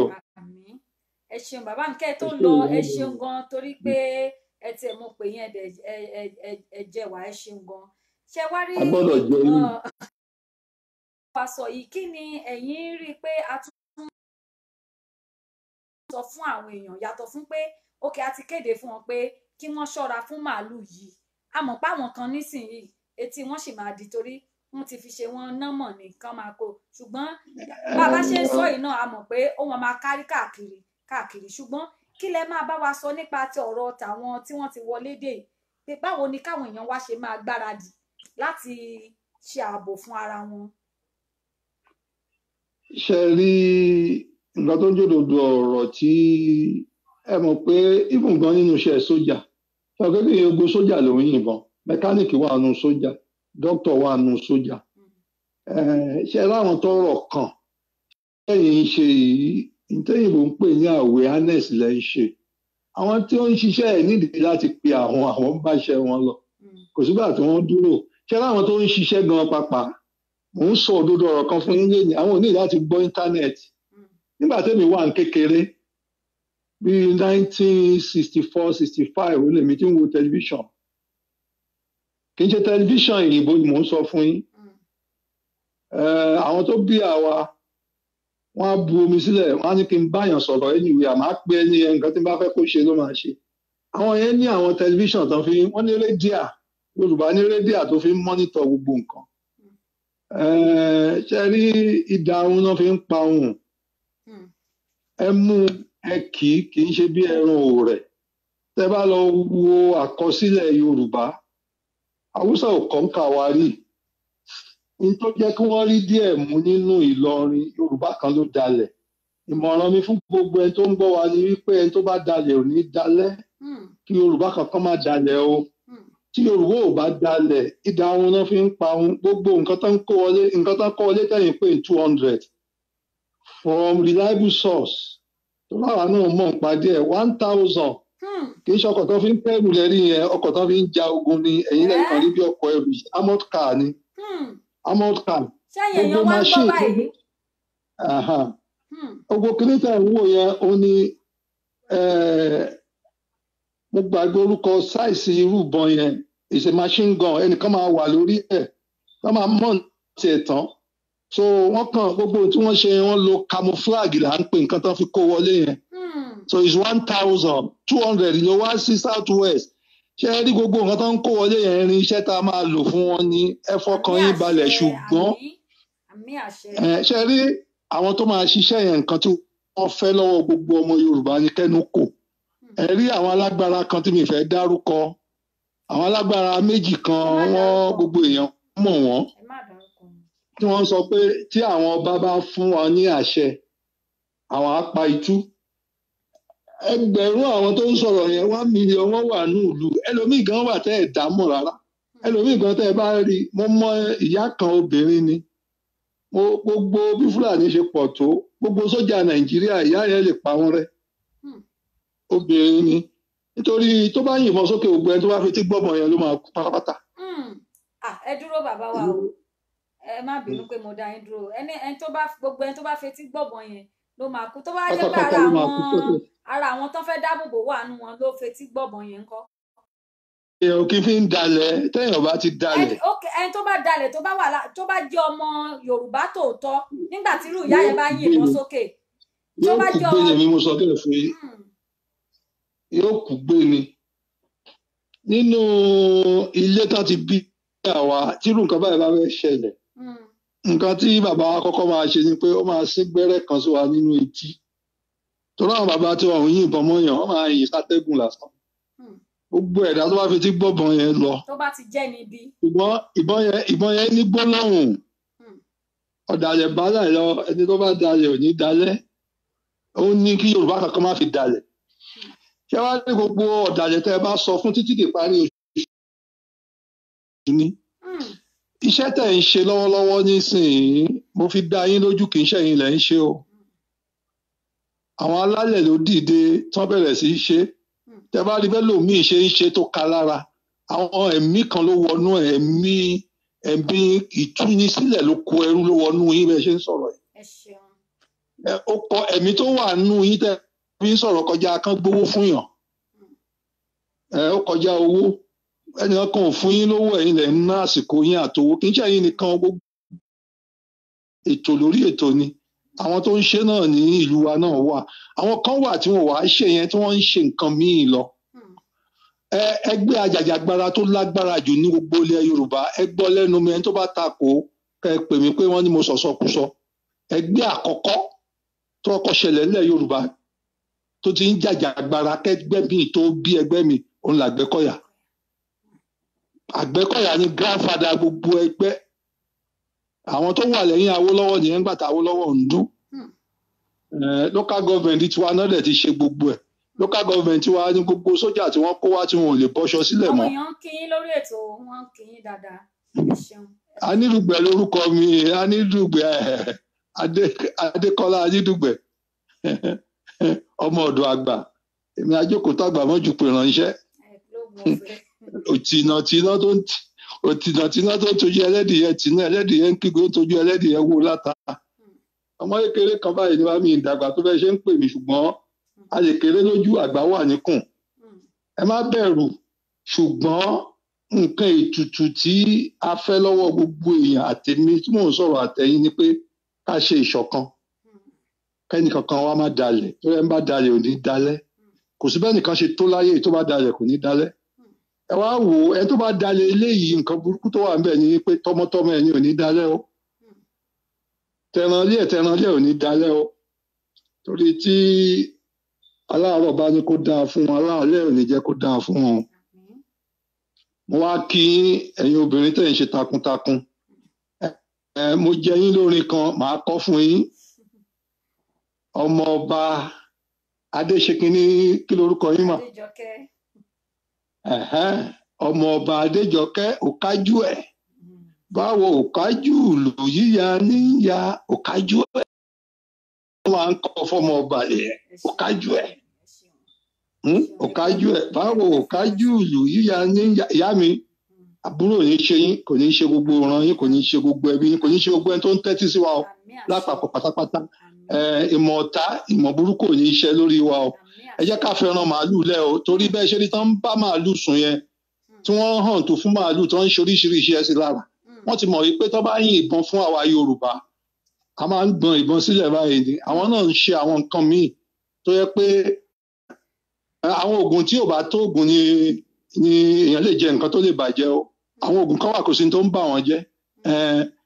ẹ ṣeun bàbá mi kẹ́ ẹ tó lọ ẹ ṣeun gan torí pé ẹ tiẹ̀ mọ̀ pé yẹn ẹ jẹ wà ẹ ṣeun gan ṣe wá rí ìpàsọ yìí kí ni ẹ̀yin rí i pé a tún sọ fún àwọn èèyàn yàtọ̀ fún pé ókè a ti kéde fún wọn pé kí wọ́n ṣọ́ra fún màálù yìí a mọ̀ páwọn kan nísìnyìí etí wọ́n sì máa di torí wọ́n ti fi ṣe wọn nọmọ ní kán máa kó ṣùgbọ́n bàbá ṣe ń sọ yìí náà a mọ̀ pé ó wọn máa kárí káàkiri káàkiri ṣùgbọ́n kí lẹ máa bá wa sọ nípa ti ọ̀rọ̀ tàwọn tí wọ́n ti wọlé dé pé báwo ni káwọn èèyàn wá ṣe máa gbáradì láti ṣe ààbò fún ara wọn. ṣe rí nǹkan tó ń jòdòdò ọ̀rọ̀ tí ẹ mọ̀ pé ibùn gan nínú iṣẹ́ sójà ṣàkóso ogun sójà ló yìnbọn mẹkáníìkì wà nù sójà dókítà wa nu sójà ṣe láwọn tọrọ kan lẹ́yìn ń ṣe yìí ìtẹyìnbó ń pè ní àwẹ̀ harness lẹ ń ṣe àwọn tí ó ń ṣiṣẹ́ ẹ nídìí láti pe àwọn àwọn báṣẹ wọn lọ kò sígbà tí wọ́n dúró ṣe láwọn tó ń ṣiṣẹ́ gan pàpà mò ń sọ òdodo ọ̀rọ̀ kan fún yín lẹ́yìn àwọn ò ní láti gbọ́ íńtánẹ́ẹ̀tì nígbà tẹ́mi wà ní kékeré bíi nineteen sixty four sixty five ó lèmi tí ń wo tẹlifíṣàn kì í ṣe tẹlifíṣàn ìyìnbó ni mò ń sọ fún yín hmm. àwọn tó bí àwa wọ́n á bu omi sílẹ̀ wọ́n á ní kí n báyàn sọ̀rọ̀ ẹnìwé àmọ́ á pé ẹni nǹkan tí n bá fẹ́ kó ṣe ló máa ṣe àwọn yẹn ní àwọn tẹlifíṣàn tó fi wọ́n ní rédíà Yorùbá ní rédíà tó fi ń mọ́nítọ̀ gbogbo nǹkan ṣe rí ìdá ohun náà fi ń pa ohun hmm. ẹ mú ẹ kì í kì í ṣe bí ẹran òòrẹ̀ tẹ́ bá lọ wo àkọsílẹ̀ Yorùbá haúsá ò kọ́ńkà wa rí ní tó jẹ́ kí wọ́n rí díẹ̀ mú nínú ìlọrin yorùbá kan ló dalẹ̀ ìmọ̀ràn mi fún gbogbo ẹni tó ń gbọ́ wa ni wípé ẹni tó bá dalẹ̀ ò ní dalẹ̀ hmm. kí yorùbá kankan má dalẹ̀ o hmm. tí yorùbá ò bá dalẹ̀ ìdá wọn náà fi ń pa wọn gbogbo nǹkan tó ń kó wọlé nǹkan tó ń kó wọlé tẹ̀yìn pé two hundred from reliable source tó láwa náà mọ̀ nípa díẹ̀ one thousand Hmm. kì í ṣe ọkọ̀ tó fi ń pẹ́rù lẹ́rí yẹn ọkọ̀ tó fi ń ja ogun ni ẹ̀yin lẹ́yìn kan rí bí ọkọ̀ ẹrù amount car ni hmm. amount car gbogbo machine hmm. gbogbo kìnìtà ìwúwo yẹn ó ní mo gbàgbé orúkọ sáìsì irú yẹn ìṣe machine gun ẹnìkan máa wà lórí ẹ̀ wọ́n máa mọ̀ tiẹ̀ tán so wọ́n kàn gbogbo tí wọ́n ṣe wọ́n lo camouflage là ń pè nǹkan tó fi kó wọlé yẹn so it's one thousand two hundred ló wá sí south west ṣé rí gbogbo nǹkan tó ń kó wọlé yẹn rin iṣẹ́ tá a máa lò fún wọn ní ẹ fọkàn yín balẹ̀ ṣùgbọ́n ṣé rí àwọn tó máa ṣiṣẹ́ yẹn nǹkan tí wọ́n fẹ́ lọ́wọ́ gbogbo ọmọ Yorùbá ni kẹ́nu kò ẹ rí àwọn alágbára kan tí mi fẹ́ dárúkọ àwọn alágbára méjì kan wọ́n gbogbo èèyàn mọ̀ wọ́n tí wọ́n sọ pé tí àwọn ọba bá fún wọn ní àṣẹ àwọn á itú ẹgbẹ̀rún àwọn tó ń sọ̀rọ̀ yẹn one million wọ́n wà ní ìlú ẹlòmíì gan wà tẹ́ ẹ̀ dámọ̀ rárá ẹlòmíì gan tẹ́ ẹ bá rí mo mọ ìyá kan obìnrin ni mo gbogbo bí fúlàní ṣe pọ̀ tó gbogbo sójà nàìjíríà ìyá yẹn lè pa wọ́n rẹ́ hmm. obìnrin ni nítorí tó bá yìnbọn sókè gbogbo ẹni tó bá fi tí gbọ́mọ yẹn ló máa kú pátápátá. Hmm. Ah, ẹ dúró bàbá wa o ẹ má bínú pé mo dá yín dúró ẹni tó bá gbogbo ẹni tó bá fi tí gbọ́mọ yẹn ló máa kú tó bá jẹ́ pé ara wọn ara àwọn tó fẹ́ dáàbòbò wà nù wọn ló fetí gbọ̀bọ̀n yẹn kọ́. ṣé o kì í fi ń dalẹ̀ téèyàn bá ti dalẹ̀. ẹni tó bá dalẹ̀ tó bá wà lá tó bá jẹ́ ọmọ Yorùbá tòótọ́ nígbà tí irú ìyá yẹn bá yìnbọn sókè. yóò kú gbé ni mi mo sọ bẹ́ẹ̀ fún yín hmm. yóò kú gbé ni nínú ilé tá ti bí àwa tírú nǹkan báyìí bá fẹ́ ṣẹlẹ̀ hmm. nǹkan tí bàbá kọ́kọ́ máa ṣe ni pé ó máa sín gbẹ́rẹ́ kan sí wa nínú etí. Mm torí àwọn bàbá tí wọn ò yìnbọn mọ́ yẹn wọ́n máa yìn sátẹ́gùn lásán hmm. gbogbo ẹ̀dá tó bá fi ti gbọ́bọn yẹn lọ. tó bá ti jẹ́ níbi. ìbọn ìbọn yẹn ìbọn yẹn ní gbólóhùn hmm. ọ̀dàlẹ̀ bàálà lọ ẹni tó bá dalẹ̀ ò ní dalẹ̀ ó ní kí Yorùbá kankan má fi dalẹ̀ ṣé wàá ní gbogbo ọ̀dàlẹ̀ tẹ́ ẹ bá sọ fún títí dìparí oṣù ní. Hmm. iṣẹ́ tẹ̀ ń ṣe lọ́wọ́lọ́wọ́ nísìnyí mo fi dá yín lójú kì í ṣẹ̀yìn lẹ́ ń ṣe o àwọn alálẹ̀ ló dìde tán bẹ̀rẹ̀ sí í ṣe hmm. tẹ bá rí bẹ́ẹ̀ lòmíì ṣe ń ṣe tó ka lára àwọn ẹ̀mí kan ló wọnú ẹ̀mí ẹ̀mí ìtúnisílẹ̀ ló kó ẹrú ló wọnú yín bẹ́ẹ̀ ṣe ń sọ̀rọ̀ yìí ó kọ ẹ̀mí tó wà nù yín tẹ́ fi ń sọ̀rọ̀ kọjá kán gbowó fún yàn ó kọjá owó ẹnìkan kan ò fún yín lówó ẹ̀yin lẹ̀ ń àsìkò yín àtowó kì í ṣe ẹ̀yin nìkan gbogbo ètò lórí ètò ni àwọn tó ń ṣe náà ní ìlú wa náà wà àwọn kan wà tí wọn wà á ṣe yẹn tí wọn ń ṣe nǹkan míì lọ hmm. ẹgbẹ́ ajàjàgbara tó lágbára jù ní gbogbo ilẹ̀ Yorùbá ẹ gbọ́ lẹ́nu mi ẹni tó bá takò kẹ pè mí pé wọ́n ní mo sọ̀sọkúsọ ẹgbẹ́ àkọ́kọ́ tó kọ́kọ́ ṣẹlẹ̀ nílẹ̀ Yorùbá tó ti ń jàjàgbara kẹgbẹ́ mi tó bí ẹgbẹ́ mi òun làgbẹ́kọ̀yà Àgbẹ̀kọ̀yà ni grandfather gbogbo ẹgbẹ́ àwọn tó wà lẹ́yìn Awólọ́wọ̀ nìyẹn gbàtà Awólọ́wọ̀ ń dún hmm. eh, local government tiwa náà dẹ̀ ti ṣe gbogbo ẹ̀ local government tiwa ní gbogbo sójà tí wọ́n kó wá tí wọn ò lè bọ́ṣọ sílẹ̀ mọ́. àwọn èèyàn ń kí yín lórí ètò wọn ń kí yín dáadáa ẹ ṣeun. anídùgbẹ lórúkọ mi anídùgbẹ adékọlá anídùgbẹ ọmọ ọ̀dọ̀ àgbà èmi ajókòó tó àgbà mọ́jú pé ránṣẹ́ òtìnà tìnà tó ń tì òtìnàtìnà tó tójú ẹlẹ́dìyẹ tìǹà ẹlẹ́dìyẹ ń kígbe ó tójú ẹlẹ́dìyẹ wó láta ọmọ kékeré kan báyìí ni wàá mi ìdàgbà tó fẹ́ ṣe ń pè mí ṣùgbọ́n a lójú àgbà wà níkùn ẹ má bẹ̀rù ṣùgbọ́n nǹkan ètùtù tí a fẹ́ lọ́wọ́ gbogbo èèyàn àtèmi tí mò ń sọ̀rọ̀ àtẹ̀yìn ni pé ká ṣe ìṣọ̀kan kẹ́nìkan kan wa má dalẹ̀ tó yẹ ń bá dalẹ̀ ò ní dalẹ̀ kò sí bẹ́ẹ̀ nìkan ṣe tó láyé tó bá dalẹ̀ kò ní dalẹ̀ ẹ wá wò ó ẹ tó bá dalẹ̀ eléyìí nǹkan burúkú tó wà ń bẹ̀ ni pé tọmọtọmọ ẹni ò ní dalẹ̀ o tẹranlé ẹ tẹranlé ò ní dalẹ̀ o torí tí aláàárọ̀ bá ní kó dáa fún wọn aláàlẹ́ ò ní jẹ́ kó dáa fún wọn mo wá kí ẹ̀yin obìnrin tẹ̀ ṣe takuntakun ẹ mo jẹ yín lórin kan màá kọ́ fún yín ọmọ ọba adéṣekinní kí lorúkọ yín mà. ọmọọba adéjọkẹ́ òkájú ẹ̀ báwo òkájú ìlú yíya níyà òkájú ẹ̀ wọ́n máa ń kọ́ fọmọọba yẹn òkájú ẹ̀ hmm? òkájú ẹ̀ báwo òkájú ìlú yíya níyà ìyá mi àbúrò ní ṣe yín kò ní ṣe gbogbo ọ̀ràn yín kò ní ṣe gbogbo ẹbí yín kò ní ṣe gbogbo ẹni tó ń tẹ́tí sí wa o lápapọ̀ pátápátá ìmọ̀ ọ̀tá ìmọ̀ burúkú ò ní ṣe lórí wa ọ. ẹ jẹ́ ká fẹ́ràn màálù lẹ́ o torí bẹ́ẹ̀ ṣe ni tán ń bá màálù sùn yẹn tí wọ́n hàn tó fún màálù tán ń ṣoríṣiríṣi ẹ̀ sí lára wọ́n ti mọ̀ wípé tán bá yìn ìbọn fún àwa Yorùbá a máa ń gbọn ìbọn sílẹ̀ báyìí ni àwọn náà ń ṣe àwọn nǹkan míì tó yẹ pé àwọn oògùn tí ò bá tó oògùn ni ni èèyàn lè jẹ nǹkan tó lè bàjẹ́ o àwọn oògùn kan wà kò sí tó ń bà wọ́n jẹ́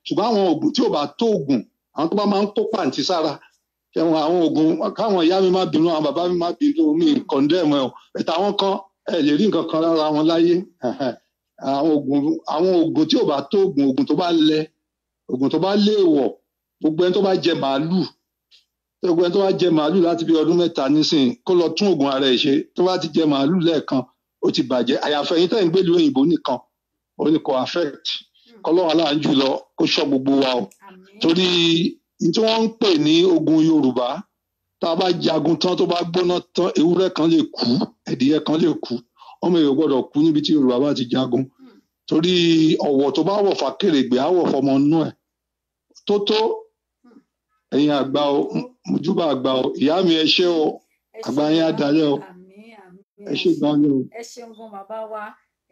ṣùgbọ́n àwọn oògùn tí ò bá tó oògùn àwọn tó bá máa ń kó pàǹtí sára ṣẹ̀wọ̀n àwọn oògùn káwọn ìyá mi má bínú àwọn bàbá mi má bínú mi kọ̀ndẹ́ẹ̀mù ẹ̀ ẹ̀ta wọn kọ́ ẹ lè rí nǹkan kan lára wọn láyé àwọn oògùn àwọn oògùn tí ò bá tó oògùn oògùn tó bá lẹ oògùn tó bá léèwọ̀ gbogbo ẹni tó bá jẹ màálù gbogbo ẹni tó bá jẹ màálù láti bí ọdún mẹ́ta nísìn kó lọ tún oògùn ara ẹ̀ ṣe tó bá ti jẹ màálù lẹ́ẹ̀kan ó ti bàjẹ́ àyàfẹ́ yín tẹ̀ ń gbèlú òyìnbó nìkan ó ní kò affect hmm. kọ́lọ́wọ́n aláàánú jùlọ kó ṣọ́ gbogbo wa o torí tí wọ́n ń pè ní ogun Yorùbá tá a bá jagun tán tó bá gbóná tán ewúrẹ́ kan lè kú ẹ̀dìyẹ kan lè kú ọmọ èèyàn gbọ́dọ̀ kú níbi tí Yorùbá bá ti jagun torí ọ̀wọ̀ tó bá wọ̀ fàkèrègbè á wọ̀ fọmọ inú ẹ̀ tó tó ẹ̀yin àgbà o mojúbà àgbà o ìyá mi ẹ ṣé o àgbà yín àdálẹ́ o ẹ ṣé gan ni o. ẹ ṣeun gan bàbá wa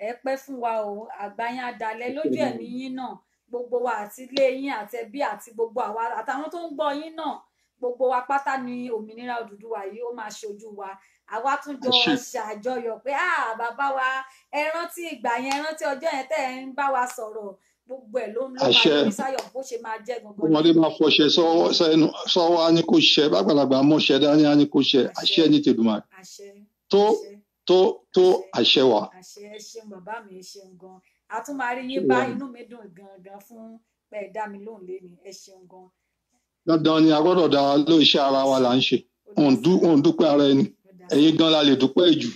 ẹ pẹ́ fún wa o àgbà yín àdálẹ́ lójú ẹ̀mí yín náà gbogbo wa àti ilé yín àti ẹbí àti gbogbo àwa àtàwọn tó ń gbọ́ yín náà gbogbo wa pátá ni òmìnira Odùduwà yìí ó máa ṣojú wa àwa tún jọ ṣàjọyọ̀ pé ah bàbá wa ẹ rántí ìgbà yẹn ẹ rántí ọjọ́ yẹn tẹ́ ẹ ń bá wa sọ̀rọ̀ gbogbo ẹ̀ ló ń lọ máa ní sáyọ̀ bó ṣe máa jẹ́ gbogbo. ọmọdé máa fọṣẹ sọ́wọ́ á ní kó ṣe bàgbàlagbà mọṣẹ dání á ní kó ṣe àṣẹ ní tèdùmarè tó tó tó àṣẹ wa. àṣẹ ẹ ṣeun bàbá mi ẹ ṣeun gan a tún máa rí yín bá inú mi dùn gangan fún pé ẹ dá mi lóhùn léni ẹ ṣeun gan. dandan ni a gbọ́dọ̀ dá wa ló iṣẹ́ ara wa là ń ṣe òun dúpẹ́ ara ẹni ẹ̀yin gan la lè dúpẹ́ jù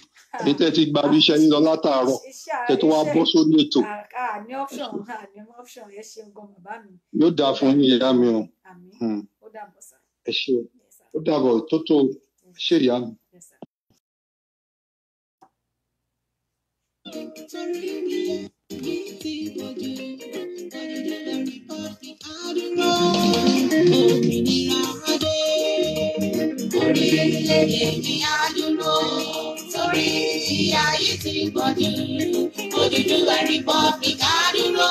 èyí ah. tẹ́ ti gba bí iṣẹ́ yín lọ látàárọ̀ tẹ́ tó wá bọ́ sórí ètò. Ah, ah, yóò dáa fún yín ìyá mi o. Hmm. ó dàbọ̀ sá. ẹ ṣeun ó dàbọ̀ tó tó ṣe ìyá mi. Thank you orílẹ̀-èdè mi á dúró torí tí ayé ti gbọ́dí Odùduwà republic á dúró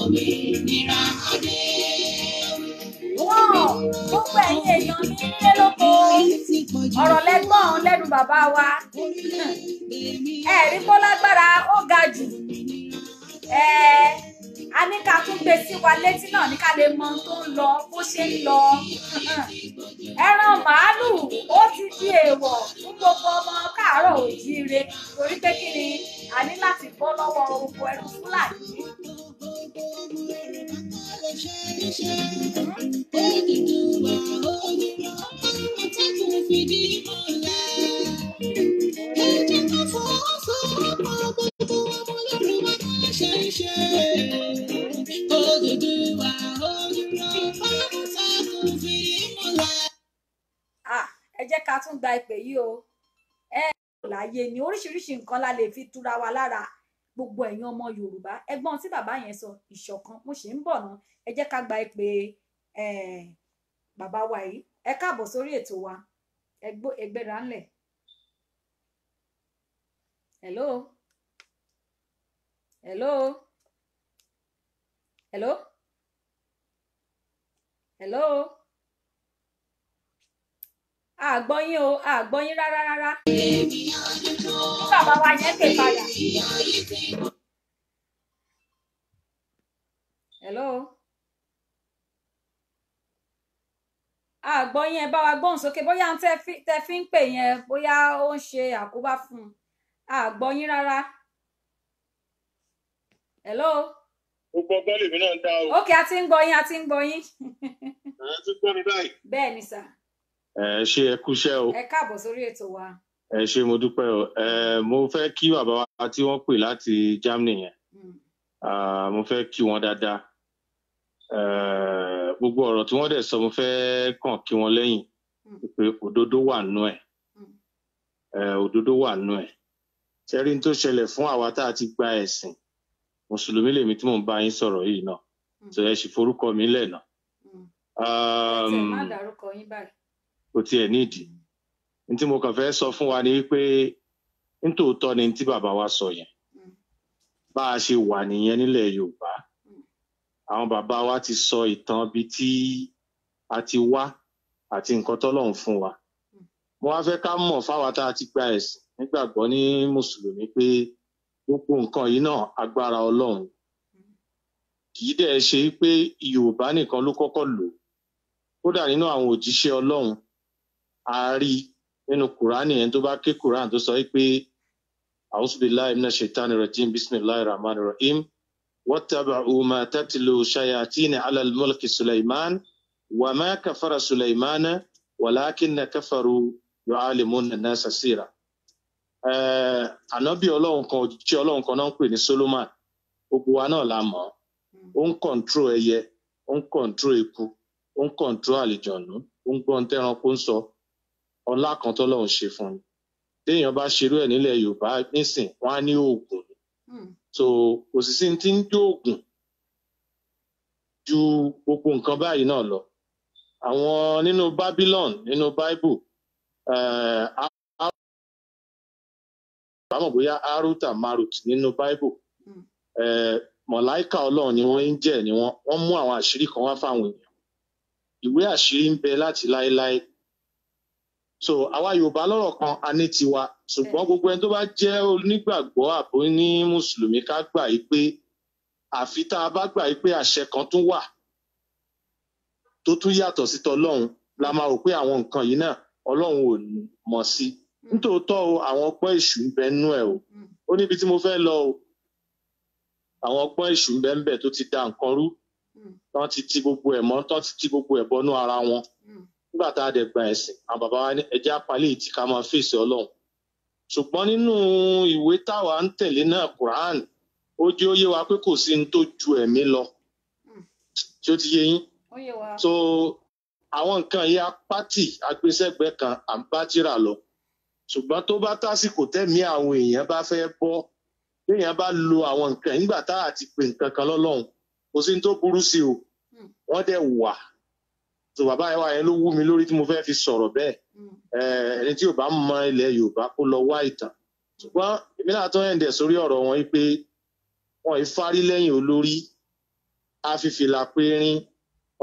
òmìnira adé. wọ́n gbogbo ẹ̀yin èèyàn mi nílé lóko ọ̀rọ̀ lẹ́gbọ́n lẹ́nu bàbá wa ẹ̀rí kó lágbára ó ga jù ẹ a ní ká tún gbé sí wa létí náà ní ká lè mọ tó ń lọ bó ṣe ń lọ ẹran màálùú ó ti di èèwọ̀ fún gbogbo ọmọ káàárọ̀ òjíire torí pé kí ni a ní láti bọ́ lọ́wọ́ oko ẹrú fúlàní. Thank you. ṣe Odùduwà olùrọ̀ ọ̀sán fi múlẹ̀. ẹ jẹ́ ká tún gba ìpè yìí o ẹ láyé ni oríṣiríṣi nǹkan la lè fi tura wa lára gbogbo ẹ̀yin ọmọ Yorùbá ẹgbọ́n tí bàbá yẹn sọ ìṣọ̀kan mo ṣì ń bọ̀ ná ẹ jẹ́ ká gba ìpè bàbá wa yìí ẹ káàbọ̀ sórí ètò wa ẹgbẹ́ra ńlẹ̀ hello hello hello hello àgbọ́yín o àgbọ́yín rárá rárá bàbá wa yẹn pè padà. hello àgbọ́yín ẹ bá wa gbóhùn sókè bóyá tẹ fi ń pè yẹn bóyá ó ń ṣe àkóbá fún un àgbọ́yín rárá hello. gbogbo ọgbẹ́ lèmi náà ń dá o. ókè a ti ń gbọ́ yín a ti ń gbọ́ yín. ẹ ti gbọ́ mi báyìí. bẹ́ẹ̀ ni sà. ẹ ṣe ẹ kúṣẹ́ o. ẹ káàbọ̀ sórí ètò wa. ẹ ṣe mo dúpẹ́ o mo fẹ́ kí bàbá wa tí wọ́n pè láti Germany yẹn hmm. mo fẹ́ kí wọn dáadáa gbogbo ọ̀rọ̀ tí wọ́n dẹ̀ sọ mo fẹ́ kàn kí wọn lẹ́yìn hmm. pé òdodo wà nù ẹ̀ hmm. òdodo wà nù ẹ̀ ṣẹ́rí tó ṣẹlẹ̀ fún àwa tá a ti gba ẹ̀sìn mùsùlùmí lèmi tí mò ń bá yín sọ̀rọ̀ yìí náà tó hmm. ẹ sì forúkọ mi lẹ́nà. Hmm. Um, kò tiẹ̀ nídìí ní tí mo kàn fẹ́ sọ fún wa ni wípé nítòótọ́ ni tí bàbá wa sọ yẹn hmm. bá a ṣe wà nìyẹn nílẹ̀ Yorùbá àwọn bàbá wa ti sọ ìtàn bi tí a ti wá àti nǹkan tọ́lọ́run fún wa mo wá fẹ́ ká mọ̀ fáwa tá a ti gba ẹ̀sìn nígbàgbọ́ ní mùsùlùmí pé. gbogbo nǹkan yìí náà agbára ọlọ́run kì í dẹ̀ ṣe pé yorùbá nìkan ló kọ́kọ́ lò kódà nínú àwọn òjíṣẹ́ ọlọ́run a rí nínú kùránì ẹni tó bá ké kùránì tó sọ pé àwùsùbìláì iná ṣètàn rẹ̀ jíìn bísímìláì rahman rahim wattaba'u ma tatlu shayatina ala al-mulki suleiman wa ma kafara suleimana walakinna kafaru yu'allimuna Eh, ànábì ọlọ́run kan òjíṣẹ́ ọlọ́run kan náà ń pè ní Solomon gbogbo wa náà la mọ̀ ó ń kọ̀ǹtró ẹyẹ ó ń kọ̀ǹtró eku ó ń kọ̀ǹtró àlìjọ̀nù ó ń gbọ́n tẹ́ranko ń sọ ọlá kan tọ́lọ́run ṣe fún ni téèyàn bá ṣerú ẹ̀ nílẹ̀ Yorùbá nísìn wọ́n á ní oògùn ni hmm. so kò sì sí ti ń jó oògùn ju gbogbo nǹkan báyìí náà lọ àwọn nínú Babylon nínú Bible eh, bámọ̀ bóyá aruta marut nínú bible hmm. mọ̀láìkà ọlọ́run ni wọ́n ń jẹ́ ni wọ́n wọ́n mú àwọn àṣírí kan wá fáwọn èèyàn ìwé àṣírí ń bẹ láti láéláé so àwa yorùbá lọ́rọ̀ kan a ní tiwa ṣùgbọ́n gbogbo ẹni tó bá jẹ́ onígbàgbọ́ àbò ní mùsùlùmí ká gbà yí pé àfi tá a bá gbà yí pé àṣẹ kan tún wà tó tún yàtọ̀ sí tọlọ́run la máa rò pé àwọn nǹkan yìí náà ọlọ́run ò mọ̀ sí i nítòótọ́ o àwọn ọpọ́n èṣù ń bẹ nú ẹ̀ o ó níbi tí mo fẹ́ lọ o àwọn ọpọ́n èṣù ń bẹ ń bẹ tó ti da nǹkan rú tán ti ti gbogbo ẹ̀ mọ́ tán ti ti gbogbo ẹ̀ bọnú ara wọn nígbà tá a dẹ̀ gba ẹ̀sìn àwọn bàbá wa ní ẹjẹ́ apalẹ̀ èyí tí ká máa fèsì ọlọ́run ṣùgbọ́n nínú ìwé táwa ń tẹ̀lé náà Quran ó jẹ́ ó yé wa pé kò sí ní tó ju ẹ̀mí lọ tí ó ti yé yín so àwọn nǹkan yìí apátì agbésẹ́gbẹ́ kan àbátìrà lọ ṣùgbọ́n tó bá tásìkò tẹ̀mí àwọn èèyàn bá fẹ́ bọ́ téèyàn bá lo àwọn nǹkan nígbà tá àti pè nǹkan kan lọ́lọ́run kò sí ní tó burú sí o hmm. wọ́n dẹ̀ wà tó bàbá yẹn wà yẹn ló wú mi lórí tí mo fẹ́ fi sọ̀rọ̀ bẹ́ẹ̀ hmm. ẹni tí yorùbá mọ ilẹ̀ yorùbá kó lọ wá ìtàn ṣùgbọ́n èmi náà tó ẹ̀ǹdẹ̀ sórí ọ̀rọ̀ wọn pé wọn ìfarí lẹ́yìn olórí afífìlà pérín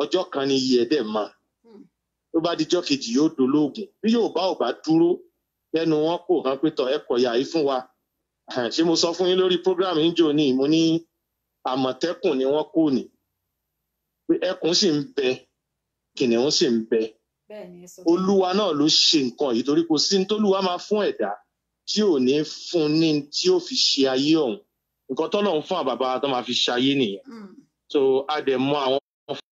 ọjọ́ kan ni iye ẹ̀dẹ̀ mọ́ hmm. tó bá dijọ́ kejì yóò dolóògùn bí yorùbá ò bá dúró lẹ́nu wọn kò hàn pé tọ̀ ẹ kọ̀ yà yìí fún wa ṣé mo sọ fún yín lórí program injo ni mo ní àmọ̀tẹ́kùn ni wọ́n kò ní pé ẹkùn sì ń bẹ kìnìún sì ń bẹ olúwa náà ló ṣe nǹkan yìí torí kò sí ní tólúwa máa fún ẹ̀dá tí ò ní fún ní tí ó fi ṣe ayé ọ̀hún nǹkan tọ́lọ̀ ń fún àbàbà tó máa fi ṣayé nìyẹn hmm. so a dẹ̀ mọ àwọn ọmọ fún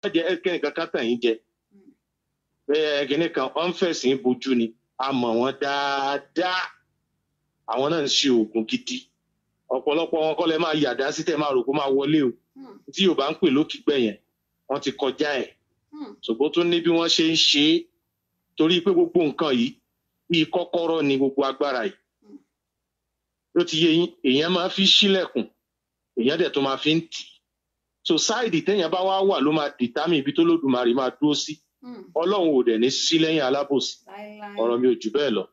ọmọ jẹ ẹkẹrin kankan tàn yín jẹ kíní kan ọ̀ ń fẹ̀sìn bojú ni a mọ̀ wọ́n dáadáa àwọn náà ń ṣe oògùn gidi ọ̀pọ̀lọpọ̀ wọn kọ́lẹ̀ máa yàdá sí tẹ̀ máa rò kó máa wọlé o hmm. tí Yorùbá ń pè lókìgbẹ́ yẹn wọ́n ti kọjá ẹ̀ hmm. ṣùgbọ́n tó ní bí wọ́n ṣe ń ṣe é torí pé gbogbo nǹkan yìí bíi kọ́kọ́rọ́ ni gbogbo agbára yìí hmm. ló ti yẹ èèyàn máa fi ṣílẹ̀kùn èèyàn dẹ̀ tó máa fi ń tì í society bá wá wà ló máa dìtámì ibi tó lódùmarè máa dúró sí. Si Hmm. ọlọ́run ò dẹ̀ ní sí lẹ́yìn alábòsí ọ̀rọ̀ mi ò jù bẹ́ẹ̀ lọ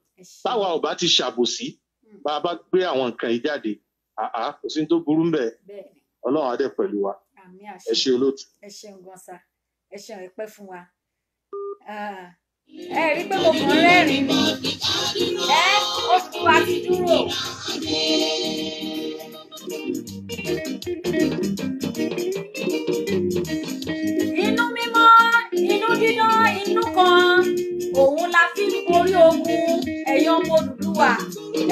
táwa ò bá ti ṣàbòsí hmm. bá a bá gbé àwọn nǹkan yìí jáde àá kò sí tó burú ń bẹ ọlọ́run á dẹ̀ pẹ̀lú wa ẹ ṣe olóòtú. ẹ ṣeun gan sa ẹ ṣeun ẹ fún wa ah, ẹ rí pé mo kàn rẹ́rìn-ín ẹ ó fi wa ti dúró. Thank you. dídán inú kan òun la fi ń borí ogun ẹ̀yàn ọmọ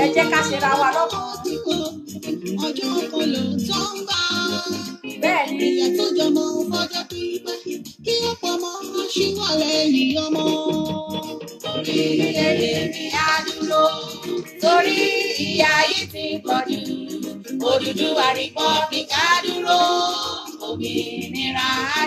ẹ jẹ́ ká ṣe ra wa lọ́kàn. ọjọ́ kan ló tó ń bá bẹ́ẹ̀ tó jọmọ fọjọ́ kí ọ̀pọ̀ ọmọ ṣíwọ́ lẹ́yìn ọmọ. orílẹ̀-èdè mi á dúró torí ìyá yìí ti pọ̀ jù Odùduwà Republic á dúró òmìnira á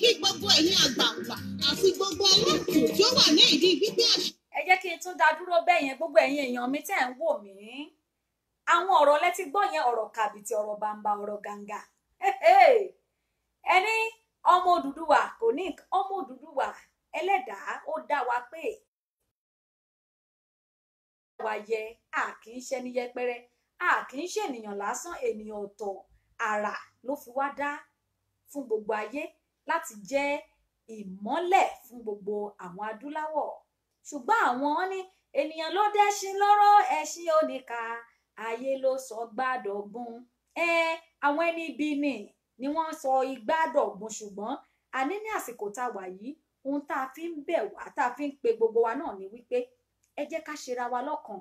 kí gbogbo ẹ̀yin àgbààgbà àti gbogbo ẹlẹ́kùn tí ó wà ní ìdí gbígbé àṣà. ẹ jẹ́ kí n tún dá dúró bẹ́ẹ̀ yẹn gbogbo ẹ̀yin èèyàn mi tẹ́ ń wò mí àwọn ọ̀rọ̀ lẹ́tí gbọ́ yẹn ọ̀rọ̀ kàbìtì ọ̀rọ̀ bàǹbà ọ̀rọ̀ gàǹgà ẹni ọmọ Odùduwà kò ní ọmọ Odùduwà ẹlẹ́dàá ó dá wa pé wa yẹ a kì í ṣẹni yẹpẹrẹ a kì í ṣènìyàn lásán ènìyàn ọ̀tọ̀ àrà ló fi wá dá fún gbogbo ayé láti jẹ́ ìmọ́lẹ̀ fún gbogbo àwọn adúláwọ̀ ṣùgbọ́n àwọn ní ènìyàn ló dẹ́ṣin lọ́rọ̀ ẹṣin oníka ayé ló sọ gbàdọ̀gbun ẹ àwọn ẹni ibi ni ni wọ́n sọ igbádọ̀gbun ṣùgbọ́n àní ní àsìkò tá a wà yìí ohun tá a fi ń bẹ̀ wá tá a fi ń pe gbogbo wa náà ni wípé ẹ jẹ́ ká ṣera wa lọ́kàn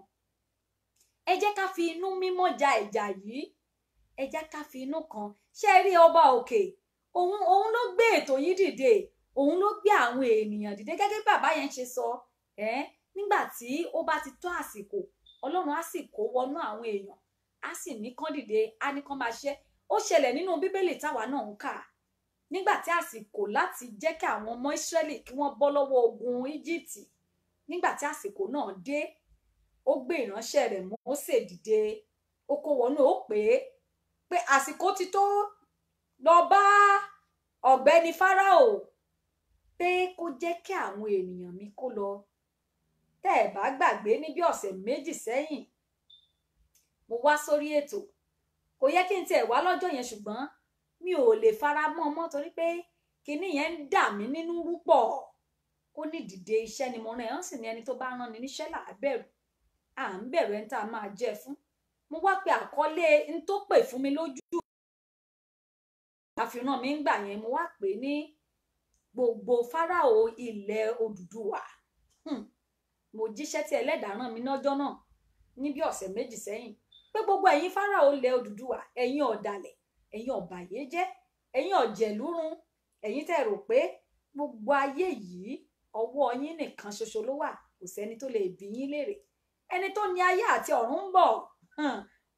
ẹ jẹ́ ká fi inú mímọ́ ja ìjà yìí ẹ jẹ́ ká fi inú kan ṣé rí ọba òkè òun òun ló gbé ètò yìí dìde òun ló gbé àwọn ènìyàn dìde gẹ́gẹ́ bàbá yẹn ṣe sọ ẹ́ nígbà tí ó bá ti tó àsìkò ọlọ́run á sì kó wọnú àwọn èèyàn á sì ní kán dìde á ní kán máa ṣe ó ṣẹlẹ̀ nínú bíbélì táwa náà ń kà nígbà tí àsìkò láti jẹ́ kí àwọn ọmọ ìsírẹ́lì kí wọ́n bọ́ lọ́wọ́ ogun íjíbítì nígbà tí àsìkò náà dé ó gbé ìránṣẹ́ rẹ̀ Mósè dìde ó kó wọnú ó pè é pé àsìkò ti tó lọ bá ọ̀gbẹ́ni Farao pé kó jẹ́ kí àwọn ènìyàn mi kó lọ tẹ́ ẹ̀ bá gbàgbé ní bí ọ̀sẹ̀ méjì sẹ́yìn mo wá sórí ètò kò yẹ kí n tiẹ̀ wá lọ́jọ́ yẹn ṣùgbọ́n mi ò lè fara mọ́ ọmọ torí pé kinní yẹn ń dà mí nínú rúpọ̀ ó ní dìde iṣẹ́ ni mo rán ẹ̀ sì ní ẹni tó bá rán ni níṣẹ́ là á à ń bẹ̀rù ẹni tá a máa jẹ fún mo wá pe àkọlé n tó pè fún mi lójú pàfínà mi ń gbà yẹn mo wá pè ní gbogbo fáráò ilẹ̀ Odùduwà hmm. mo jíṣẹ́ tí ẹlẹ́dàá rán mi lọ́jọ́ náà ní bí ọ̀sẹ̀ méjì sẹ́yìn pé gbogbo ẹ̀yin fáráò ilẹ̀ Odùduwà ẹ̀yin ọ̀dàlẹ̀ ẹ̀yin ọ̀bàyéjẹ́ ẹ̀yin ọ̀jẹ̀lúrun ẹ̀yin tẹ́ rò pé gbogbo ayé yìí ọwọ́ yín nìkan ṣoṣo ló wà kò sẹ́ni tó lè bí yín léèrè ẹni tó ní ayé àti ọ̀run ń bọ̀ hmm,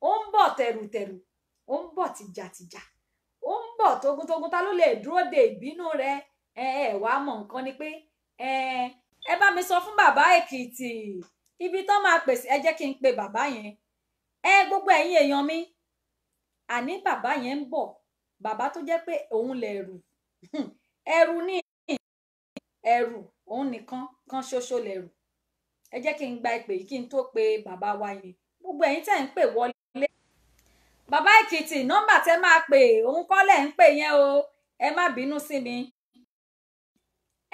ó ń bọ̀ tẹ̀rùtẹ̀rù ó ń bọ̀ tìjàtìjà bọ̀ togun-togun ta ló lè dúró de ìbínú rẹ ẹ ẹ wàá mọ nǹkan ni pé ẹ ẹ bá mi sọ fún bàbá èkìtì ibi tán máa pèsè ẹ jẹ́ kí n pe bàbá yẹn ẹ gbogbo ẹ̀yin èèyàn mi àní bàbá yẹn ń bọ̀ bàbá tó jẹ́ pé òun lẹ̀rù hmm, ẹ̀rù ní ẹ̀rù òun nìkan kan ṣoṣo lẹ̀rù ẹ jẹ́ kí n gba ìpè yìí kí n tó pe bàbá wa yẹn gbogbo ẹ̀yin tẹ́ ń pè wọlé bàbá èkìtì nọ́mbà tẹ máa pè òun kọ́ ń pè yẹn o ẹ má bínú sí mi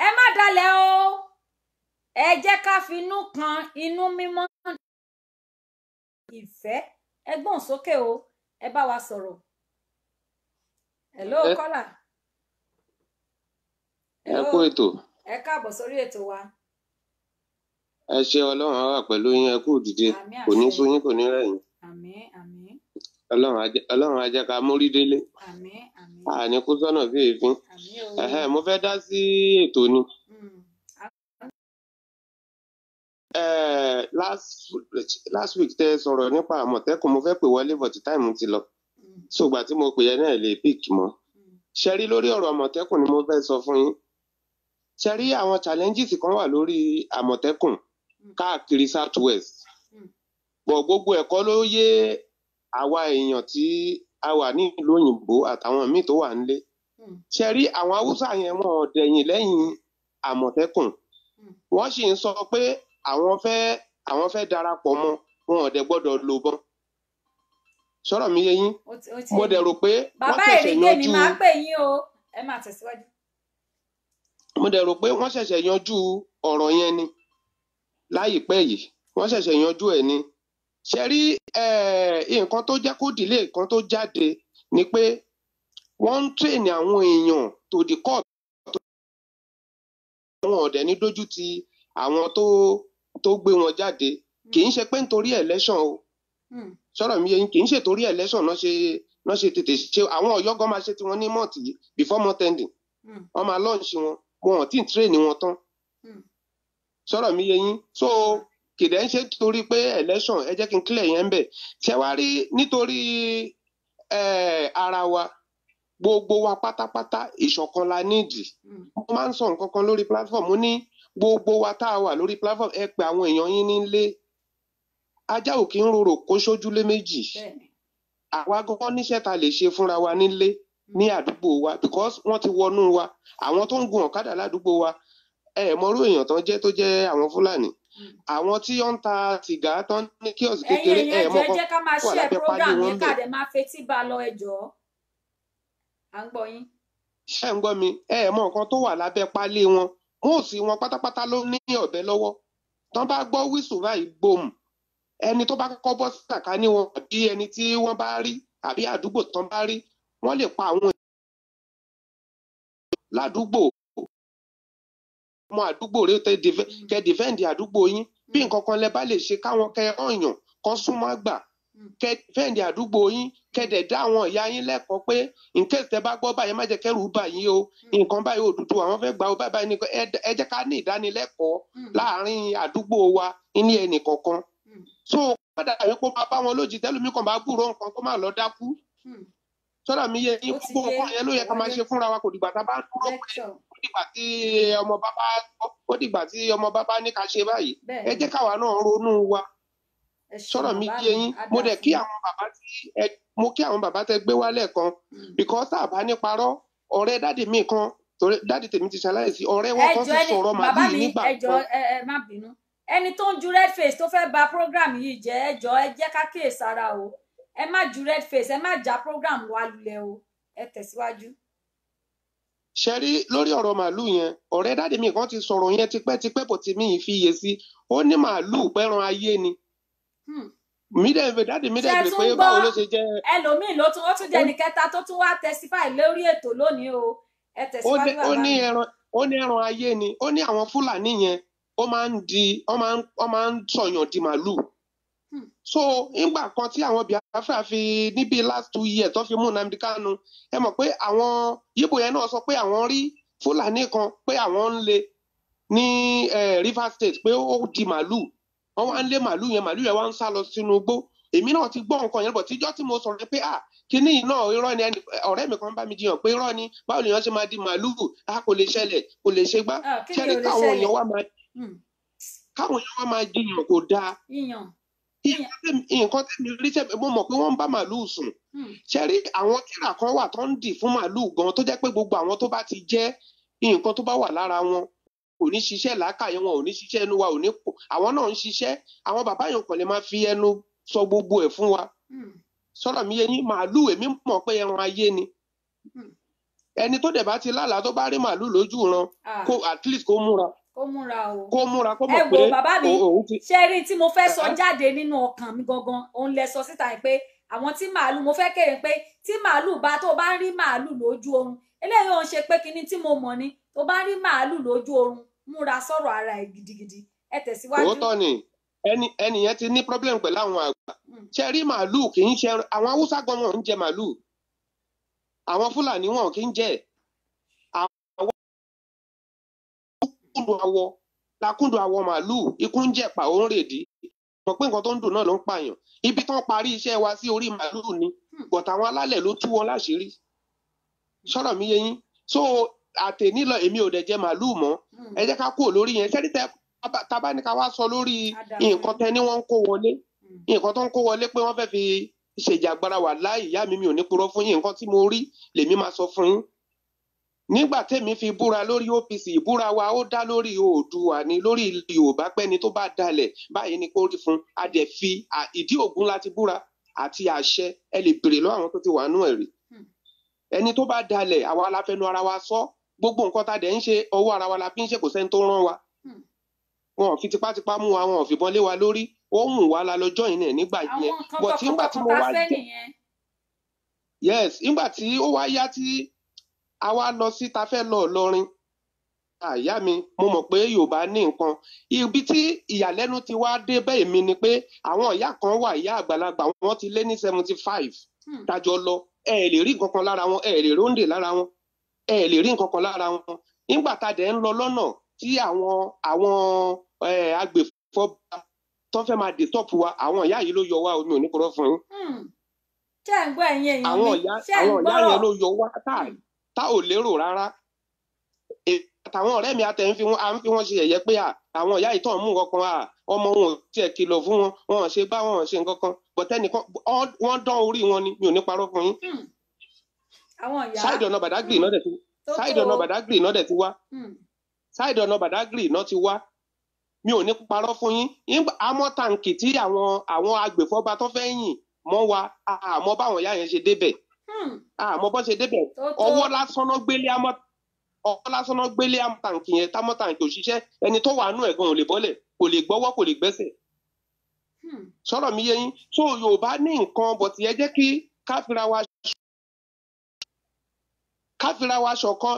ẹ má dalẹ̀ o ẹ jẹ́ ká finú kan inú mímọ́ ìfẹ́ ẹ gbọ́n sókè o ẹ bá wa sọ̀rọ̀ hello kọ́là ẹ kú ètò ẹ káàbọ̀ sórí ètò wa. ẹ ṣe ọlọ́run á pẹ̀lú yín ẹ kú òdìdẹ kò ní sú yín kò ní rẹ̀ yín. àmín àmín. ọlọ́run ajẹ́ ká mórí délé àní kú sọ́nà sí èéfín mo fẹ́ dá sí ètò ni. Hmm. last week tẹ sọ̀rọ̀ nípa àmọ̀tẹ́kùn mo fẹ́ pè wọlé but time ti lọ ṣùgbọ́n hmm. tí mo pè yẹn náà lè pick mọ́ hmm. ṣe rí lórí ọ̀rọ̀ àmọ̀tẹ́kùn ni mo fẹ́ sọ fún yín ṣe rí àwọn challenges kan wà lórí àmọ̀tẹ́kùn káàkiri south west pọ̀ gbogbo ẹ̀kọ́ ló yé àwa èèyàn tí a wà ní ìlú òyìnbó àtàwọn míì tó wà nílé hmm. ṣe rí àwọn haúsá yẹn wọn ò dẹ̀yìn lẹ́yìn àmọ̀tẹ́kùn hmm. sì ń sọ pé àwọn fẹ́ àwọn fẹ́ darapọ̀ mọ́ wọn ò dẹ̀ gbọ́dọ̀ lo bọn sọ̀rọ̀ mi yé mo dẹ̀ rò pé wọ́n ṣẹ̀ṣẹ̀ yanjú mo dẹ̀ rò pé wọ́n ṣẹ̀ṣẹ̀ yanjú ọ̀rọ̀ yẹn ni láìpẹ́ yìí wọ́n ṣẹ̀ṣẹ̀ yanjú ẹ̀ ni ṣe rí eh, nǹkan tó jẹ́ kó dìlé nǹkan tó jáde ni pé wọ́n ń tírèèni àwọn èèyàn tó di court àwọn ọ̀dẹ̀ ní dójú ti àwọn tó tó gbé wọn jáde kì í ṣe pé nítorí election o sọ̀rọ̀ hmm. mi yẹn kì í ṣe torí election náà ṣe náà ṣe tètè ṣe àwọn ọ̀yọ́ máa ṣe tiwọn ní mọ́ọ̀tì before month ending hmm. wọ́n máa launch wọn wọn ò tí ì tírèèni wọn tán sọ̀rọ̀ hmm. mi yẹn so. Mm kìdẹ́ ń ṣe torí pé election ẹ jẹ́ kí n clear yẹn ń bẹ̀ ṣé wá rí nítorí ara wa gbogbo wa pátápátá ìṣọ̀kan la níìdì hmm. mo máa ń sọ nǹkan kan lórí platform mo ní gbogbo wa tá a wà lórí platform ẹ pè àwọn èèyàn yín nílé ajá ò kí ń rorò kó sójúlé méjì àwa gan níṣẹ́ ta lè ṣe fúnra wa nílé ní hmm. àdúgbò wa because wọ́n ti wọnú wa àwọn tó ń gun ọ̀kadà ládùúgbò wa ẹ mọrú èèyàn tán jẹ́ tó jẹ́ àwọn fúlàní Mm. àwọn tí ó ń ta sìgá tó ń ní kíọ̀sì kékeré ẹ̀ mọ́ kọ́ wà lábẹ́ pálí wọn bẹ̀. káàdì máa fetí bá lọ ẹjọ́ à ń gbọ́ yín. ṣé ń gbọ́ mi ẹ mọ nǹkan tó wà lábẹ́ pálí wọn mọ́ọ̀sì wọn pátápátá ló ní ọ̀bẹ lọ́wọ́ tán bá gbọ́ wíṣù báyìí gbòmù ẹni tó bá kọ́kọ́ bọ́ sàkání wọn àbí ẹni tí wọ́n bá rí àbí àdúgbò tán bá rí wọ́n lè pa àwọn ládùúgbò ọmọ àdúgbò rẹ kẹ dìfẹ́ǹdì àdúgbò yín bí nǹkan kan lẹ bá lè ṣe káwọn kẹ ọ̀yàn kan súnmọ́ àgbà kẹ dìfẹ́ǹdì àdúgbò yín kẹdẹ̀ dá àwọn ìyá yín lẹ́kọ̀ọ́ pé nǹkan tẹ bá gbọ́ báyìí má jẹ́ kẹ́rù bà yín o nǹkan báyìí òdùdú àwọn fẹ́ gbà ó báyìí báyìí nìkan ẹ jẹ́ ká ní ìdánilẹ́kọ̀ọ́ láàárín àdúgbò wa ní ẹnì kọ̀ọ̀kan so padà yẹ kó máa bá wọn lójijì tẹlómi kan bá gbúrò nǹkan kó má lọ dákú sọ́dọ̀ mi yẹ kí gbogbo nǹkan yẹn ló yẹ ká máa ṣe fúnra wa kò dìgbà tá a bá dúró pé dìgbà tí ọmọ bàbá ó dìgbà tí ọmọ bàbá ní ká ṣe báyìí ẹ jẹ́ káwa náà ronú wa sọ̀rọ̀ mi kí eyín mo dẹ̀ kí àwọn bàbá tí ẹ mo kí àwọn bàbá tẹ gbé wálẹ̀ kan hmm. because tá a bá ní parọ́ ọ̀rẹ́ dáàdì mi kan torí dáàdì tèmi ti ṣaláìsí ọ̀rẹ́ wọn kan ti sọ̀rọ̀ màbí nígbà kan. ẹni tó ń ju red face tó fẹ́ ba program yìí jẹ́ ẹjọ ẹ jẹ́ ká kíyèsára o ẹ má ju red face ẹ má já program wa lulẹ̀ o ẹ tẹ̀síwájú ṣe rí lórí ọ̀rọ̀ màálù yẹn ọ̀rẹ́ dáàdì mi kan ti sọ̀rọ̀ yẹn tipẹ́tipẹ́ kò tí mi ì fi iye sí ó ní màálù pẹ́ran ayé ni hmm. mi dẹ̀ bẹ̀ dáàdì mi dẹ̀ bẹ̀ pé báwo ló ṣe jẹ́. ẹlòmíì ló tún ó tún jẹ́ nìkẹta tó tún wá testify lórí ètò lónìí o ẹ testify bàbá ó ní ẹran ayé ni ó ní àwọn fúlàní yẹn ó máa ń di di màálù. Hmm. so ńgbà kan tí àwọn Biafra fi níbi last two years tó fi mú Nnamdi Kanu ẹ mọ̀ pé àwọn yíbo yẹn náà sọ pé àwọn rí Fúlàní kan pé àwọn ń le ní river State pé ó di màálù wọn wá ń lé màálù yẹn màálù yẹn wá ń sá lọ sínú igbó èmi náà ti gbọ́ nǹkan yẹn bọ̀ tíjọ́ tí mo sọ̀rọ̀ pé ah kínní náà irọ́ ni ẹni ọ̀rẹ́ mi kan bá mi jiyàn pé irọ́ ni báwo lèèyàn ṣe máa di màálùú a kò lè ṣẹlẹ̀ kò lè ṣe gbá ṣẹ́ni káwọn èèyàn wá máa hmm. káwọn èèyàn wá máa jiyàn kò dáa nǹkan tẹ́mi rí tẹ́mi mo mọ̀ pé wọ́n ń bá màálù sùn hmm. ṣe rí àwọn tírà kan wà tó ń dì fún màálù gan tó jẹ́ pé gbogbo àwọn tó bá ti jẹ́ nǹkan tó bá wà lára wọn kò ní ṣiṣẹ́ làákàyè wọn ò ní ṣiṣẹ́ ẹnu wa ò ní kù àwọn náà ń ṣiṣẹ́ àwọn bàbá yẹn kàn lè máa fi ẹnu sọ gbogbo ẹ̀ fún wa hmm. sọ̀rọ̀ mi yẹn ní màálù èmi mọ̀ pé ẹran ayé ni hmm. ẹni tó dẹ̀ bá ti lálàá tó bá rí màálù lójú ran ah. kó at least kó múra kó múra o kó múra kó mọ̀ pé ẹ wo bàbá mi ṣe rí tí mo fẹ́ sọ jáde nínú ọkàn mi gangan òun lẹ sọ síta pé àwọn tí màálù mo fẹ́ kéde pé tí màálù bá tó bá rí màálù lójú oorun eléyìí òun ṣe pé kinní tí mo mọ̀ ni tó bá rí màálù lójú oorun múra sọ̀rọ̀ ara ẹ̀ gidigidi ẹ tẹ̀síwájú. òótọ́ ni ẹni ẹni yẹn ti ní problem pẹ̀lú àwọn àgbà hmm. ṣe rí màálù kì í ṣe àwọn haúsá gan wọn ń jẹ màálù àwọn fúlàní wọn kì í jẹ kúndùn awọ la kúndùn awọ màálù ikú ń jẹ̀pà ó ń rèdí mọ̀ pé nǹkan tó ń dùn náà ló ń pààyàn ibi tán parí iṣẹ́ wa sí orí màálù ni bọ̀tà àwọn alálẹ̀ ló tú wọn láṣìírí sọ̀rọ̀ mi yé yín so àtẹ̀ní lọ èmi ò dẹ̀ jẹ màálù mọ́ ẹ jẹ́ ká kúrò lórí yẹn sẹ́ni tábà ní ká wá sọ lórí nǹkan tẹ ni wọ́n ń kó wọlé nǹkan tó ń kó wọlé pé wọ́n fẹ́ fi ṣèjàgbara wà láì ìyá mi mi ò ní purọ́ fún yín nǹkan tí mo rí lèmi máa sọ fún yín nígbà tèmi fi búra lórí OPC ìbúra wa ó dá lórí Oòduà ni lórí Yorùbá pẹ́ni tó bá dalẹ̀ báyìí ni kò rí fún a dẹ̀ fi ìdí Ògún láti búra àti àṣẹ ẹ lè bèrè lọ́wọ́ àwọn tó ti wà nù ẹ̀rí hmm. ẹni tó bá dalẹ̀ àwa la fẹnu ara wa sọ gbogbo nǹkan tá a dẹ̀ ń ṣe ọwọ́ ara wa la fi ń ṣe kò sẹ́ni tó rán wa hmm. wọn ò fi tipátipá mú wa wọn ò fìbọn lé wa lórí ó mú wa la lọ́jọ́ yìí náà nígbà yẹn bọ̀ tí ńgbà tí mo wá jẹ́ yes ńgbà tí ó wá yá tí a wá lọ sí ta fẹ́ lọ Ìlọrin àyà ah, mi mo mọ̀ pé Yorùbá ní nǹkan ibi tí ìyàlẹ́nu ti wá dé bẹ́ẹ̀ mi ni pé àwọn ìyá kan wà ìyá àgbàlagbà wọn ti lé ní seventy five hmm. tájọ lọ ẹ lè rí nǹkan kan lára wọn ẹ lè róńdè lára wọn ẹ lè rí nǹkan kan lára wọn nígbà tá a dẹ̀ ń lọ lọ́nà tí àwọn àwọn agbèfọ́ba tó fẹ́ máa dìtọ́pù wa àwọn ìyá yìí ló yọ wá omi ò ní kúrọ́ fún yín. Hmm. ṣé à ń gbọ́ ẹ̀yin èèyàn mi ṣé à tá ò lérò rárá e, àtàwọn ọ̀rẹ́ mi àtẹ̀ ń fi wọn à ń fi wọn ṣe yẹ̀yẹ́ pé àwọn ìyá ìtọ̀ mú kankan à ọmọ wọn ò tiẹ̀ kìlọ̀ fún wọn wọn ò ṣe bá wọn ò ṣe nǹkan kan bọ̀tẹ́nìkan wọ́n dán orí wọn ni mi ò ní parọ́ fún yín. ṣáìdì hmm. ọ̀nà bàdágìrì náà dẹ̀ ti ṣáìdì ọ̀nà bàdágìrì náà dẹ̀ ti wá ṣáìdì hmm. ọ̀nà bàdágìrì náà ti wá mi ò ní parọ́ fún yín àmọ́ tàǹkì tí àwọn àwọn agbèfọ́ba tó fẹ́ yìn mọ́ wa àmọ́ báwọn ìyá yẹn ṣe débẹ̀ Hmm. àmọ́ bọ́ ṣe débẹ̀ ọwọ́ lásán náà gbélé amọ́ ọwọ́ lásán náà gbélé amọ́ tàǹkì yẹn támọ́ tàǹkì òṣìṣẹ́ ẹni tó wà nú ẹ̀gbọ́n ò lè bọ́lẹ̀ kò lè gbọ́wọ́ kò lè gbẹ́sẹ̀ hmm. sọ̀rọ̀ mi yé yín tó Yorùbá ní nǹkan bọ̀tì ẹ jẹ́ kí káfíra wa káfíra wa ṣọ̀kan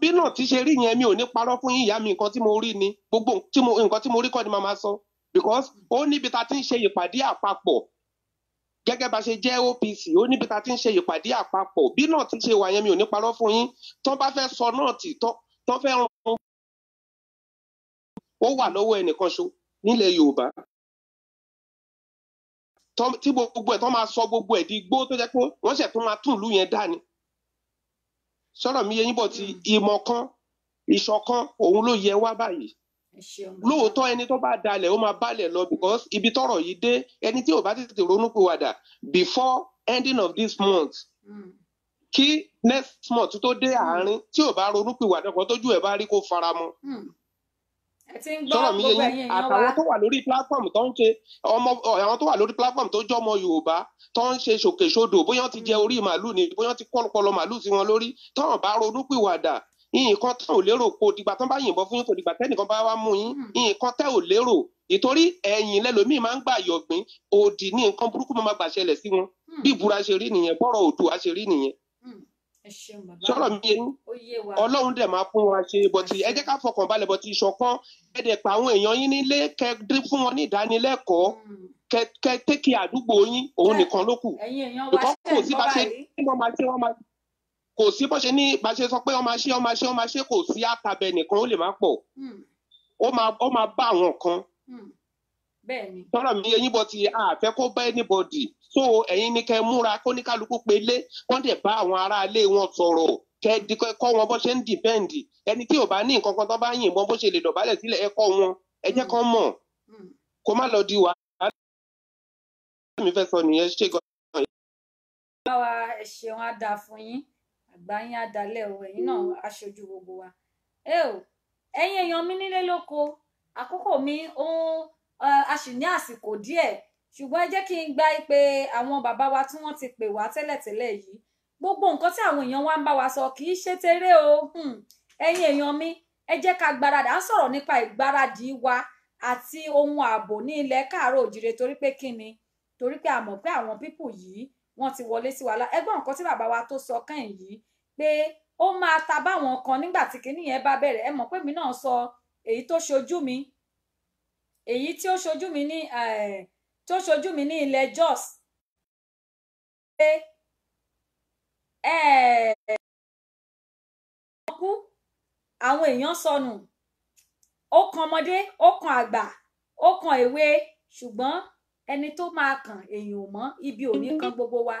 bí náà ti ṣe rí yẹn mi ò ní parọ́ fún yín ìyá mi nǹkan tí mo rí ni gbogbo nǹkan tí mo rí kọ́ ni màá máa sọ because ó níbi ta ti ń ṣe ìpàdé àpapọ̀ gẹ́gẹ́ bá ṣe jẹ́ OPC ó níbi tá a ti ń ṣe ìpàdé àpapọ̀ bí náà ti ṣe wà yẹn mi ò ní parọ́ fún yín tán bá fẹ́ sọ náà tì tán fẹ́ ràn ó wà lọ́wọ́ ẹnìkan ṣo nílẹ̀ Yorùbá tí gbogbo ẹ̀ tán máa sọ gbogbo ẹ̀ di igbó tó jẹ́ pé wọ́n ṣẹ̀ tó máa tún ìlú yẹn dá ni sọ̀rọ̀ mi yẹn yín bọ̀ ti ìmọ̀ kan ìṣọ̀kan òun ló yẹ wá báyìí lóòótọ́ ẹni tó bá dalẹ̀ ó máa balẹ̀ lọ because ibi tọ́rọ̀ yìí dé ẹni tí ò bá tètè ronúpìwàdà before ending of this month mm. kí next month tó dé hmm. àárín tí ò bá ronúpìwàdà kan tójú ẹ̀ bá rí kó fara mọ́. Hmm. sọ̀rọ̀ mi yẹn àtàwọn tó wà lórí platform tó ń ṣe ọmọ àwọn tó wà lórí platform tó jọmọ Yorùbá tó ń ṣe ṣòkèṣodò bóyá ti jẹ orí màálù ni bóyá ti kọ́ ọpọlọ màálù sí wọn lórí tọ́wọ̀n bá ronúpìwàdà nǹkan tẹ́ ò lérò kò dìgbà tán bá yìnbọn fún yín kò dìgbà tẹ́nìkan bá wá mú yín hmm. nǹkan tẹ́ ò lérò ìtorí ẹ̀yìn lẹ́lòmíì máa ń gbà yọ̀gbìn òdì ní nǹkan burúkú máa gbà ṣẹlẹ̀ sí wọn hmm. bí ìbúra ṣe rí nìyẹn bọ́rọ̀ Oòduà ṣe rí nìyẹn hmm. sọ̀rọ̀ mi yẹn ọlọ́run dẹ̀ máa fún wa ṣe bọ̀tì ẹ jẹ́ ká fọkàn balẹ̀ bọ̀tì ìṣọ̀kan ẹ dẹ̀ pa àwọn èèyàn yín nílé kẹ dín fún wọn ní ìdánilẹ́kọ̀ọ́ kẹ tẹ́kì àdúgbò yín òun nìkan ló kù ìkọ́kù tí bá ṣe kí wọ́n máa ṣe wọ́n máa kò sí bó ṣe ní bá ṣe sọ pé ọmọ ṣe ọmọ ṣe ọmọ ṣe kò sí àkàbẹ nìkan ó lè má pọ̀ hmm. ó máa bá àwọn kan hmm. tọ́rọ̀ mi eyín bọ́ ti àfẹ́ kó bá anybody so ẹ̀yin ni kẹ́ múra kó ní kálukú pelé kọ́n dẹ̀ bá àwọn aráalé wọn sọ̀rọ̀ kẹ́ kọ́ wọn bó ṣe ń dìpẹ́ǹdì ẹni tí ò bá ní nǹkan kan tó bá yìnbọn bó ṣe lè dọ̀bálẹ̀ sílẹ̀ ẹ kọ́ wọn ẹ jẹ́ kán hmm. mọ̀ kó má lọ di wàhálà mi fẹ́ sọ nìyẹn ṣé báwa ẹ ṣeun á dáa fún yín àgbà yín á dalẹ̀ o ẹ̀yin náà aṣojú mm. gbogbo wa. ẹ o ẹ̀yin èèyàn mi nílé lóko àkókò mi ó a sì ní àsìkò díẹ̀ ṣùgbọ́n ẹ jẹ́ kí n gba ìpè àwọn bàbá wa tí wọ́n ti pè wá tẹ́lẹ̀tẹ́lẹ̀ yìí gbogbo nǹkan tí àwọn èèyàn wa ń bá wa sọ kì í ṣe tèrè o hmm, ẹ̀yin èèyàn mi ẹ jẹ́ ká gbáradì à ń sọ̀rọ̀ nípa ìgbáradì wa àti ohun ààbò ní ilẹ̀ káàárọ̀ òjìrè torí pé kí ni torí pé a mọ̀ pé àwọn pípù yìí wọ́n ti wọlé sí wàhálà ẹgbọ́n nǹkan tí bàbá wa tó sọ kàn yìí pé ó máa ta báwọn kan nígbà tí kinní yẹn bá bẹ̀rẹ̀ ẹ mọ̀ pé mi náà sọ èyí tó ṣojú mi èyí tí ó ṣojú mi ní tó ṣojú mi ní ilẹ̀ Jos pé ẹ wọ́n kú àwọn èèyàn sọnù ó kan ọmọdé ó kan àgbà ó kan èwe ṣùgbọ́n ẹni tó máa kàn èèyàn mọ́ ibi ò ní kan gbogbo wa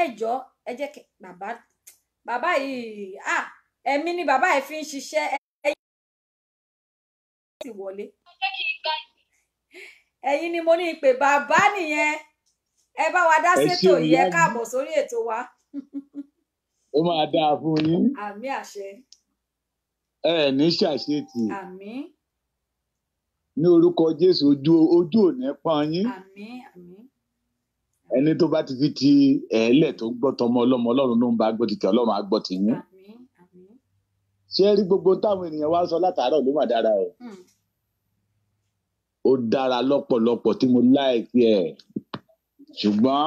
ẹ jọ ẹ jẹ́ kí bàbá bàbá yìí à ẹ̀mí ni bàbá yìí fi ń ṣiṣẹ́ ẹ̀yìn ti wọlé ẹ̀yin ni mo ní ìpè bàbá nìyẹn ẹ bá wa dá sétò yìí ẹ káàbọ̀ sórí ètò wa. ó máa dáa fún yín. àmì àṣẹ. ẹ ní ṣàṣetì. àmì ní orúkọ jésù ojú ojú ò ní pọ́n yín ẹni tó bá ti fi ti ẹ̀ẹ́lẹ̀ tó gbọ́ tọmọ ọlọ́mọ ọlọ́run ló ń bá gbọ́ ti tẹ ọlọ́run á gbọ́ ti yín ṣé rí gbogbo táwọn ènìyàn wá sọ látàárọ̀ ló mà dára o hmm. ó dára lọ́pọ̀lọpọ̀ tí mo láìpẹ́ ẹ̀ ṣùgbọ́n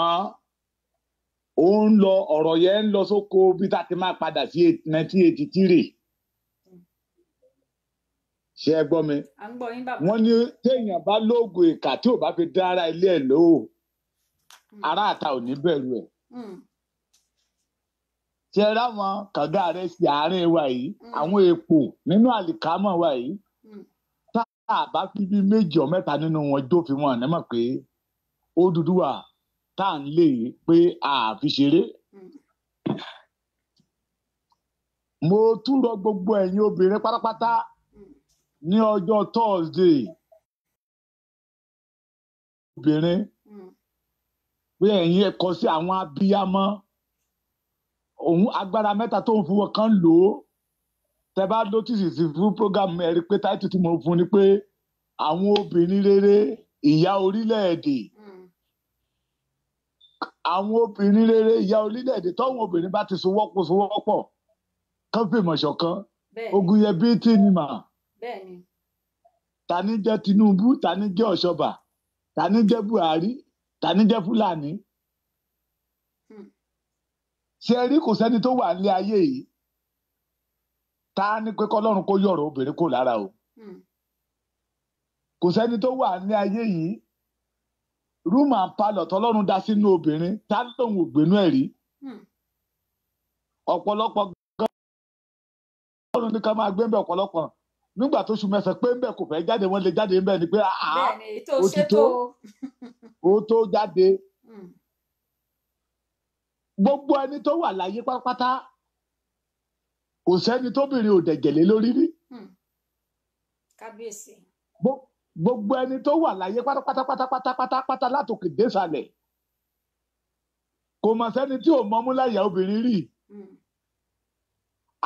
ó ń lọ ọ̀rọ̀ yẹn ń lọ sóko bí tá máa padà sí nineteen eighty three ṣé ẹ gbọ́ mi. wọ́n ní téèyàn bá lóògùn ìkà tí ò bá fi dára ilé ẹ̀ lóò hmm. ará àta ò ní bẹ̀rù ẹ̀. Hmm. ṣé ẹ ráwọn kànga rẹ sí àárín wa yìí hmm. àwọn èèpo nínú àlìkámọ̀ wa yìí tá a bá fi bí méjì ọ mẹ́ta nínú wọn jófin wọn ní pé ó dúdú wà tá à ń lè pé a fi ṣeré. mo tún gbogbo ẹ̀yin obìnrin pátápátá ní ọjọ́ Thursday obìnrin hmm. pé ẹ̀yin ẹ̀kọ́ sí àwọn abiyamọ òun agbára mẹ́ta tó ń fún wọn kan lò ó tẹ bá notice sí fún program ẹ rí pé táìtì tí mo fún ni pé àwọn obìnrin rere ìyá orílẹ̀-èdè hmm. àwọn obìnrin rere ìyá orílẹ̀-èdè tọ́wọ́n obìnrin bá ti sowọ́pọ̀ sowọ́pọ̀ kán fìmọ̀ ṣọ̀kan ogun yẹ bí tí ni mà bẹ́ẹ̀ni. tani jẹ́ Tinubu tani jẹ́ Ọ̀ṣọ́bà tani jẹ́ Buhari tani jẹ́ fulani. Hmm. ṣé ẹ rí kò sẹ́ni tó wà nílé ayé yìí ta ni pé kọ́lọ́run kó yọ̀rọ̀ obìnrin kò lára o. Hmm. kò sẹ́ni tó wà nílé ayé yìí rúùmù àpalọ̀ tọ́lọ́run dá sínú obìnrin tá lóun ò gbénú ẹ̀ rí. Hmm. ọ̀pọ̀lọpọ̀ gan-an ní ká máa gbé ń nígbà tó sùn mẹ́sàn pé ńbẹ kò fẹ́ jáde wọ́n lè jáde ńbẹ ni pé àá ah, ah, ó ti tó o tó jáde hmm. gbogbo ẹni tó wà láyé pátápátá kò sẹ́ni tóbìnrin ò dẹ̀gẹ̀lé lórí rí. Hmm. kábíyèsí. gbogbo ẹni tó wà láyé pátápátápátápátá látòkè désàlẹ̀ kò mọ̀ sẹ́ni tí ò mọ́mú láyà obìnrin rí. Mm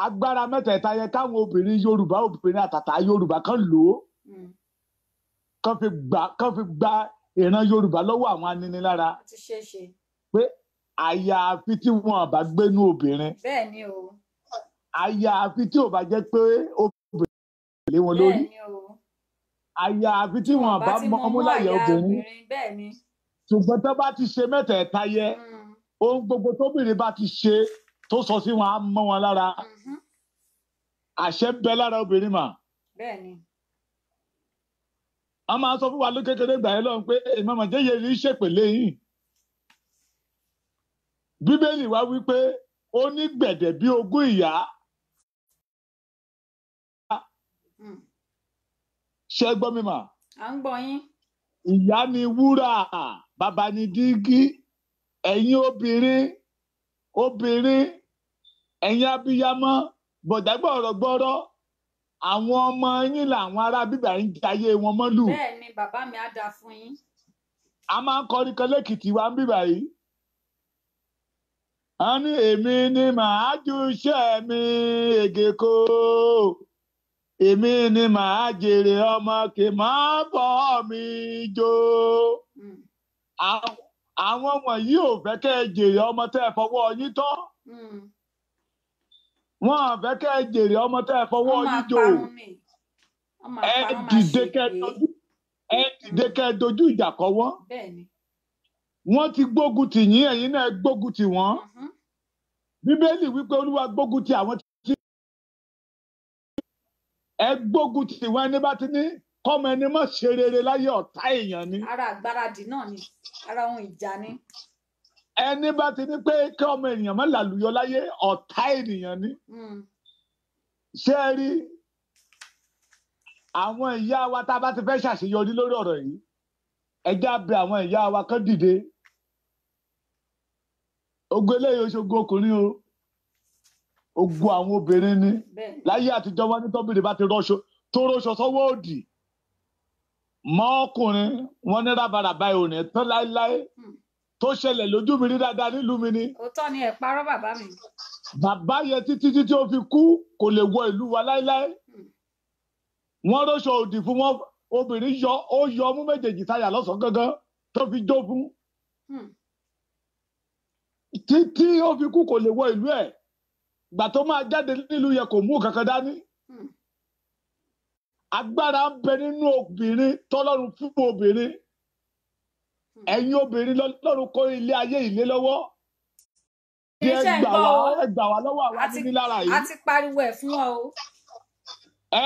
agbára mẹ́tẹ̀ẹ̀ta yẹ káwọn obìnrin yorùbá obìnrin àtàtà yorùbá kan lò ó hmm. kan fi gba kan fi gba ìran yorùbá lọ́wọ́ àwọn aninilára pé àyàfi tí wọn bá gbénú obìnrin àyàfi tí ò bá jẹ́ pé obìnrin lé wọn lórí àyàfi tí wọn bá mọ ọmúláyà obìnrin ṣùgbọ́n tó bá ti ṣe mẹ́tẹ̀ẹ̀ta yẹ hmm. ohun gbogbo tóbìnrin bá ti ṣe. Mm. tó sọ sí wọn á mọ́ wọn lára mm-hmm. àṣẹ ń bẹ lára obìnrin mà. bẹ́ẹ̀ni. a máa sọ fún wa ló kékeré gbà yín lọ́run pé ìmọ̀mọ̀ jẹ́yẹ rí ṣèpèlé yìí. bíbélì wá wípé pé ó ní gbẹ̀dẹ̀ bí ogún ìyá. Mm. ṣe gbọ́ mi mà. à ń gbọ́ yín. ìyá ni wúrà bàbá ni dígí ẹ̀yin obìnrin. obìnrin ẹ̀yin abiyamọ bọ̀dágbà ọ̀rọ̀ gbọ́rọ́ àwọn ọmọ yín làwọn ará bíbà ń jayé wọn mọ́lù. bẹ́ẹ̀ ni bàbá mi á dáa fún yín. a máa ń kọrin kan lẹ́kìtì wa ń bíbà yìí. a ní èmi ni màá ju iṣẹ́ mi ègè kó èmi ni màá jèrè ọmọ kì máa bọ́ mi jó. Hmm àwọn wọ̀nyí ò fẹ́ kẹ́ ẹ jèrè ọmọ tẹ́ ẹ fọwọ́ yín tọ́ hmm. wọn à fẹ́ kẹ́ ẹ jèrè ọmọ tẹ́ ẹ fọwọ́ yín jò ẹ dìde kẹ́ ẹ dìde kẹ́ ẹ dojú ìjà kọ wọ́n wọ́n ti gbógun tì yín ẹ̀yin náà gbógun tì wọ́n mm-hmm. bíbélì wípé olúwa gbógun tì àwọn tí ẹ gbógun tì wọ́n ẹni bá ti ní kọ́mọ ẹni mọ̀ ṣe rere láyé ọ̀tá èèyàn ni. ara àgbáradì náà ni ara ohun ìjà ni. ẹni bá ti ní pé kí ọmọ ènìyàn mọ̀ làlùyọ láyé ọ̀tá ènìyàn ni. Hmm. ṣé ẹ rí àwọn ìyá wa tá a bá ti fẹ́ ṣàṣeyọrí lórí ọ̀rọ̀ yìí ẹ já bẹ̀ àwọn ìyá wa kán dìde ogun eléyìí oṣogun ọkùnrin o ogun àwọn obìnrin ni láyé àtijọ́ wọn ní tọ́bìnrin bá ti rọṣọ tó rọṣọ sọ́wọ́ òdì mọ́kùnrin wọn ní rábaràbá ò ní tán láéláé hmm. tó ṣẹlẹ̀ lójú mi rí dáadáa nílùú mi ni. òótọ́ ni ẹ̀ parọ́ bàbá mi. bàbá yẹn títí títí ó fi kú kò lè wọ ìlú wa láéláé hmm. wọ́n rọṣọ òdì fún wọn obìnrin yọ ó yọ ọmú méjèèjì táyà lọ́sàn-án tó fi jó fún hmm. títí ó fi kú kò lè wọ ìlú ẹ̀ gbà tó máa jáde nílùú yẹn kò mú kankan dání agbára ń bẹ nínú obìnrin tọ́lọ́run fún obìnrin hmm. ẹ̀yin obìnrin lọ́run kó ilé ayé ilé lọ́wọ́ ẹ gbà wá lọ́wọ́ àwa níní lára yìí. a ti pariwo ẹ̀ fún ọ o.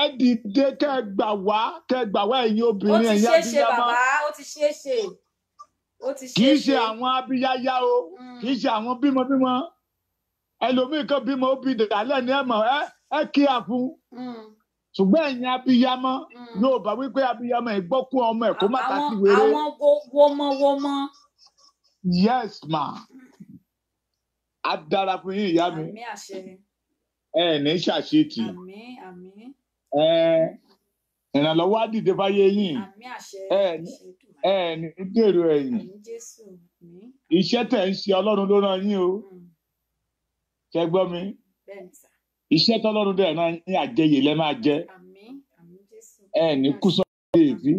ẹ dìde kẹ́ gbà wá kẹ́ gbà wá ẹ̀yin obìnrin ẹ̀yin abiyamọ. ó ti ṣeé bàbá ó ti ṣeé ṣe ti ṣeé kì í ṣe àwọn abiyaya o hmm. kì í ṣe àwọn bímọbímọ ẹlòmíì kan bímọ ó bi dàlẹ́ ní ẹ̀mọ́ ẹ ẹ kí a fún. Hmm ṣùgbọ́n ẹ̀yin abiyamọ mm. yóò bá wípé abiyamọ ẹ̀ gbọ́ ọmọ ẹ̀ kó má ta sí wéré. àwọn wọmọwọmọ. yes ma a dára fún yín ìyá mi ẹ ní ṣàṣetì ẹ ìrànlọ́wọ́ á dìde fáyé yín ẹ ní dèrò ẹ̀yìn iṣẹ́ tẹ̀ ń ṣe ọlọ́run ló rán yín o mm. ṣẹ gbọ́ mi. bẹ́ẹ̀ ni sá iṣẹ́ tọ́lọ́run dẹ̀ náà ní àjẹyè lẹ́ máa jẹ ẹ ní kú sọ́dọ̀ èéfì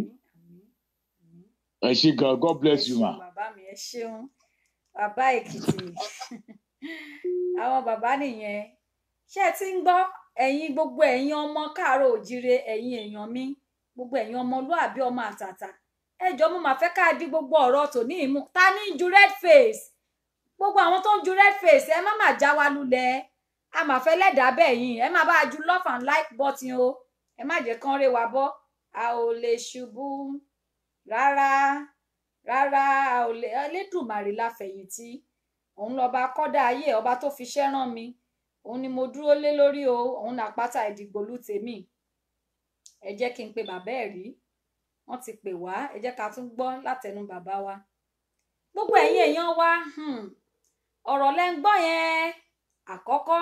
ẹ ṣé gan God bless you ma. bàbá mi ẹ ṣeun bàbá èkìtì àwọn bàbá nìyẹn ṣé ẹ ti ń gbọ́ ẹ̀yin gbogbo ẹ̀yin ọmọ káàárọ̀ òjire ẹ̀yin èèyàn mi gbogbo ẹ̀yin ọmọlúàbí ọmọ àtàtà ẹ jọ̀ọ́ mo máa fẹ́ ká di gbogbo ọ̀rọ̀ tòní ìmú ta ni ju red face gbogbo àwọn tó ń ju red face ẹ má má já wa lulẹ̀ a máa fẹ́ lẹ́dàá bẹ́ẹ̀ yín ẹ máa bá ju love and like button o ẹ má jẹ́ kán rè wá bọ́ a ò lè ṣubú rárá rárá a ò lè Elédùmarè la fẹ̀yìntì òun lọba kọ́dà ayé ọba tó fi iṣẹ́ rán mi òun ni mo dúró lé lórí o òun náà pátá ìdìgbòlù tèmi ẹ jẹ́ kí n pe bàbá ẹ̀ rí wọ́n ti pè wa. ẹ jẹ́ ká tún gbọ́ látẹnu bàbá wa gbogbo ẹ̀yin èèyàn wa hmm, ọ̀rọ̀ lẹ́ ń gbọ́ yẹn àkọ́kọ́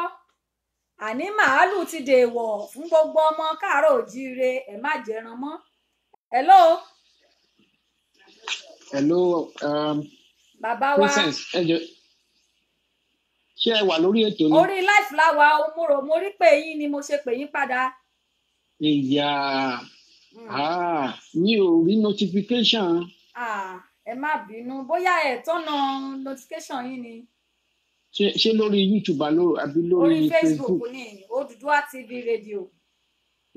àní màálù ti dèèwọ̀ fún gbogbo ọmọ káàárọ̀ òjíire ẹ̀ má jẹran mọ́ hello. hello um, bàbá wa princess ẹ jẹ ṣé ẹ wà lórí ètò ni. orí life láwa mo rò mo rí pé yín ni mo ṣe pè yín padà. ìyá hmm. ah, mi ò rí notification. Ah, ẹ má bínú bóyá ẹ̀ tọ́nà notification yín ni ṣé lórí youtube àlọ àbí lórí facebook. orí facebook ní Oòduà TV radio.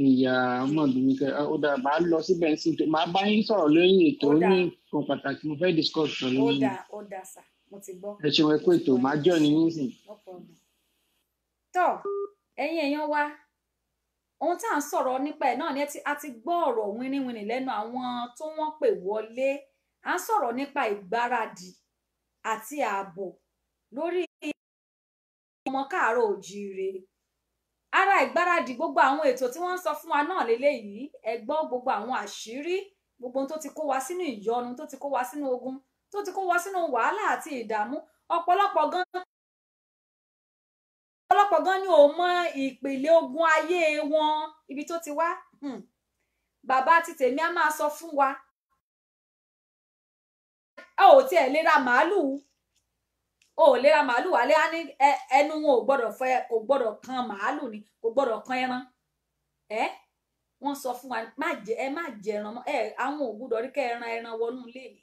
ìyá mọ̀dúnmí kẹ ọ dà máa lọ síbẹ̀ sí i máa bá yín sọ̀rọ̀ lẹ́yìn ètò ó ní nǹkan pàtàkì mo fẹ́ discuss pẹ̀lú yín. ó dà ó dà sà mo ti gbọ́. ẹ ṣeun ẹ kó ètò máa jọ ní yín sìn. tọ ẹ̀yin èèyàn wa ohun tá à ń sọ̀rọ̀ nípa ẹ̀ náà ni a ti gbọ́ ọ̀rọ̀ wínníwínní lẹ́nu àwọn tó wọ́n pè wọlé à ń sọ̀rọ̀ nípa ìgbáradì àti ààbò lórí ọmọ káàárọ̀ òjíire ara ìgbáradì gbogbo àwọn ètò tí wọ́n ń sọ fún wa náà lélẹ́yìí ẹ gbọ́ gbogbo àwọn àṣírí gbogbo ohun tó ti kó wa sínú ìyọnu tó ti kó wa sínú ogun tó ti kó wa sínú wàhálà àti ìdààmú ọ̀pọ̀lọpọ̀ gan-an ọ̀pọ̀lọpọ̀ gan ni ò mọ ìpìlẹ̀ ogun ayé wọn ibi tó ti wá hmm. bàbá ti tèmi máa sọ fún wa ẹ ò tiẹ̀ lè ra màálùú o ò lè ra màálù wálé á ní ẹnu wọn ò gbọ́dọ̀ fẹ́ kò gbọ́dọ̀ kan màálù ni kò gbọ́dọ̀ kan ẹran ẹ wọ́n sọ fún wa má jẹ ẹ má jẹ ẹran mọ́ ẹ àwọn ò gbọ́dọ̀ rí kẹ ẹran ẹran wọnú ilé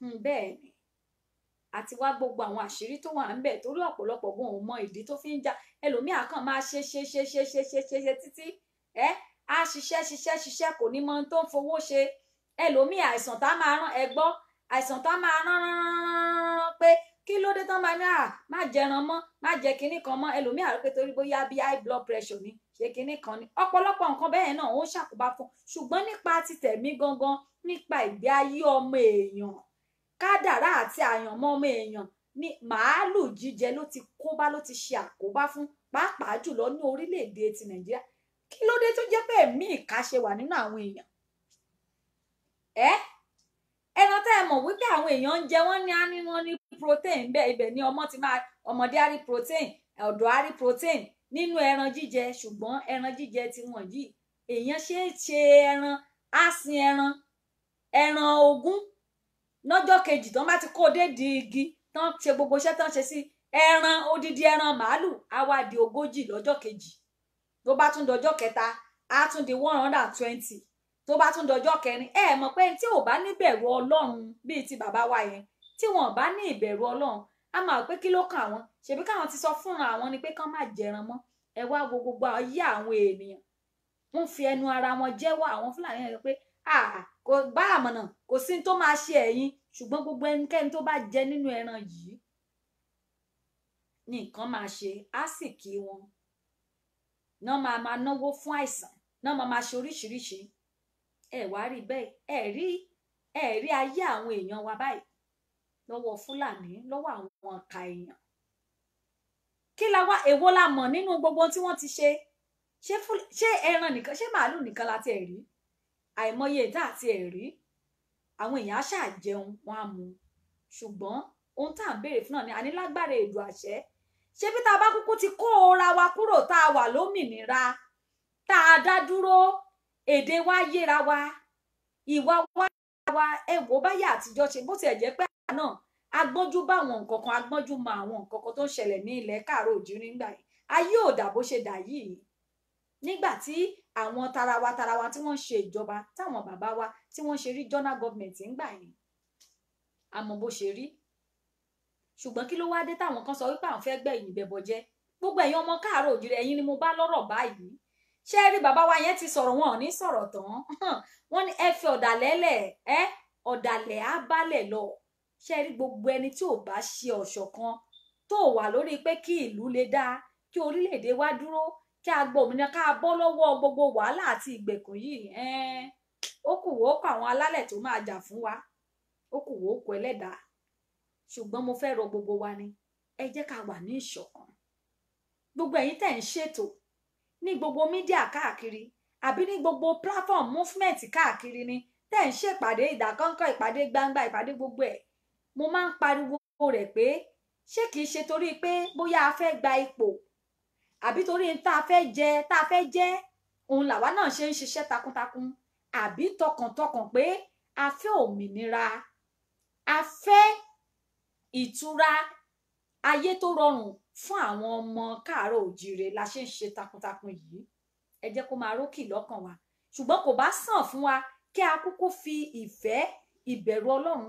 mi bẹ́ẹ̀ ni àti wá gbogbo àwọn àṣírí tó wà ń bẹ torí ọ̀pọ̀lọpọ̀ gan ò mọ ìdí tó fi ń jà ẹlòmíà kan máa ṣe ṣe ṣe ṣe ṣe ṣe ṣe ṣe títí ẹ á ṣiṣẹ́ ṣiṣẹ́ ṣiṣẹ́ kò ní mọ ohun tó ń fowó ṣe ẹlòmíì àìsàn tá máa rán ẹ gbọ́ àìsàn tá máa rán kí ló dé tán máa ní à má jẹran mọ́ má jẹ kinní kan mọ́ ẹlòmíì àrò pé torí bóyá bí high blood pressure ni ṣe kinní kan ni ọ̀pọ̀lọpọ̀ nǹkan bẹ́ẹ̀ náà ó ṣàkóbá fún ṣùgbọ́n nípa títẹ̀mí gangan nípa ìgbé ayé ọmọ èèyàn kádàrá àti àyànmọ́ ọmọ èèyàn ni màálù jíjẹ ló ti kóbá ló ti ṣe àkóbá fún pàápàá jùlọ ní orílẹ̀-èdè ti nàìjíríà kí ló dé tó jẹ́ pé ẹ̀mí ìkáṣe wà nínú àwọn èèyàn ẹ́ eh? ẹran tẹ́ ẹ mọ̀ wípé àwọn èèyàn ń jẹ wọ́n ní á ní wọ́n ní protein bẹ́ẹ̀ ibẹ̀ ni ọmọ ti máa ọmọdé á rí protein ọ̀dọ́ á rí protein nínú ẹran jíjẹ ṣùgbọ́n ẹran jíjẹ ti wọ̀n yìí èèyàn ṣe é ṣe ẹran á sin ẹran ẹran ogún lọ́jọ́ kejì tán bá ti kó dé di igi tán ṣe gbogbo iṣẹ́ tán ṣe sí ẹran odidi ẹran màálù á wá di ogójì lọ́jọ́ kejì tó bá tún dọjọ́ kẹta á tún di one hundred and twenty tó bá tún dọjọ́ kẹrin ẹ mọ̀ pé tí ò bá níbẹ̀rù ọlọ́run bíi ti bàbá wa yẹn tí wọn ò bá ní ìbẹ̀rù ọlọ́run a máa pé kí ló kàn àwọn ṣebí káwọn ti sọ fúnra àwọn ni pé kán má jẹran mọ́ ẹ wá wo gbogbo ayé àwọn ènìyàn wọ́n fi ẹnu ara wọn jẹ́wọ́ àwọn fúlàní yẹn pé kò bá àmọ̀nà kò sí tó máa ṣe ẹ̀yin ṣùgbọ́n gbogbo ẹnikẹ́ni tó bá jẹ nínú ẹran yìí nìkan máa ṣe á sì kí wọn náà máa máa náwó fún àìsàn náà máa máa ṣe oríṣiríṣi ẹ wá rí bẹ́ẹ̀ ẹ rí ẹ rí ayé àwọn èèyàn wa báyìí lọ́wọ́ fúlàní lọ́wọ́ àwọn ọ̀ka èèyàn kí la wá èwo la mọ̀ nínú gbogbo tí wọ́n ti ṣe ṣé ẹran nìkan ṣé màálù nìkan la ti ẹ̀ rí àìmọye ìdá àti ẹ̀ rí àwọn èèyàn á ṣáà jẹun wọn á mu ṣùgbọ́n ohun tá à ń béèrè fún náà ni ànílágbára èdò àṣẹ ṣé bí tá ti kó ora wa kúrò tá a wà lómìnira tá a dá dúró èdè wa yéra wa ìwà wa wa ẹwọ báyà àtijọ́ ṣe bó tiẹ̀ jẹ́ pé àná náà agbọ́njú bá àwọn nǹkan kan agbọ́njú mọ àwọn nǹkan kan tó ń ṣẹlẹ̀ ní ilẹ̀ káàró òjìrí nígbà yìí ayé ò dà bó ṣe dà yìí nígbà tí àwọn tarawa tarawa tí wọ́n ń ṣe ìjọba táwọn bàbá wa tí wọ́n ṣe rí jọ́nà gọ́ọ̀mẹ̀ntì nígbà yìí àmọ́ bó ṣe rí ṣùgbọ́n kí ló wá dé táwọn kan sọ wípé àwọn fẹ́ gbẹ̀yìn ìbẹ̀bọ̀ jẹ́ gbogbo ẹ̀yin ọmọ káàró òjìrí ẹ̀yin ni mo bá lọ́rọ̀ báyìí ṣé rí bàbá wa yẹn ti sọ̀rọ̀ wọn ò ní sọ̀rọ̀ tán wọ́n ní ẹ fi ọ̀dàlẹ̀ lẹ̀ ẹ́ ọ̀dàlẹ̀ á bálẹ̀ lọ ṣé rí gbogbo ẹni tí ò bá ṣe ọ̀ṣọ̀kan tó wà lórí pé kí ìlú lè dáa kí orílẹ̀-èdè wa dúró kí a gbọ́ òmìnira ká bọ́ lọ́wọ́ gbogbo wàhálà àti ìgbèkùn yìí ó kù wó kọ àwọn alálẹ̀ tó máa jà fún wa ó kù wó kọ ẹlẹ́dàá ṣùgbọ́n mo fẹ́ rọ gbogbo wa ni ẹ jẹ́ ká wà ní ìṣọ̀kan gbogbo ẹ̀yin tẹ̀ ń ṣètò ní gbogbo mídíà káàkiri àbí ni gbogbo platform movement káàkiri ni tẹ́ ń ṣèpàdé ìdákọ́ńkọ́ ìpàdé gbangba ìpàdé gbogbo ẹ̀ mo máa ń pariwo rẹ̀ pé ṣé kìí ṣe torí pé bóyá a fẹ́ gba ipò àbí torí tá a fẹ́ jẹ tá a fẹ́ jẹ́ òun làwa náà ṣe ń ṣiṣẹ́ takuntakun àbí tọkàntọkàn pé a fẹ́ òmìnira a fẹ́ ìtura ayé tó rọrùn fún àwọn ọmọ káàárọ̀ òjíire la ṣe ń ṣe takuntakun yìí ẹ jẹ́ kó máa rókì lọ́kàn wa ṣùgbọ́n kò bá sàn fún wa kí a kúkú fi ìfẹ́ ìbẹ̀rù ọlọ́run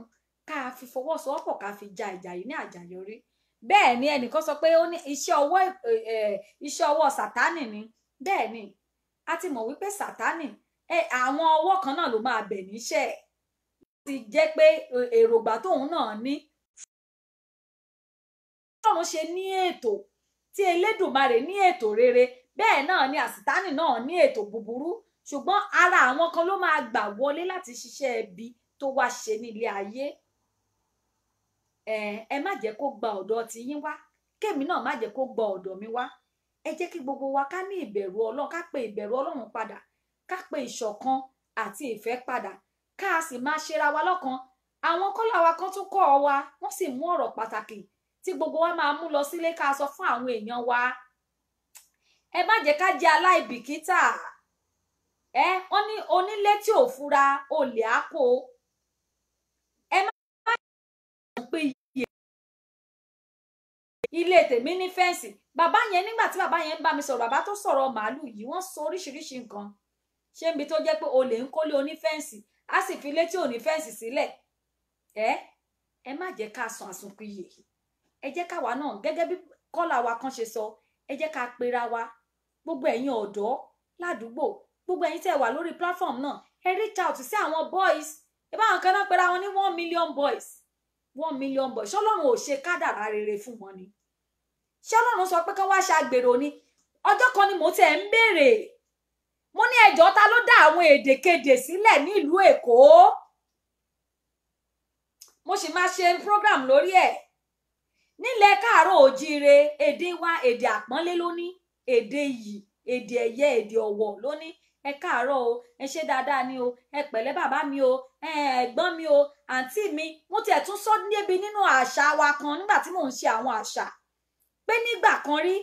ká fi fọwọ́sowọ́pọ̀ ká fi ja ìjà yìí ní àjàyọrí bẹ́ẹ̀ ni ẹnìkan sọ pé ó ní iṣẹ́ ọwọ́ iṣẹ́ ọwọ́ sátánì ni bẹ́ẹ̀ ni a ti mọ̀ wípé sátánì àwọn ọwọ́ kan náà ló máa bẹ̀ níṣẹ́ ẹ̀ ti jẹ́ pé èròǹgbà tóun náà ní tọ́run ṣe ní ètò tí elédùmarè ní ètò rere bẹ́ẹ̀ náà ni àsìtánì náà ní ètò búburú ṣùgbọ́n ara àwọn kan ló máa gbà wọlé láti ṣiṣẹ́ ibi tó wá ṣe nílé ayé ẹ má jẹ́ kó gba ọ̀dọ̀ ti yín wá kémi náà má jẹ́ kó gba ọ̀dọ̀ mi wá ẹ jẹ́ kí gbogbo wa ká ní ìbẹ̀rù ọlọ́run ká pe ìbẹ̀rù ọlọ́run padà ká pe ìṣọ̀kan àti ìfẹ́ padà ká a sì máa ṣera wa lọ́kan àwọn kọ́là wa kan tún kọ́ ọ wa wọ́n sì mú ọ̀rọ̀ pàtàkì tí gbogbo wa máa mú lọ sílé ká sọ fún àwọn èèyàn wa ẹ má jẹ ká jẹ́ aláìbìkítà ẹ wọ́n ní onílé tí ò fura olè á kó ẹ má jẹ́ pé iye ilé tèmi ní fẹ́ǹsì bàbá yẹn nígbà tí bàbá yẹn ń bá mi sọ̀rọ̀ bàbá tó sọ̀rọ̀ màálù yìí wọ́n sọ oríṣiríṣi nǹkan ṣé ibi tó jẹ́ pé olè ń kólé onífẹ́ǹsì á sì fi ilé tí ò ní fẹ́ǹsì sílẹ̀ ẹ ẹ má jẹ́ ká sùn àsùnkù yìí ẹ jẹ́ káwa náà gẹ́gẹ́ bí kọ́là wa kan ṣe sọ ẹ jẹ́ ká pera wa gbogbo ẹ̀yin ọ̀dọ́ ládùúgbò gbogbo ẹ̀yin tẹ́ wà lórí platform náà ẹ reach out sí àwọn boys ẹ bá àwọn kan náà pera wọn ní one million boys one million boys ṣọlọ́run ò ṣe kádàrá rere fún wọn ni ṣọlọ́run sọ pé kán wá ṣàgbèrò ni ọjọ́ kan ni mo tẹ̀ ń béèrè mo ní ẹjọ́ ta ló dá àwọn èdèkedè sílẹ̀ nílùú èkó mo sì máa ṣe program lórí ẹ̀ nílẹ̀ káàárọ̀ òjíire èdè wa èdè àpọ́nlé lóní èdè yìí èdè ẹ̀yẹ èdè ọ̀wọ̀ lóní ẹ káàárọ̀ o ẹ ṣe dáadáa ni o ẹ pẹ̀lẹ́ bàbá mi o ẹ ẹ̀gbọ́n mi o àǹtí mi mo tiẹ̀ tún sọ níbi nínú àṣà wa kan nígbà tí mò ń ṣe àwọn àṣà pé nígbà kan rí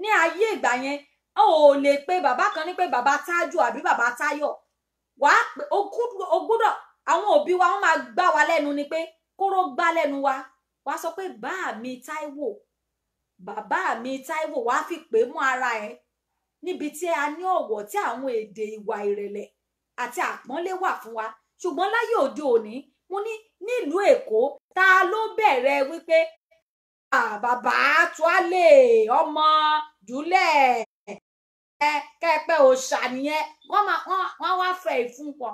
ní ayé ìgbà yẹn o lè pe bàbá kan ní pé bàbá tájù àbí bàbá táyọ̀ wàá pé o gbúdọ̀ àwọn òbí wa wọ́n máa gbá wa lẹ́nu ni pé kóró gbá lẹ́nu wa wàá sọ pé bá mi Táíwò bàbá mi Táíwò wàá fi pè mọ́ ara ẹ níbi tí a ní ọ̀wọ̀ tí àwọn èdè ìwà ìrẹ̀lẹ̀ àti àpọ́nlé wà fún wa ṣùgbọ́n láyé òde òní mo ní nílùú Èkó ta ló bẹ̀rẹ̀ wípé bàbá tuálé ọmọ dúlẹ̀ ẹ kẹpẹ òòṣà nìyẹn wọ́n máa wọ́n wá fẹ́ ìfúnpọ̀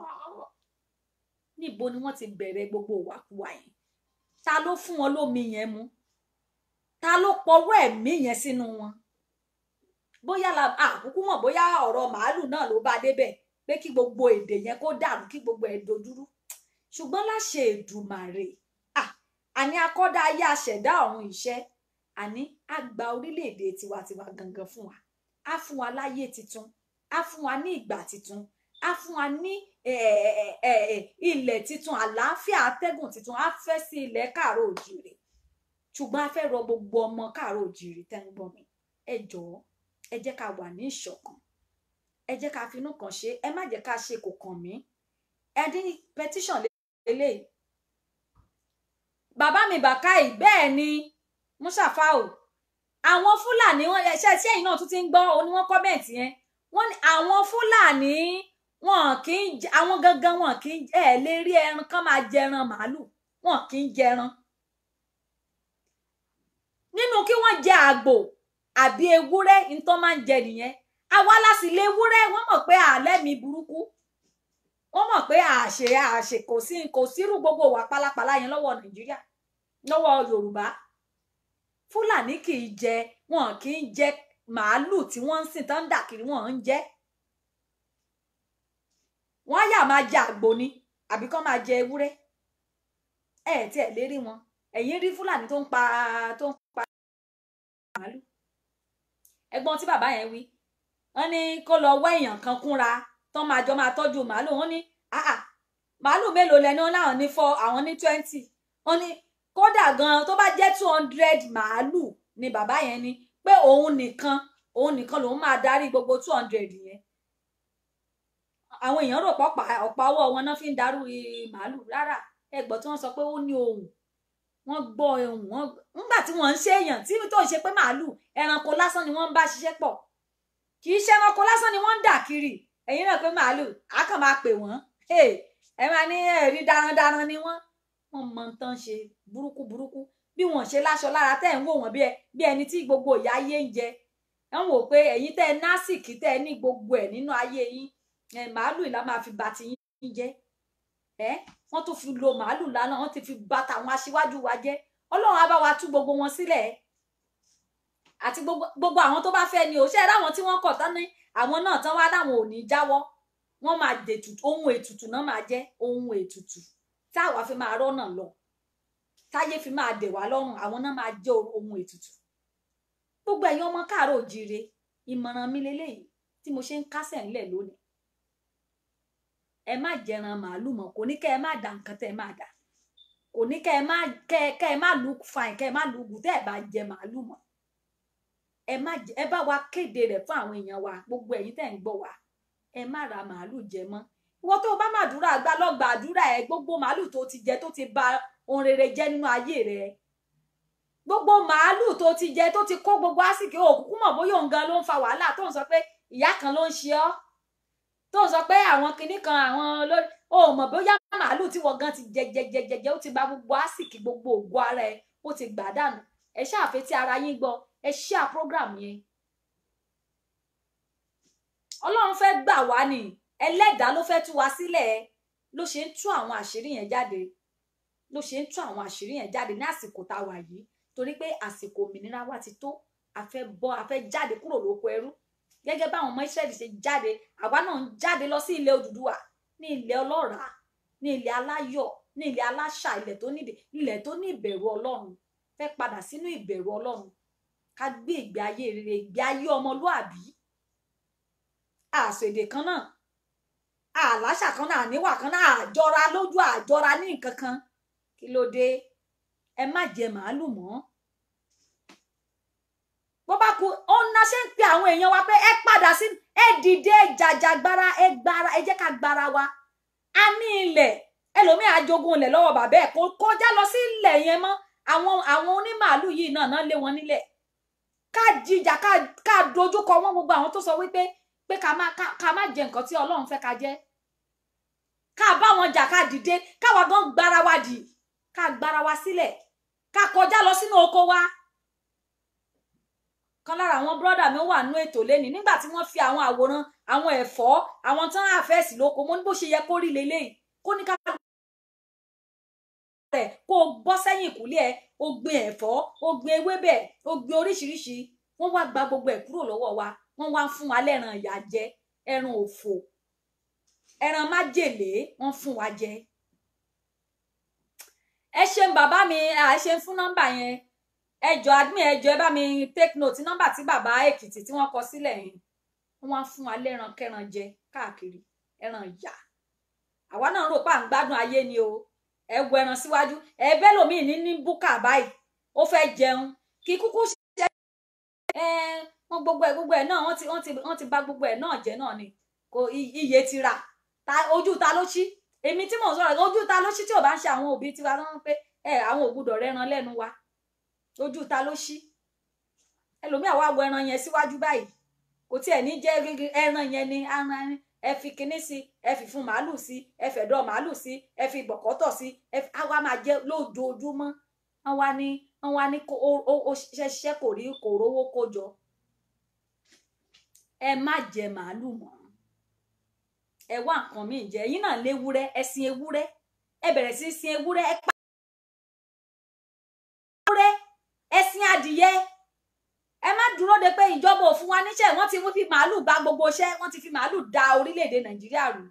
níbo ni wọ́n ti bẹ̀rẹ̀ gbogbo ìwàkuwà yìí ta ló fún wọn lómi yẹn mu ta ló pọwọ́ ẹ̀mí yẹn sínú wọn bóyá la àkúkú mọ̀ bóyá ọ̀rọ̀ màálù náà ló bá débẹ̀ pé kí gbogbo èdè yẹn kó dàrú kí gbogbo ẹ̀ dojúrú ṣùgbọ́n láṣẹ Èdùmàrè àní akọ́dá ayé aṣẹ̀dá ọ̀run ìṣẹ́ àní a gba orílẹ̀-èdè tiwantiwa gangan fún wa á fún wa láyé titun á fún wa ní ìgbà titun á fún wa ní ilẹ̀ titun àlàáfíà atẹ́gùn titun á fẹ́ sí ilẹ̀ káàró òjìrè ṣùgbọ́n a fẹ́ rọ gbogbo ọmọ káàró òjìrè tẹ́ ń gbọ́ mi ẹ jọ̀ọ́ ẹ jẹ́ ká wà ní ìṣọ̀kan ẹ jẹ́ ká finú kan ṣe ẹ má jẹ́ ká ṣe kò kàn mí ẹ dín petition lélẹ́yìí bàbá mi bàkáì bẹ́ẹ̀ ni Musafau àwọn Fúlàní wọn ṣe ṣẹ́yìn náà tún ti ń gbọ́ oníwọ́n kọ́mẹ̀ntì yẹn wọ́n ní àwọn Fúlàní wọn kì í àwọn gangan wọn kì í ẹ lè rí ẹran kan máa jẹran màálù wọn kì í jẹran nínú kí wọn jẹ àgbò àbí ewúrẹ́ nǹkan máa ń jẹ nìyẹn àwa láti lé ewúrẹ́ wọn mọ̀ pé àlẹ́ mi burúkú wọn mọ̀ pé àṣẹ àṣẹ kò sí kò sírú gbogbo wà pálapàla yẹn lọ́wọ́ nàìjíríà lọ́wọ́ yorùbá fúlàní kì í jẹ wọn kì í jẹ màálù tí wọ́n ń sìn tán dà kiri wọn ń jẹ wọ́n á yà máa jẹ àgbò ni àbí kán máa jẹ ewúrẹ́ ẹ ẹ tiẹ̀ lérí wọn ẹ̀yin rí fúlàní tó ń pa tó ń pa màálù ẹ̀gbọ́n tí bàbá yẹn wí wọ́n ní kó lọ wá èèyàn kan kúnra tán máa jọ máa tọ́jú màálù wọ́n ní àà màálù mélòó lẹni wọ́n láwọn ní fọ àwọn ní twenty wọ́n ní kódà gan tó bá jẹ́ two hundred màálù ni bàbá yẹn ní pé òun nìkan òun nìkan lòun máa darí gbogbo two hundred yẹn àwọn èèyàn rò pọ́pà ọ̀pá ọwọ́ wọn náà fi ń darú màálùú rárá ẹgbọ́n tí wọ́n sọ pé ó ní ohùn wọ́n gbọ́ ohùn wọn nígbà tí wọ́n ń ṣe èèyàn tí tó ń ṣe pé màálùú ẹranko lásán ni wọ́n ń bá ṣiṣẹ́ pọ̀ kì í ṣe ẹranko lásán ni wọ́n ń dà kiri ẹ̀yin náà pé màálùú á kàn máa pè wọ́n ẹ máa ní ẹ̀rí darandaran ni wọ́n wọ́n mọ ń tán ṣe burúkú burúkú bí wọ́n ṣe láṣọ lára tẹ́ ń wò wọ́n bí ẹni tí gbogbo ìyá ayé ń jẹ ẹ̀ ń wò pé ẹ̀yin tẹ́ ẹ násìkì tẹ́ ẹ ní gbogbo ẹ̀ nínú ayé yín màálù ìlà máa fi ba ti yín jẹ́ ẹ wọ́n tó fi lo màálù lánàá wọ́n ti fi ba tàwọn aṣíwájú wa jẹ́ Ọlọ́run á bá wa tú gbogbo wọn sílẹ̀ àti gbogbo àwọn tó bá fẹ́ ni òṣèré àwọn tí wọ́n kọ̀ tán ní àwọn náà tán wá láwọn ò ní jáwọ́ wọ́n máa dètùtù ohun ètùtù náà máa jẹ́ ohun ètùtù táwa fi máa rọ́nà lọ táyé fi máa dẹ̀ wá lọ́rùn àwọn náà máa jẹ́ ohun ètùtù gbogbo ẹ̀yin ọmọ káàárọ̀ òjíire ìmọ̀ràn mi leléyìí tí mo ṣe ń kásẹ̀ ńlẹ̀ lónìí ẹ má jẹran màálù mọ́ kò ní kẹ́ ẹ má dà nǹkan tẹ́ ẹ má dà kò ní kẹ́ ẹ má kẹ́ kẹ́ ẹ má lu fain kẹ́ ẹ má lu gùn tẹ́ ẹ bá jẹ màálù mọ́ ẹ má ẹ bá wa kéde rẹ̀ fún àwọn èèyàn wa gbogbo ẹ̀yin tẹ́ ń gbọ́ wa ẹ má ra màálù jẹ mọ́ ìwọ tó bá má dúrà gbà lọgbà àdúrà ẹ gbogbo màálù tó ti jẹ tó ti ba ohun rere jẹ nínú ayé rẹ gbogbo màálù tó ti jẹ tó ti kó gbogbo àsìkò òkùnkùn mọ bóyá òun ló ń fa wàhálà tó ń sọ pé ìyá kan ló ń ṣe ọ tó ń sọ pé àwọn kinní kan àwọn olórí o mọ̀ bóyá màálù tí wọ́n gan ti jẹjẹjẹjẹjẹ ó ti gba gbogbo àsìkì gbogbo ògo ara ẹ ó ti gbà dànù ẹ ṣáà fetí ara yín gbọ́ ẹ ṣáà program yẹn ọlọ́run fẹ́ gbà wá ni ẹlẹ́dàá ló fẹ́ tú wa sílẹ̀ ló ṣe ń tú àwọn àṣírí yẹn jáde ló ṣe ń tú àwọn àṣírí yẹn jáde ní àsìkò tá a wà yìí torí pé àsìkò òmìnira wa ti tó a fẹ́ bọ́ a fẹ́ jáde kúrò lóko ẹrú gẹ́gẹ́ báwọn ọmọ Ísírẹ́lì ṣe jáde àwa náà ń jáde lọ sí ilẹ̀ Odùduwà ní ilẹ̀ ọlọ́ràá ní ilẹ̀ aláyọ̀ ní ilẹ̀ aláṣà ilẹ̀ tó nídìí ilẹ̀ tó ní ìbẹ̀rù Ọlọ́run fẹ́ padà sínú ìbẹ̀rù Ọlọ́run ká gbé ìgbé ayé rere ìgbé ayé ọmọlúàbí àṣọ èdè kan náà àláṣà kan náà àníwà kan náà àjọra lójú àjọra ní nǹkan kan kí ló dé ẹ má jẹ màálù mọ́ bó bá ku ọ̀nà ṣe ń pe àwọn èèyàn wa pé ẹ padà sí ẹ dìde jàjàgbara ẹ gbara ẹ jẹ́ ká gbara wa a ní ilẹ̀ ẹlòmíì àjogún ilẹ̀ lọ́wọ́ bàbá ẹ̀ kó kọjá lọ sí ilẹ̀ yẹn mọ́ àwọn àwọn onímàálù yìí náà náà lé wọn nílẹ̀ ká jìjà ká dojúkọ wọn gbogbo àwọn tó sọ wípé pé ká má ká má jẹ nǹkan tí Ọlọ́run fẹ́ ká jẹ ká bá wọn jà ká dìde káwa gan gbara wa dì ká gbara wa sílẹ̀ ká kọjá lọ sínú oko wa kan lára àwọn brọ́dà mi wà nú ètò lẹ́ni nígbà tí wọ́n fi àwọn àwòrán àwọn ẹ̀fọ́ àwọn tán àfẹ́sì lóko mo ní bó ṣe yẹ kó rí leléyìí kó ní kálukú rẹ̀ kó o bọ́ sẹ́yìn ìkúlẹ̀ ẹ̀ o gbin ẹ̀fọ́ o gbin ewébẹ̀ o gbin oríṣiríṣi wọ́n wá gba gbogbo ẹ̀ kúrò lọ́wọ́ wa wọ́n wá fún wa lẹ́ran ìyà jẹ ẹran òfò ẹran májèlé wọ́n fún wa jẹ ẹ ṣeun bàbá mi ẹ ṣeun fún nọ́mbà yẹn ẹjọ admin ẹjọ ẹ bá mi take note nọ́mbà tí bàbá èkìtì tí wọ́n kọ sílẹ̀ yẹn wọ́n fún wa lẹ́ran kẹran jẹ káàkiri ẹran ìyá àwa náà rò pa à ń gbádùn ayé ni o ẹ wọ ẹran síwájú ẹ bẹ́ẹ̀ lòmíì ní ní búkà báyìí ó fẹ́ jẹun kí kúkú ṣe ẹ wọn gbogbo ẹ gbogbo ẹ náà wọ́n ti wọ́n ti wọ́n ti bà gbogbo ẹ náà jẹ́ náà ni kò iye ti rà ta ojú ta ló ṣí èmi tí mò ń sọ̀rọ̀ ojú ta ló ṣí tí ò bá ń ṣe àwọn òbí tiwa tó pé ẹ àwọn ògùdọ̀ rẹran lẹ́nu wa ojú ta ló ṣí ẹlòmíà wá wọ ẹran yẹn síwájú báyìí kò tiẹ̀ ní jẹ́ ẹran yẹn ni ẹran ẹ fi kinní sí ẹ fi malu si sí ẹ fẹ̀dọ̀ màálù sí ẹ fi bọ̀kọ́tọ̀ sí ẹ fi àwa máa jẹ lójoojúmọ́ wọn wá ní wọn wá ní ó ṣẹṣẹ kò rí kò rówó kó jọ ẹ má jẹ màálù mọ́ ẹ wá nǹkan míì jẹ yín náà léwúrẹ́ ẹ sin ewúrẹ́ ẹ bẹ̀rẹ̀ sí sin ewúrẹ́ ẹ pa ewúrẹ́ ẹ̀sìn adìyẹ ẹ má dúró de pé ìjọba ò fún wa níṣẹ́ wọ́n ti fi màálù ba gbogbo iṣẹ́ wọ́n ti fi màálù da orílẹ̀-èdè nàìjíríà rú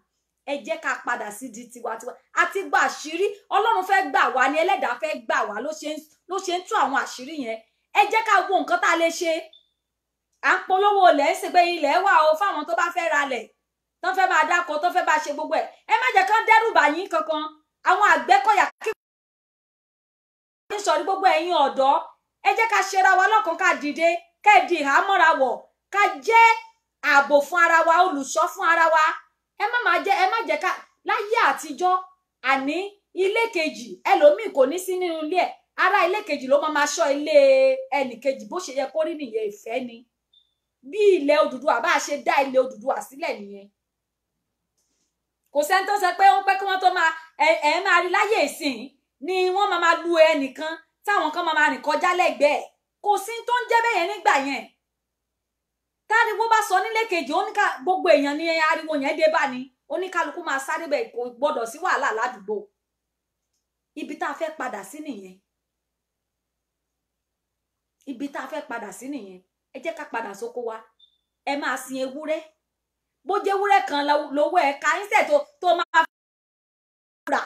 ẹ jẹ́ ká padà sí di tiwantiwa àti gba àṣírí ọlọ́run fẹ́ gbà wá ni ẹlẹ́dàá fẹ́ gbà wá ló ṣe ń tú àwọn àṣírí yẹn ẹ jẹ́ ká wo nǹkan tá a lè ṣe à ń polówó ilẹ̀ ń sìn pé ilẹ̀ wà o fáwọn tó bá fẹ́ ra lẹ̀ tán fẹ́ máa dáko tán fẹ́ máa ṣe gbogbo ẹ̀ ẹ má jẹ́ kán dẹ́rù bà yín kankan àwọn àgbẹ̀kọ̀yà kí wọ́n ṣọ̀rí gbogbo ẹ̀yin ọ̀dọ́ ẹ jẹ́ ká ṣera wa lọ́kàn ká dìde ká di ìhámọ́ra wọ̀ ká jẹ́ ààbò fún ara wa olùṣọ́ fún ara wa ẹ má má jẹ́ ẹ má jẹ́ ká láyé àtijọ́ àní ilé kejì ẹlòmíì kò ní sí nínú ilé ẹ̀ ará ilé kejì ló máa ma ṣọ́ ilé ẹnì kejì bó ṣe yẹ kó rí nìyẹn ìfẹ́ ni bí ilẹ̀ Odùduwà bá ṣe dá ilẹ̀ Odùduwà sílẹ̀ nìyẹn kò sẹ́ni tó sọ pé ó pẹ́ kí wọ́n tó máa ẹ̀ ẹ̀ máa rí láyé ìsìn ni wọ́n máa ma lu ẹnìkan táwọn kan máa máa rìn kọjá lẹ́gbẹ̀ẹ́ kò sí tó ń jẹ́ bẹ́yẹn nígbà yẹn táriwo bá sọ nílé kejì oníkà gbogbo èèyàn ni ariwo yẹn dé bá ni oníkálukú máa sáré bẹ́ẹ̀ kò gbọ́dọ̀ sí wàhálà ládùúgbò ibi tá a fẹ́ padà sí nìyẹn ibi tá a fẹ́ padà sí nìyẹn ẹ jẹ́ ká padà sóko wa ẹ máa sin ewúrẹ́ bó jẹ́ ewúrẹ́ kan lọ́wọ́ ẹ̀ ká ń sẹ̀ tó máa rà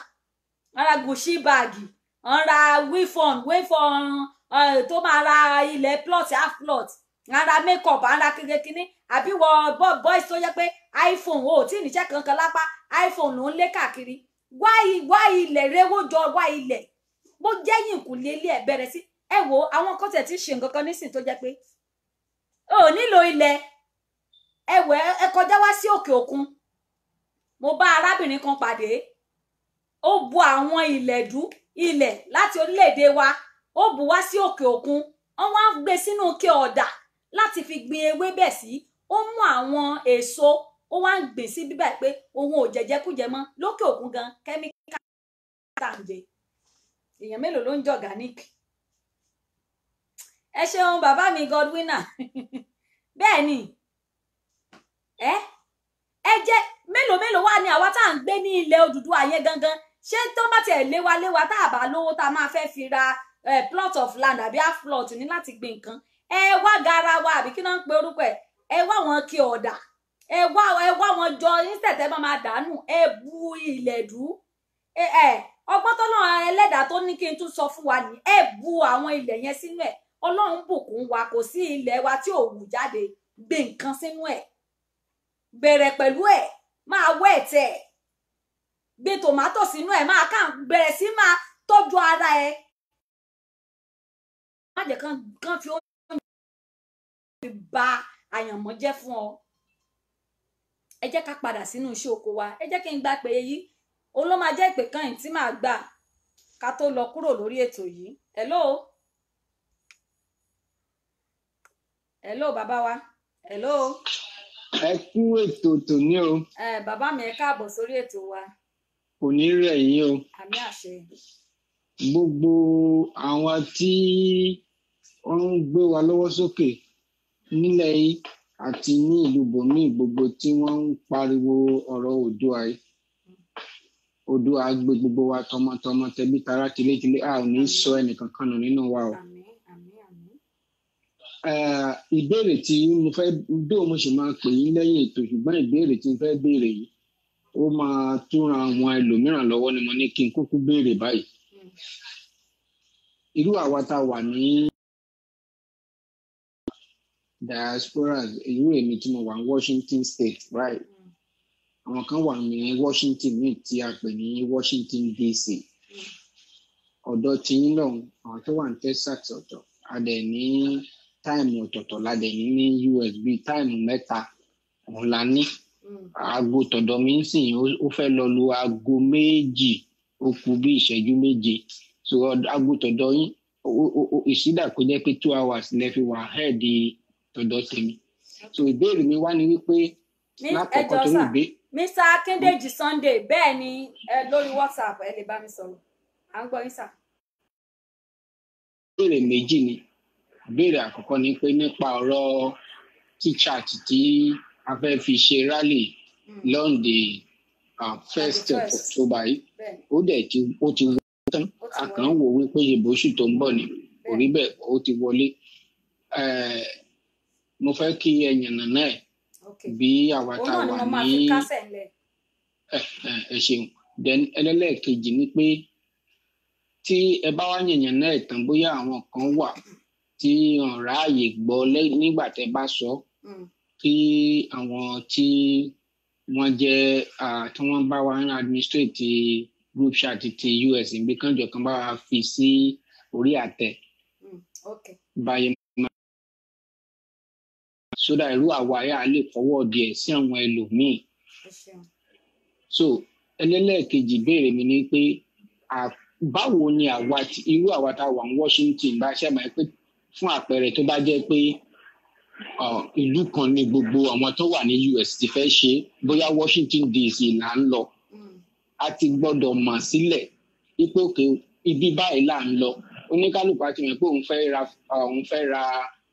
ara gùn sí báàgì ń ra wifon wifon tó máa ra ilẹ̀ plot half plot ń ra makeup ń ra kékeré kínní àbí wọ boys tó yẹ pé iphone o tí níṣẹ́ kankan lápá iphone ló ń lé káàkiri wá wá ilẹ̀ rewó jọ wá ilẹ̀ bó jẹ́ yìnkùlé ilé ẹ̀ bẹ̀rẹ̀ sí ẹ wo àwọn kọ́tẹ̀ tí ń ṣe nǹkan kan nísìn tó jẹ́ pé o nílò ilẹ̀ ẹ wẹ̀ ẹ kọjá wá sí òkè òkun mo bá arábìnrin kan pàdé ó bu àwọn ilẹ̀ dùn ilẹ̀ láti orílẹ̀-èdè wa ó bù wá sí òkè òkun wọ́n wá ń gbé e sínú ike ọ̀dà láti fi gbin ewébẹ̀ sí ó mú àwọn èso ó wá ń gbìn sí bíbẹ̀ pé òun ò jẹjẹkújẹ mọ́ lókè òkun gan kẹ́míkà tá à ń jẹ èèyàn mélòó ló ń jẹ organic ẹ ṣeun bàbá mi Godwinner bẹ́ẹ̀ ni ẹ ẹ jẹ mélòó mélòó wà ní àwa tá à ń gbé ní ilẹ̀ Odùduwà yẹn gangan ṣé tó bá tiẹ̀ léwa léwa tá a bá lówó tá a máa fẹ́ fi ra eh, plot of land àbí half plot ní láti gbin nǹkan ẹ eh, wá garawa àbí kí náà ń pe orúkọ ẹ eh, ẹ wá wọn kí ọ̀dà ẹ wá ẹ wá wọn jọ instead ẹ máa máa dànù ẹ bu ilẹ̀ dú ẹ ẹ ọgbọ́n tó náà ẹlẹ́dàá tó ní kí n tún sọ fún wa ní ẹ bu àwọn ilẹ̀ yẹn sínú ẹ̀ ọlọ́run bùkún wa kò sí ilẹ̀ wa tí ò jáde gbé nǹkan sínú ẹ̀ bẹ̀rẹ̀ pẹ̀lú ẹ̀ máa wẹ̀ tẹ̀ ẹ̀ gbé tomato sínú ẹ̀ ma kàn bẹ̀rẹ̀ sí máa tọ́jú ara ẹ̀ má jẹ́ kán fi oúnjẹ ba àyànmọ́ jẹ́ fún ọ ẹ jẹ́ ká padà sínú iṣẹ́ oko wa ẹ jẹ́ kí n gba pé èyí òun ló máa jẹ́ ìpè kan tí màá gbà ká tó lọ kúrò lórí ètò yìí hello hello baba wa hello. ẹ kú ètò tòní o. ẹ bàbá mi ẹ káàbọ̀ sórí ètò wa kò ní rẹ̀ yín o. àmì àṣẹ. gbogbo àwọn tí wọ́n ń gbé wa lọ́wọ́ sókè nílẹ̀ yìí àti ní ìlú bòmíì gbogbo tí wọ́n ń pariwo ọ̀rọ̀ Oòduà yìí Oòduà gbé gbogbo wa tọmọtọmọ tẹbí tará tilétilé a ò ní sọ ẹnìkan nù nínú wa o. ìbéèrè tí mo fẹ́ dóò mo sì máa pè yín lẹ́yìn ètò ṣùgbọ́n ìbéèrè tí mo fẹ́ béèrè yìí ó máa túnra àwọn ẹlòmíràn lọ́wọ́ ni mo ní kí n kúkú béèrè báyìí irú àwa tá wà ní diaspora irú èmi tí mo wà ní Washington state right àwọn kan wà ní Washington míì tí a pè ní Washington DC ọ̀dọ̀ tiyín lọ́hùn àwọn tó wà ní Texas ọ̀tọ̀ a ní táìmù ọ̀tọ̀ọ̀tọ̀ la dẹ̀ ní USB táìmù mẹ́ta òun la ní. Mm. aago tọ̀dọ̀ mi ń sìn ó fẹ́ lọ lu aago méjì ó kù bí ìṣẹ́jú méje so aago tọ̀dọ̀ yín ìṣídà kò jẹ́ pé two hours lẹ fi wà ahead tọ̀dọ̀ tèmi so ìbéèrè mi wá ni wípé lákòókò tó ń gbé. Mr. Akindeji Sunday bẹ́ẹ̀ ni lórí WhatsApp ẹ lè bá mi sọ̀rọ̀ à ń gbọ́ yín sà. ìbéèrè méjì ni ìbéèrè àkọ́kọ́ ni pé nípa ọ̀rọ̀ tíṣàtì tí. Tí a fẹ́ fi ṣe rally hmm. lọ́ndì first october yìí ó dẹ̀ ti ó ti wọlé tán a kàn ń wò wípé ìbò oṣù tó ń bọ̀ ni kò rí bẹ́ẹ̀ ó ti wọlé mo fẹ́ kí ẹ̀yànnà náà bí àwa tá a wà ní ẹ ṣeun then ẹlẹ́lẹ́ẹ̀kejì ni pé tí ẹ bá wá yẹ̀yàn náà tán bóyá àwọn kan wà hmm. tí ọ̀rá ààyè gbọ́ nígbà tẹ́ bá sọ hmm kí àwọn tí wọ́n jẹ́ tí wọ́n bá wa ń administrate group chat ti US níbi kánjọ kan bá wa fi sí orí àtẹ hmm, báyìí máa sódà irú àwáyà lè fọwọ́ díẹ̀ sí àwọn ẹlòmíì so ẹlẹ́lẹ́ẹ̀kejì béèrè mi ni pé báwo ni àwa irú àwa tá a wà ní Washington bá ṣe máa pé fún àpẹẹrẹ tó bá jẹ́ pé ìlú kan ní gbogbo àwọn tó wà ní US ti fẹ́ ṣe bóyá Washington DC là ń lọ a ti gbọ́dọ̀ mọ̀ sílẹ̀ wípé òkè ibi báyìí là ń lọ oníkálùkù àti mọ̀ pé òun fẹ́ ra òun fẹ́ ra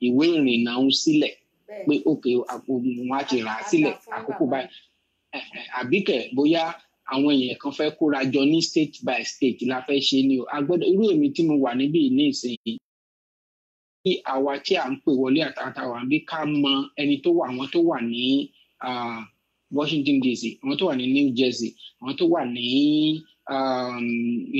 ìwé ìrìnnà òun sílẹ̀ pé òkè òun á ti rà á sílẹ̀ àkókò báyìí àbíkẹ̀ bóyá àwọn èèyàn kan fẹ́ kóra jọ ní state by state la fẹ́ ṣe ni o a gbọ́dọ̀ irú èmi tí mo wà níbí ní ìsinyìí kí àwa tí à ń pè wọlé àtàtàwà bí ká mọ ẹni tó wà àwọn tó wà ní Washington DC àwọn tó wà ní New Jersey àwọn tó wà ní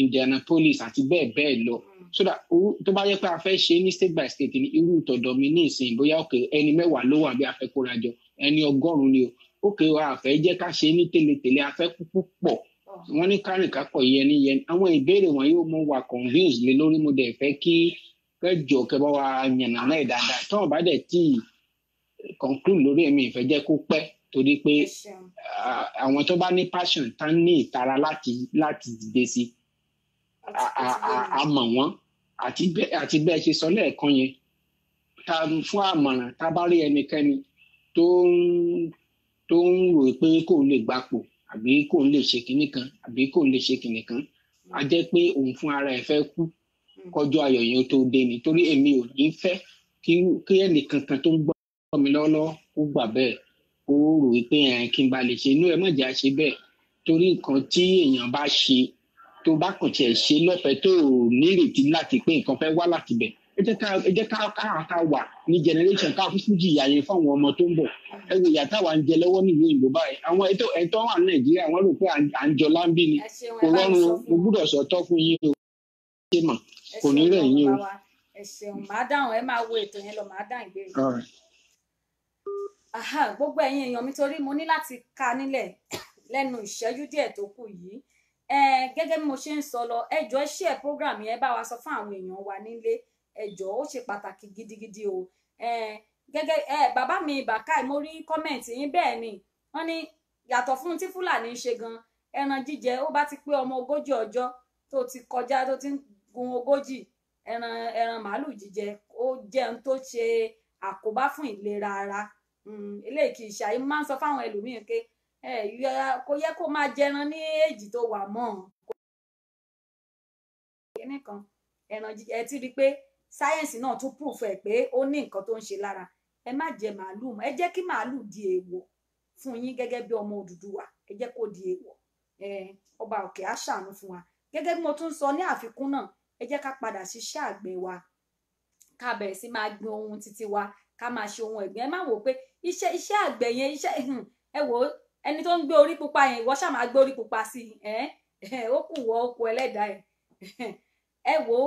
Indianapolis àti bẹ́ẹ̀ bẹ́ẹ̀ lọ so that tó bá yẹ pé a fẹ́ ṣe ní state by state ní irú ìtọ̀dọ̀ mi ní ìsìn bóyá òkè ẹni mẹ́wàá ló wà bí a fẹ́ kóra jọ ẹni ọgọ́rùn-ún ni o òkè a fẹ́ jẹ́ ká ṣe ní tèlétèlé a fẹ́ kúkú pọ̀ wọ́n ní kárìnkápọ̀ yẹni yẹni àwọn ìbéèrè wọ̀nyí ó mọ wà confused mi lórí mo dẹ̀ fẹ́ kí kẹjọ kẹbọ wa yànnà náà dáadáa tí wọn bá dẹ tí conclude lórí ẹmí ìfẹ́ jẹ́ kó pẹ́ torí pé àwọn tó bá ní passion tá ní ìtara láti láti dìde sí àmọ́ wọn àti bẹ́ẹ̀ ṣe sọ lẹ́ẹ̀kan yẹn ta fún àmọ̀ràn tá bá rí ẹnikẹ́ni tó ń tó ń rò pé kò lè gbapò àbí kò lè ṣe kinní kan àbí kò lè ṣe kinní kan a jẹ́ pé òun fún ara ẹ̀ fẹ́ kú kọjọ ayọ̀ yẹn tó dé ni torí èmi ò ní fẹ́ kí kí ẹnìkankan tó ń gbọ́ mi lọ́lọ́wọ́ kó gbà bẹ́ẹ̀ kó rò wípé ẹn kí n ba lè ṣe inú ẹ mọ̀jà ṣe bẹ́ẹ̀ torí nǹkan tí èèyàn bá ṣe tó bá kàn tiẹ̀ ṣe lọ́fẹ̀ẹ́ tó nírètí láti pé nǹkan fẹ́ wá láti bẹ̀ ẹ jẹ́ ká ẹ wà ní generation ká fún jìyà yẹn fún àwọn ọmọ tó ń bọ̀ ẹ wò ìyá táwa ń jẹ lọ́wọ́ nílùú òyìnbó báyìí àwọn ẹ̀tọ́ ẹ̀tọ́ wà ní nàìjíríà wọ́n rò pé à ń jọ láńbí ni kò rọrùn mo gbúdọ̀ sọ̀tọ̀ fún yín o ṣe mọ̀ kò ní rẹ̀ yín o. ẹ ṣeun màá dáhùn ẹ máa wo ètò yẹn lọ màá dáhùn ìbéèrè. gbogbo ẹ̀yin èèyàn mi torí mo ní láti ka nílẹ̀ lẹ́nu ìṣẹ́jú díẹ̀ tó kù yìí gẹ́gẹ́ bí mo ṣe ń sọ lọ ẹ jọ̀ọ́ ẹ share program yẹn bá wa sọ fún àwọn èèyàn wa nílé ẹ ó ṣe pàtàkì gidigidi o gẹ́gẹ́ bàbá mi Bàkáì mo rí kọ́mẹ̀ntì yín bẹ́ẹ̀ ni wọ́n ní yàtọ̀ fún tí Fúlàní ń ṣe gan ẹran jíjẹ ó bá ti pé ọmọ ogójì ọjọ́ tó ti kọjá tó ti ń gun ogójì ẹran ẹran màálù jíjẹ ó jẹun tó ṣe àkóbá fún ìlera ara hmm, eléyìí kì í ṣàì máa ń sọ fáwọn ẹlòmíín pé kò yẹ kó máa jẹran ní èjì tó wà mọ́ kíní kan ẹran jíjẹ ẹ ti rí i pé sáyẹ́ǹsì náà tún proof ẹ̀ pé ó ní nǹkan tó ń ṣe lára ẹ má jẹ màálù ẹ jẹ́ kí màálù di èèwọ̀ fún yín gẹ́gẹ́ bí ọmọ Odùduwà ẹ jẹ́ kó di èèwọ̀ ọba òkè á ṣàánú fún wa gẹ́gẹ́ bí mo tún sọ ní àfikún náà ẹ jẹ́ ká padà ṣiṣẹ́ àgbẹ̀ wa ká bẹ̀rẹ̀ sí máa gbin ohun titi wa ká máa ṣe ohun ẹ̀gbìn ẹ má wò pé iṣẹ́ iṣẹ́ àgbẹ̀ yẹn iṣẹ́ hmm, ẹ wò ó ẹni tó ń gbé orí pupa yẹn ìwọ ṣáà máa gbé orí pupa sí i ó kù wọ oko ẹlẹ́dàá ẹ̀ ẹ wò ó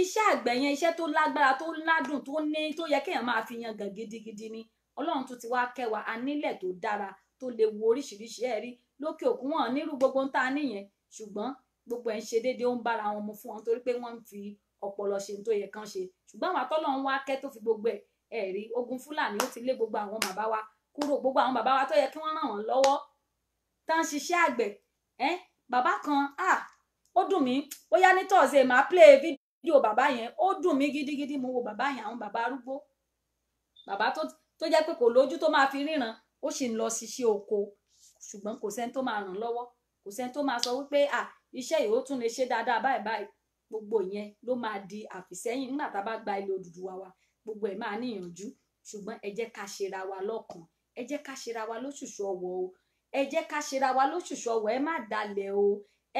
iṣẹ́ àgbẹ̀ yẹn iṣẹ́ tó lágbára tó ládùn tó ní tó yẹ kéèyàn máa fi yangàn gidigidi ni ọlọ́run tún ti wá kẹwàá anílẹ̀ tó dára tó lè wo oríṣiríṣi ẹ̀rí lókè òkun wọn nírú gbogbo ń ta níyẹn ṣùgbọ́n gbogbo ẹ̀ ń ṣe déédéé ó ń bára wọn mu fún wọn torí pé wọ́n ń fi ọpọlọ ṣe tó yẹ kán ṣe ṣùgbọ́n àwọn atọ́lọ́ ń wá kẹ́ tó fi gbogbo ẹ̀ ẹ̀ rí ogun fúlàní ó ti lé gbogbo àwọn bàbá wa kúrò gbogbo àwọn bàbá wa tó yẹ kí wọ́n ràn wọ́n lọ́wọ́ tá ń ṣiṣẹ́ àgbẹ̀ ẹ́ bàbá kan ah ó dùn mí bóyá ní tọ́sẹ̀ máa play fídíò bàbá yẹn ó dùn mí gidigidi mo wo bàbá yẹn àwọn bàbá arúgbó bàbá tó jẹ́ pé kò lójú tó máa fi ríran ó sì ń lọ ṣiṣẹ́ oko ṣùgbọ́n kò sẹ́ni tó máa ràn lọ́wọ́ kò sẹ́ni tó máa sọ wípé ah iṣẹ́ yìí ó tún lè ṣe dáadáa báyìí báyìí gbogbo ìyẹn ló máa di àfìsẹ́yìn nígbà tá a bá gba ilé Odùduwà wa gbogbo ẹ̀ máa níyànjú ṣùgbọ́n ẹ jẹ́ ká ṣera wa lọ́kàn ẹ jẹ́ ká ṣera wa lóṣùṣù ọwọ́ o ẹ jẹ́ ká ṣera wa lóṣùṣù ọwọ́ ẹ má dalẹ̀ o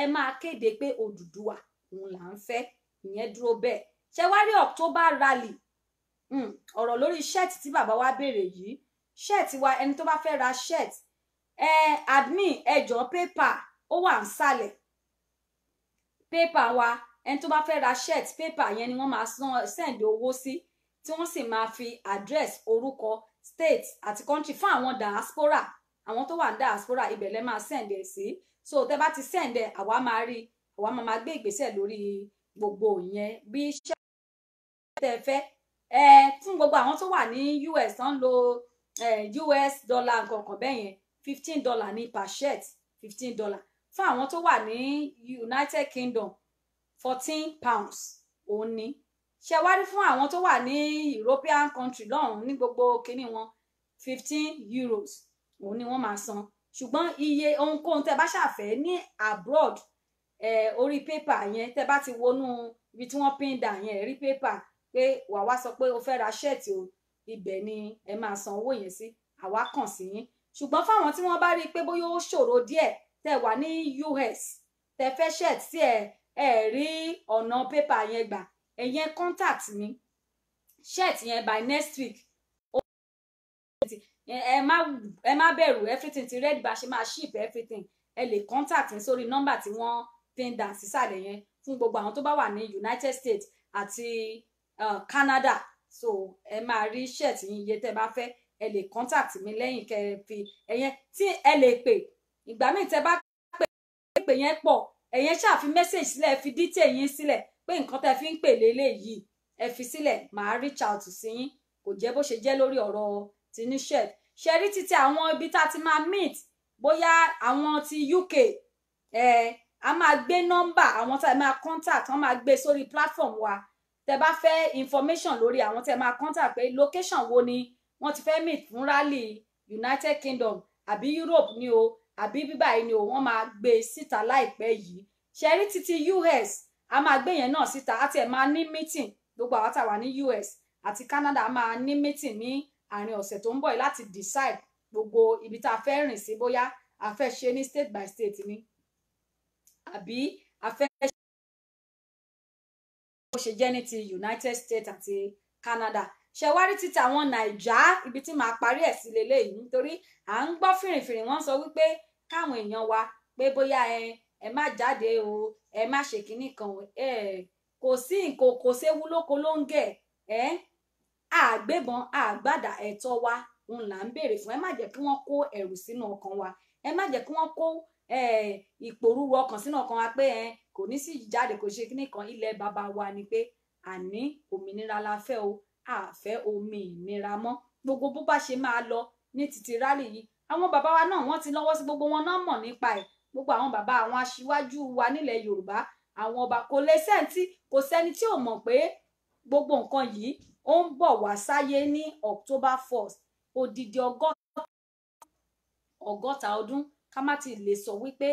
ẹ máa kéde pé Odùduwà òun là ń fẹ́ ìyẹn dúró bẹ́ẹ̀ ṣe wá rí October rally hmm, ọ̀rọ̀ lórí shirt tí bàbá wa béèrè yìí ṣẹ́ẹ̀tì wa ẹni tó bá fẹ́ ra ṣẹ́ẹ̀tì ẹ admin ẹjọ́ pépà ó wà ń sàlẹ̀ pépà wa ẹni tó bá fẹ́ ra shirt pépà yẹn ni wọ́n máa send owó sí tí wọ́n sì máa fi address orúkọ state àti country fún àwọn diaspora àwọn tó wà ní diaspora ibẹ̀ lẹ́ máa send ẹ̀ sí so tẹ́ bá ti send ẹ̀ àwa máa rí àwa máa máa gbé ìgbésẹ̀ lórí gbogbo yẹn bí iṣẹ́ tẹ́ fẹ́ ẹ fún gbogbo àwọn tó wà ní US tó lo eh, US dollar nǹkan kan bẹ́ẹ̀ yẹn fifteen dollar ní per shirt fifteen dollar fún àwọn tó wà ní United Kingdom fourteen pounds òun ni ṣe wá rí fún àwọn tó wà ní European country lọ́hùn ní gbogbo kínní wọn fifteen euros òun ni wọ́n máa san ṣùgbọ́n iye ohunkóhun tẹ́ bá ṣàfẹ́ ní abroad eh, orí pépà yẹn tẹ́ bá ti wọnú ibi tí wọ́n pín dà yẹn rí pépà pé wà wá sọ pé o fẹ́ ra ṣẹ́ẹ̀tì o ibẹ̀ ni ẹ máa san owó yẹn sí àwa kàn sí yín ṣùgbọ́n fáwọn tí wọ́n bá rí i pé bóyá ó ṣòro díẹ̀ tẹ wà ní US tẹ fẹ́ ṣẹ̀ tí ẹ ẹ rí ọ̀nà pépà yẹn gbà ẹ̀yẹn contact mi ṣẹ̀t yẹn by next week ẹ má ẹ má bẹ̀rù everything ti ready bá ṣe máa ship everything ẹ lè contact mi sórí nọ́mbà tí wọ́n pin down sísàlẹ̀ yẹn fún gbogbo àwọn tó bá wà ní United States àti Canada so ẹ máa rí ṣẹ̀t yín iye tẹ́ bá fẹ́ ẹ lè contact mi lẹ́yìn kẹ́ ẹ fi ẹ̀yẹn tí ẹ lè pè ìgbà míì tẹ́ bá pè é pè yẹn pọ̀ ẹ̀yẹn ṣàfi mẹ́sẹ̀jì sílẹ̀ fi dítẹ̀ yín sílẹ̀ pé nǹkan tẹ́ fi ń pè léléyìí ẹ fi sílẹ̀ màá reach out sí yín kò jẹ́ bó ṣe jẹ́ lórí ọ̀rọ̀ tinished ṣe rí títí àwọn ibi tá a ti máa meet bóyá àwọn ti UK ẹ a máa gbé nọ́mbà àwọn tá a máa contact wọ́n máa gbé sórí platform wa tẹ́ bá fẹ́ information lórí àwọn tẹ́ máa contact pé location wo ni wọ́n ti fẹ́ meet fún rally United Kingdom àbí Europe ni o àbí bíbá yìí ni ò wọ́n máa gbé e síta láìpẹ́ yìí ṣẹ́rí títí US a máa gbé yẹn náà síta àti ẹ̀ máa ní meeting gbogbo àwọn táwa ní US àti Canada a máa ní meeting ní àárín ọ̀sẹ̀ tó ń bọ̀ yìí láti decide gbogbo ibi tá a fẹ́ rìn sí bóyá a fẹ́ ṣe ní state by state ni àbí a fẹ́ ṣe bó ṣe jẹ́ ní ti United States àti Canada ṣe wá rí títa àwọn nàìjà ibi tí màá parí ẹ̀ sí leléyìí nítorí à ń gbọ́ fìrìfìrì wọ́n sọ wípé káwọn èèyàn wa pé bóyá ẹ ẹ má jáde o ẹ má ṣe kinní kan ẹ kò sí nǹkan kò séwu lóko ló ẹ àgbébọn àgbàdà ẹ̀tọ́ wa òun là ń béèrè fún ẹ má jẹ́ kí wọ́n kó ẹ̀rù sínú ọkàn wa ẹ má jẹ́ kí wọ́n kó ìpòrúru ọkàn sínú ọkàn wa pé kò ní sí jáde kò ṣe kinní kan ilẹ̀ bàbá wa ni pé àní òmìnira la fẹ́ o àfẹ́ omi ìnira mọ́ gbogbo bó bá ṣe máa lọ ní títí rálì yìí àwọn bàbá wa náà wọ́n ti lọ́wọ́ sí gbogbo wọn náà mọ̀ nípa ẹ̀ gbogbo àwọn bàbá àwọn aṣíwájú wa nílẹ̀ yorùbá àwọn ọba kò lè sẹ́ǹtì kò sẹ́ni tí ò mọ̀ pé gbogbo nǹkan yìí ó ń bọ̀ wá sáyé ní october first odidi ọgọ́ta ọdún ká má ti lè sọ wípé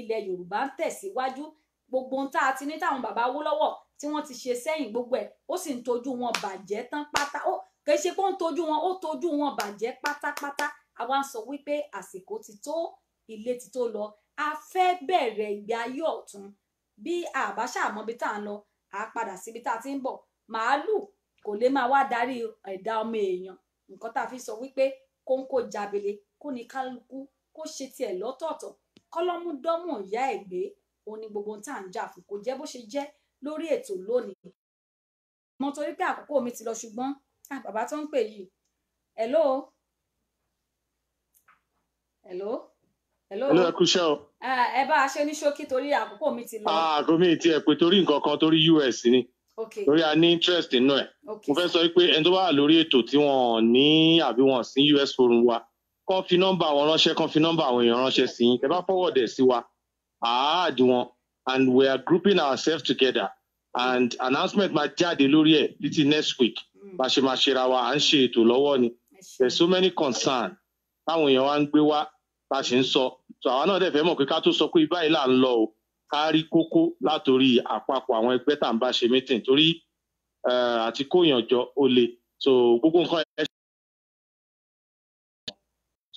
ilẹ̀ yorùbá ń tẹ̀síwájú gbogbo ohun tá a ti ní táwọn bàbá Awólọ́wọ̀ tí wọ́n ti ṣe sẹ́yìn gbogbo ẹ̀ ó sì ń tọ́jú wọn bàjẹ́ tán pátá ó kì í ṣe pé ó ń tọ́jú wọn ó tọ́jú wọn bàjẹ́ pátápátá àwa ń sọ wípé àsìkò ti tó ilé ti tó lọ a fẹ́ bẹ̀rẹ̀ ìgbé ayé ọ̀tun bí àbáṣàmọ́ bí tá à ń lọ a padà síbi tá a ti ń bọ̀ màálù kò lè máa wá darí ẹ̀dá ọmọ èèyàn nǹkan tá a fi sọ wípé kóńkó jábele kó ní kálukú kó ṣe tiẹ̀ lọ́tọ̀ọ̀tọ̀ kọ́lọ́mú dọ́mọ̀ ìyá ẹ̀ gbé òun ni gbogbo tá à ń jà fún kò jẹ́ bó ṣe jẹ́ lórí ètò lónìí mo torí pé àkókò mi ti lọ ṣùgbọ́n bàbá tó ń pè yìí hello hello hello hello kúṣẹ́ o. ẹ bá a ṣe ní ṣókí torí àkókò mi ti lọ. àgọ́ mi ti ẹ̀ pé torí nǹkan kan torí US ni lórí a ní interest nínú ẹ̀ mo fẹ́ sọ pé ẹni tó bá wà lórí ètò tí wọ́n ní àbí wọ́n sí US forum wa kàn fi nọ́mbà àwọn ránṣẹ́ kàn fi nọ́mbà àwọn èèyàn ránṣẹ́ sí i ẹ bá fọwọ́dẹ̀ sí wa àá àdìwọ̀n and we are grouping ourselves together and announcement máa jáde lórí this títí next week mm. bá wa à ń ṣe there's so many concern táwọn èèyàn wa ń gbé wá bá ṣe ń sọ so àwa náà dẹ̀ fẹ́ mọ̀ pé ká tó sọ pé báyìí là ń lọ o ká rí kókó látòrí àpapọ̀ àwọn ẹgbẹ́ tá à ń bá ṣe meeting torí eh, àti kóyàn jọ ó le so gbogbo nǹkan ẹ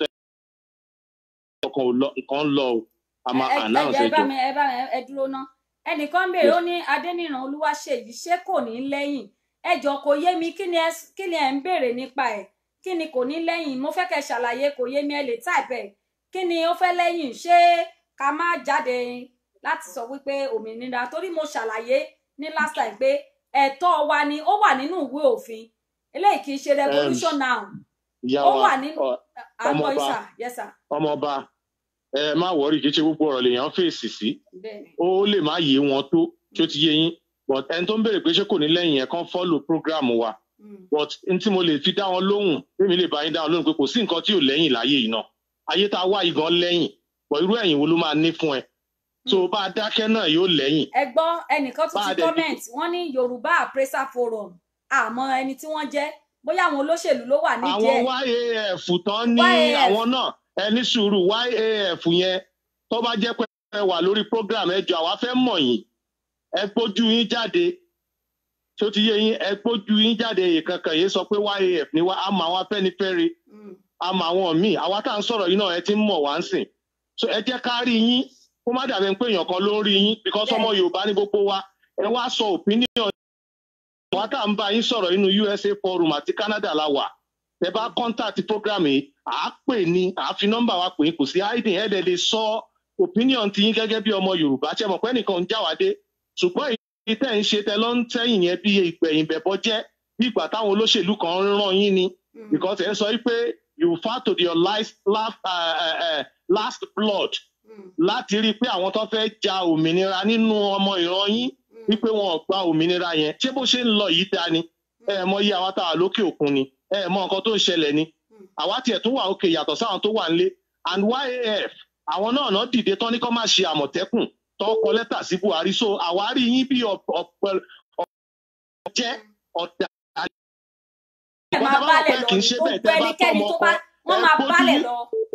ṣe ọkàn ò lọ nǹkan ń lọ o a máa announce ẹjọ. ẹ bá mi ẹ bá mi ẹ dúró ná ẹnìkan béèrè ó ní adẹniran olúwaṣèyí ṣé kò ní lẹ́yìn ẹjọ kò yé mi kí ni ẹ ń béèrè nípa ẹ kí ni kò ní lẹ́yìn mo fẹ́ kẹ́ ṣàlàyé kò yé mi ẹ lè type ẹ kí ni ó fẹ́ lẹ́yìn ṣé ká má jáde láti sọ wípé òmìnira torí mo ṣàlàyé ní last time pé ẹ̀tọ́ wa ni ó wà nínú ìwé òfin eléyìí kì í ṣe revolution now ó wà nínú àgbọ̀ ìṣà yes sir. ọmọọba ẹ má wọrí kì í ṣe gbogbo ọ̀rọ̀ lèèyàn fèsì sí ó lè má yé wọn tó tí ó ti yé yín but ẹni tó ń béèrè pé ṣé kò ní lẹ́yìn ẹ̀ kán fọ́lò program wa hmm. but n tí mo lè fi dá wọn lóhùn èmi lè bá yín dá wọn lóhùn pé kò sí nǹkan tí ò lẹ́yìn láyé yìí náà ayé tá a wá yìí gan lẹ́yìn but irú ẹ̀yìn wo ló máa ní fún ẹ so hmm. bá a dákẹ́ náà yóò lẹ́yìn. ẹ gbọ́ ẹnìkan tún ti comment wọ́n ní Yorùbá appraiser forum àmọ́ ẹni tí wọ́n jẹ́ bóyá àwọn olóṣèlú ló wà nídìí ẹ̀. àwọn yaf tán ní àwọn náà ẹ ní sùúrù yaf yẹn tó bá jẹ́ pé wà lórí program ẹ jọ àwa fẹ́ mọ̀ yín ẹ gbójú yín jáde tó ti yé yín ẹ gbójú yín jáde èyí kankan yìí sọ pé yaf ni wá àmọ́ àwọn afẹ́nifẹ́re àmọ́ mm. àwọn míì àwa tá à ń yìí náà ẹ ti ń mọ̀ wá ń sìn so ẹ jẹ́ ká rí yín kó má dàbí pé èèyàn kan ló ń rí yín because ọmọ Yorùbá ní gbogbo wa ẹ wá sọ opinion àwa tá à ń bá yín sọ̀rọ̀ nínú USA forum àti Canada la wà ẹ bá contact program yìí à á pè ní à á fi nọ́mbà wa pè é kò sí hiding ẹ̀ lè sọ opinion ti yín gẹ́gẹ́ bí ọmọ Yorùbá ṣe mọ̀ pé ẹnìkan ń jáwádé ṣùgbọ́n èyí tẹ̀ ń ṣe tẹ ló tẹ́yìn yẹn bí ìgbẹ̀yìn bẹ̀bọ jẹ́ bí ìgbà táwọn olóṣèlú kan ń ràn yín ni hmm. because ẹ sọ pé you fight to your last, last, uh, uh, uh last blood hmm. láti rí i pé àwọn tó fẹ́ ja òmìnira nínú ọmọ ìran yín hmm. wípé wọn ò gba òmìnira yẹn ṣé bó ṣe ń lọ yìí dání ẹ mọ iye àwọn tá lókè òkun ni ẹ mọ nǹkan tó ń ṣẹlẹ̀ ni àwa tiẹ̀ tún wà òkè yàtọ̀ sáwọn tó wà nílé and yaf àwọn náà náà dìde tán ní kó má ṣe àmọ̀tẹ́kùn tó kọ lẹ́tà sí buhari so àwárí yín bí ọ̀pẹ ọ̀dà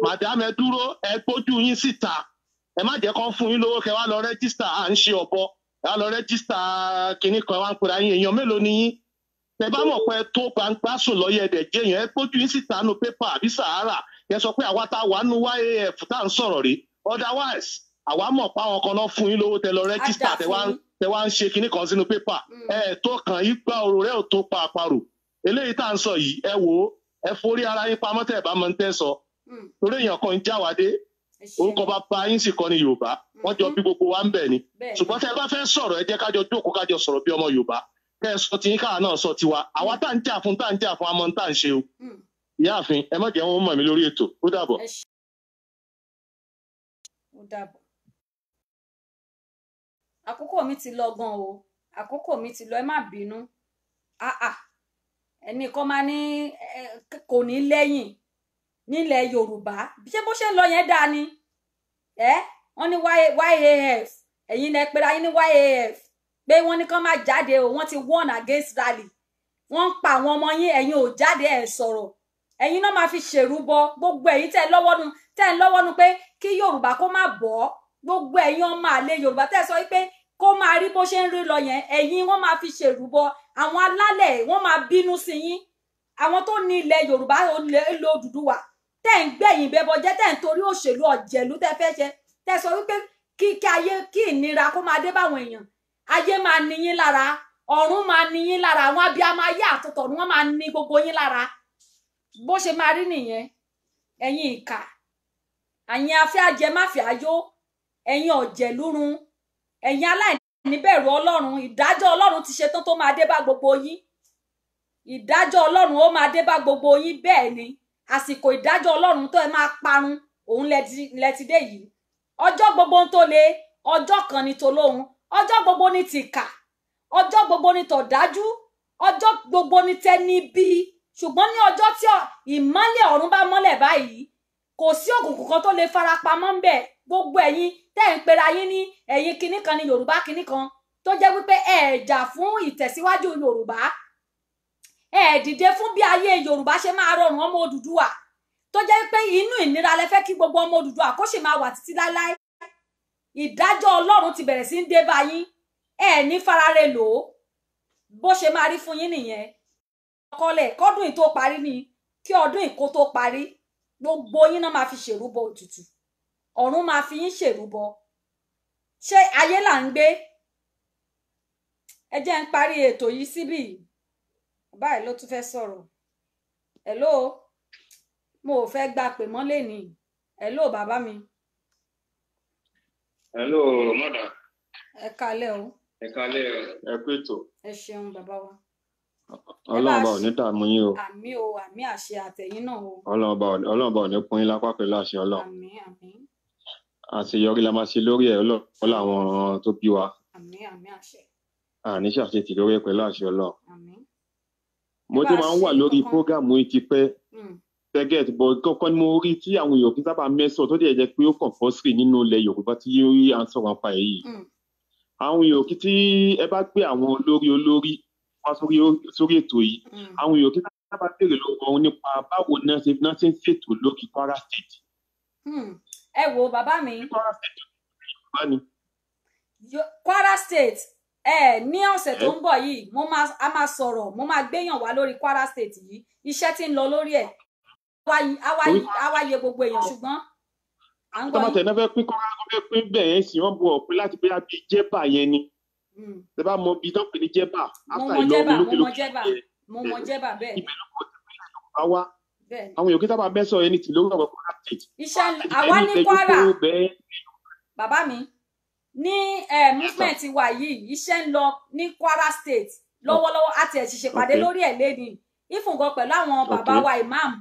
màdàm ẹ dúró ẹ gbójú yín síta ẹ má jẹ́ kán fún yín lówó kẹ́ wá lọ rẹ́gísítà à ń ṣe ọ̀bọ ẹ wá lọ rẹ́gísítà kínní wá ń pera yín èèyàn mélòó ni yín tẹ bá mọ̀ pé tó gbangba sùn lọ́yẹ̀dẹ̀ jẹyàn ẹ gbójú yín síta nu pépà àbí sahara yẹn sọ pé àwa tá a wà nù yaf tá à ń sọ̀rọ̀ rí otherwise àwa mọ̀ pa àwọn kan náà fún yín lówó tẹ lọ rẹ́gísítà tẹ wá ń ṣe kinní kan sínú pépà mm. ẹ tó kàn yín gbá oró rẹ ò tó pa àparò eléyìí tá à ń sọ yìí ẹ wò ó ẹ forí ara yín pamọ́ tẹ̀ bá mọ́ ń tẹ́ sọ mm. torí èèyàn kan ń jáwádé orúkọ bàbá yín sì kọ́ ni yorùbá wọ́n jọ mm-hmm. bí gbogbo wa ń bẹ̀ ni ṣùgbọ́n tẹ bá fẹ́ sọ̀rọ̀ ẹ jẹ́ kájọ jókòó kájọ sọ̀rọ̀ bí ọmọ yorùbá kẹ́ ẹ sọ ti yín káà náà sọ tiwa àwa mm. tá ń jà fún tá ń jà fún amọ̀ tá ń ṣe o mm. ìyáàfin ẹ má jẹ́ wọn mọ̀ mí lórí ètò ó dàbọ̀. ó dàbọ̀ àkókò mi ti lọ gan o àkókò mi ti lọ ẹ má bínú ẹnì kan máa ní kò ní lẹ́yìn nílẹ̀ yorùbá bí ṣé bó ṣe ń lọ yẹn dáa ni ẹ wọ́n ní yaaf ẹ̀yin lẹ pera yín ní yaaf pé wọ́n ní kán má jáde o wọ́n ti warn against rally wọ́n ń pa àwọn ọmọ yín ẹ̀yin ò jáde ẹ̀ sọ̀rọ̀ ẹ̀yin náà máa fi ṣèrúbọ gbogbo ẹ̀yin tẹ́ ẹ lọ́wọ́nu tẹ́ ẹ lọ́wọ́nu pé kí yorùbá kó má bọ́ gbogbo ẹ̀yin ọmọ àlè yorùbá tẹ́ ẹ sọ pé kó máa rí bó ṣe ń rí lọ yẹn ẹ̀yin wọ́n máa fi ṣèrúbọ àwọn alálẹ̀ wọ́n máa bínú sí yín àwọn tó ní ilẹ̀ yorùbá ilẹ̀ Odùduwà tẹ́ ń gbẹ̀yìn bẹ́bọjẹ́ tẹ́ ń torí òṣèlú ọ̀jẹ̀lú tẹ́ fẹ́ ṣe tẹ́ sọ wípé kí ayé kí ìnira kó máa dé báwọn èèyàn ayé máa ní yín lára ọ̀run máa ní yín lára àwọn abiyamọ ayé àtọ̀tọ̀ ni wọ́n máa ní gbogbo yín lára bó ṣe máa rí nìyẹn ẹ̀yin ìkà àyìn afẹ́ ajẹmáfíà yó ẹ̀yin ọ̀jẹ̀lúrun ẹ̀yin aláìníbẹ̀rù ọlọ́run ìdájọ́ ọlọ́run ti ṣetán tó máa dé bá gbogbo yín ìdájọ́ ọlọ́run ó máa dé bá gbogbo yín bẹ́ẹ̀ ni àsìkò ìdájọ́ ọlọ́run tó ẹ máa parun òun lẹ ti dé yìí ọjọ́ gbogbo ń tó le ọjọ́ kan ni tó lóhun ọjọ́ gbogbo ni tìkà ọjọ́ gbogbo ni tọ̀dájú ọjọ́ gbogbo ni tẹni bí ṣùgbọ́n ní ọjọ́ tí ìmọ́lẹ̀ ọ̀run bá mọ́lẹ̀ báyìí kò sí òkùnkùn kan tó lè fara pamọ́ ń bẹ̀ gbogbo ẹ̀yin tẹ́ ń pera yín ní ẹ̀yin kinní kan ní Yorùbá kinní kan tó jẹ́ wípé ẹ jà fún ìtẹ̀síwájú Yorùbá ẹ dìde fún bí ayé Yorùbá ṣe máa rọrùn ọmọ Odùduwà tó jẹ́ pé inú ìnira lẹ fẹ́ kí gbogbo ọmọ Odùduwà kó sì máa wà títí láéláé ìdájọ́ ọlọ́run ti bẹ̀rẹ̀ sí ń dé bá yín ẹ ní farare lò ó bó ṣe máa rí fún yín nìyẹn ọkọlẹ̀ kọ́dún ìtó parí ni kí ọdún ìkó tó parí gbogbo yín náà máa fi ṣèrúbọ òtútù ọ̀run máa fi yín ṣèrúbọ ṣé ayé là ń gbé ẹ jẹ́ ń parí ètò yìí síbí báyìí ló tún fẹ́ sọ̀rọ̀ hello mo ò fẹ́ gba pè mọ́ lẹ́nìí hello bàbá mi hello mother. ẹ kalẹ o. ẹ kalẹ o. ẹ kú ètò. ẹ ṣeun bàbá wa. Ọlọ́run bá ò ní dààmú yín o. àmì o àmì àṣẹ àtẹ̀yìn náà o. Ọlọ́run bá ò ní pín in lápá pẹ̀lú àṣẹ Ọlọ́run. àmì àmì. àṣeyọrí la máa ṣe lórí ẹ̀ Ọlọ́run làwọn tó bí wa. àmì àmì àṣẹ. àní ṣàṣetì lórí ẹ̀ pẹ̀lú àṣẹ Ọlọ́run. àmì. mo ti máa ń wà lórí fógàmù yìí tẹ́gẹ̀t bọ̀ kọ́kọ́ ni mo rí tí àwọn èèyàn kì í sábà mẹ́sàn tó dẹ̀ jẹ́ pé ó kàn fọ́sírì nínú ilẹ̀ Yorùbá tí ó rí à ń sọ̀rọ̀ pa èyí. Hmm. àwọn èèyàn kì í tí ẹ bá gbé àwọn olórí olórí wá sórí ètò yìí hmm. àwọn èèyàn kì í sábà béèrè lọ́wọ́ wọn nípa báwo náà ṣe náà ṣe ń ṣètò lórí Kwara State. Hmm. ẹ wo bàbá mi Kwara State ẹ ní ọ̀sẹ̀ tó ń bọ̀ yìí mo máa a máa sọ̀rọ̀ mo máa gbéyàn wá lórí Kwara State yìí iṣẹ́ tí ń lọ lórí ẹ̀ àwa yẹ gbogbo èèyàn ṣùgbọ́n. tọ́mọ̀tẹ̀ náà fẹ́ pín kọ́ra ó fẹ́ pín bẹ̀ yẹn sí wọ́n bu ọ̀pẹ láti bóyá bíi jẹ́bà yẹn ni hmm. tẹ bá mọ bíi tọ́pẹ̀ ní jẹ́bà áfà ìlọrin lókèlókè ìbẹ̀rù kò tẹ̀ pé àyọ̀kọ̀ bá wá àwọn èèyàn kí tábà sọ ẹni tì lórí ọ̀rọ̀ kọ́ra tètè. iṣẹ́ àwa ní kwara bàbá mi ní eh, movement wa yìí iṣẹ́ ń lọ ní kwara state lọ́wọ́lọ́wọ́ àti ẹ̀ṣiṣẹ́ pàdé lórí ẹ̀ lẹ́ni ìfúngàn pẹ̀lú àwọn bàbá wa imam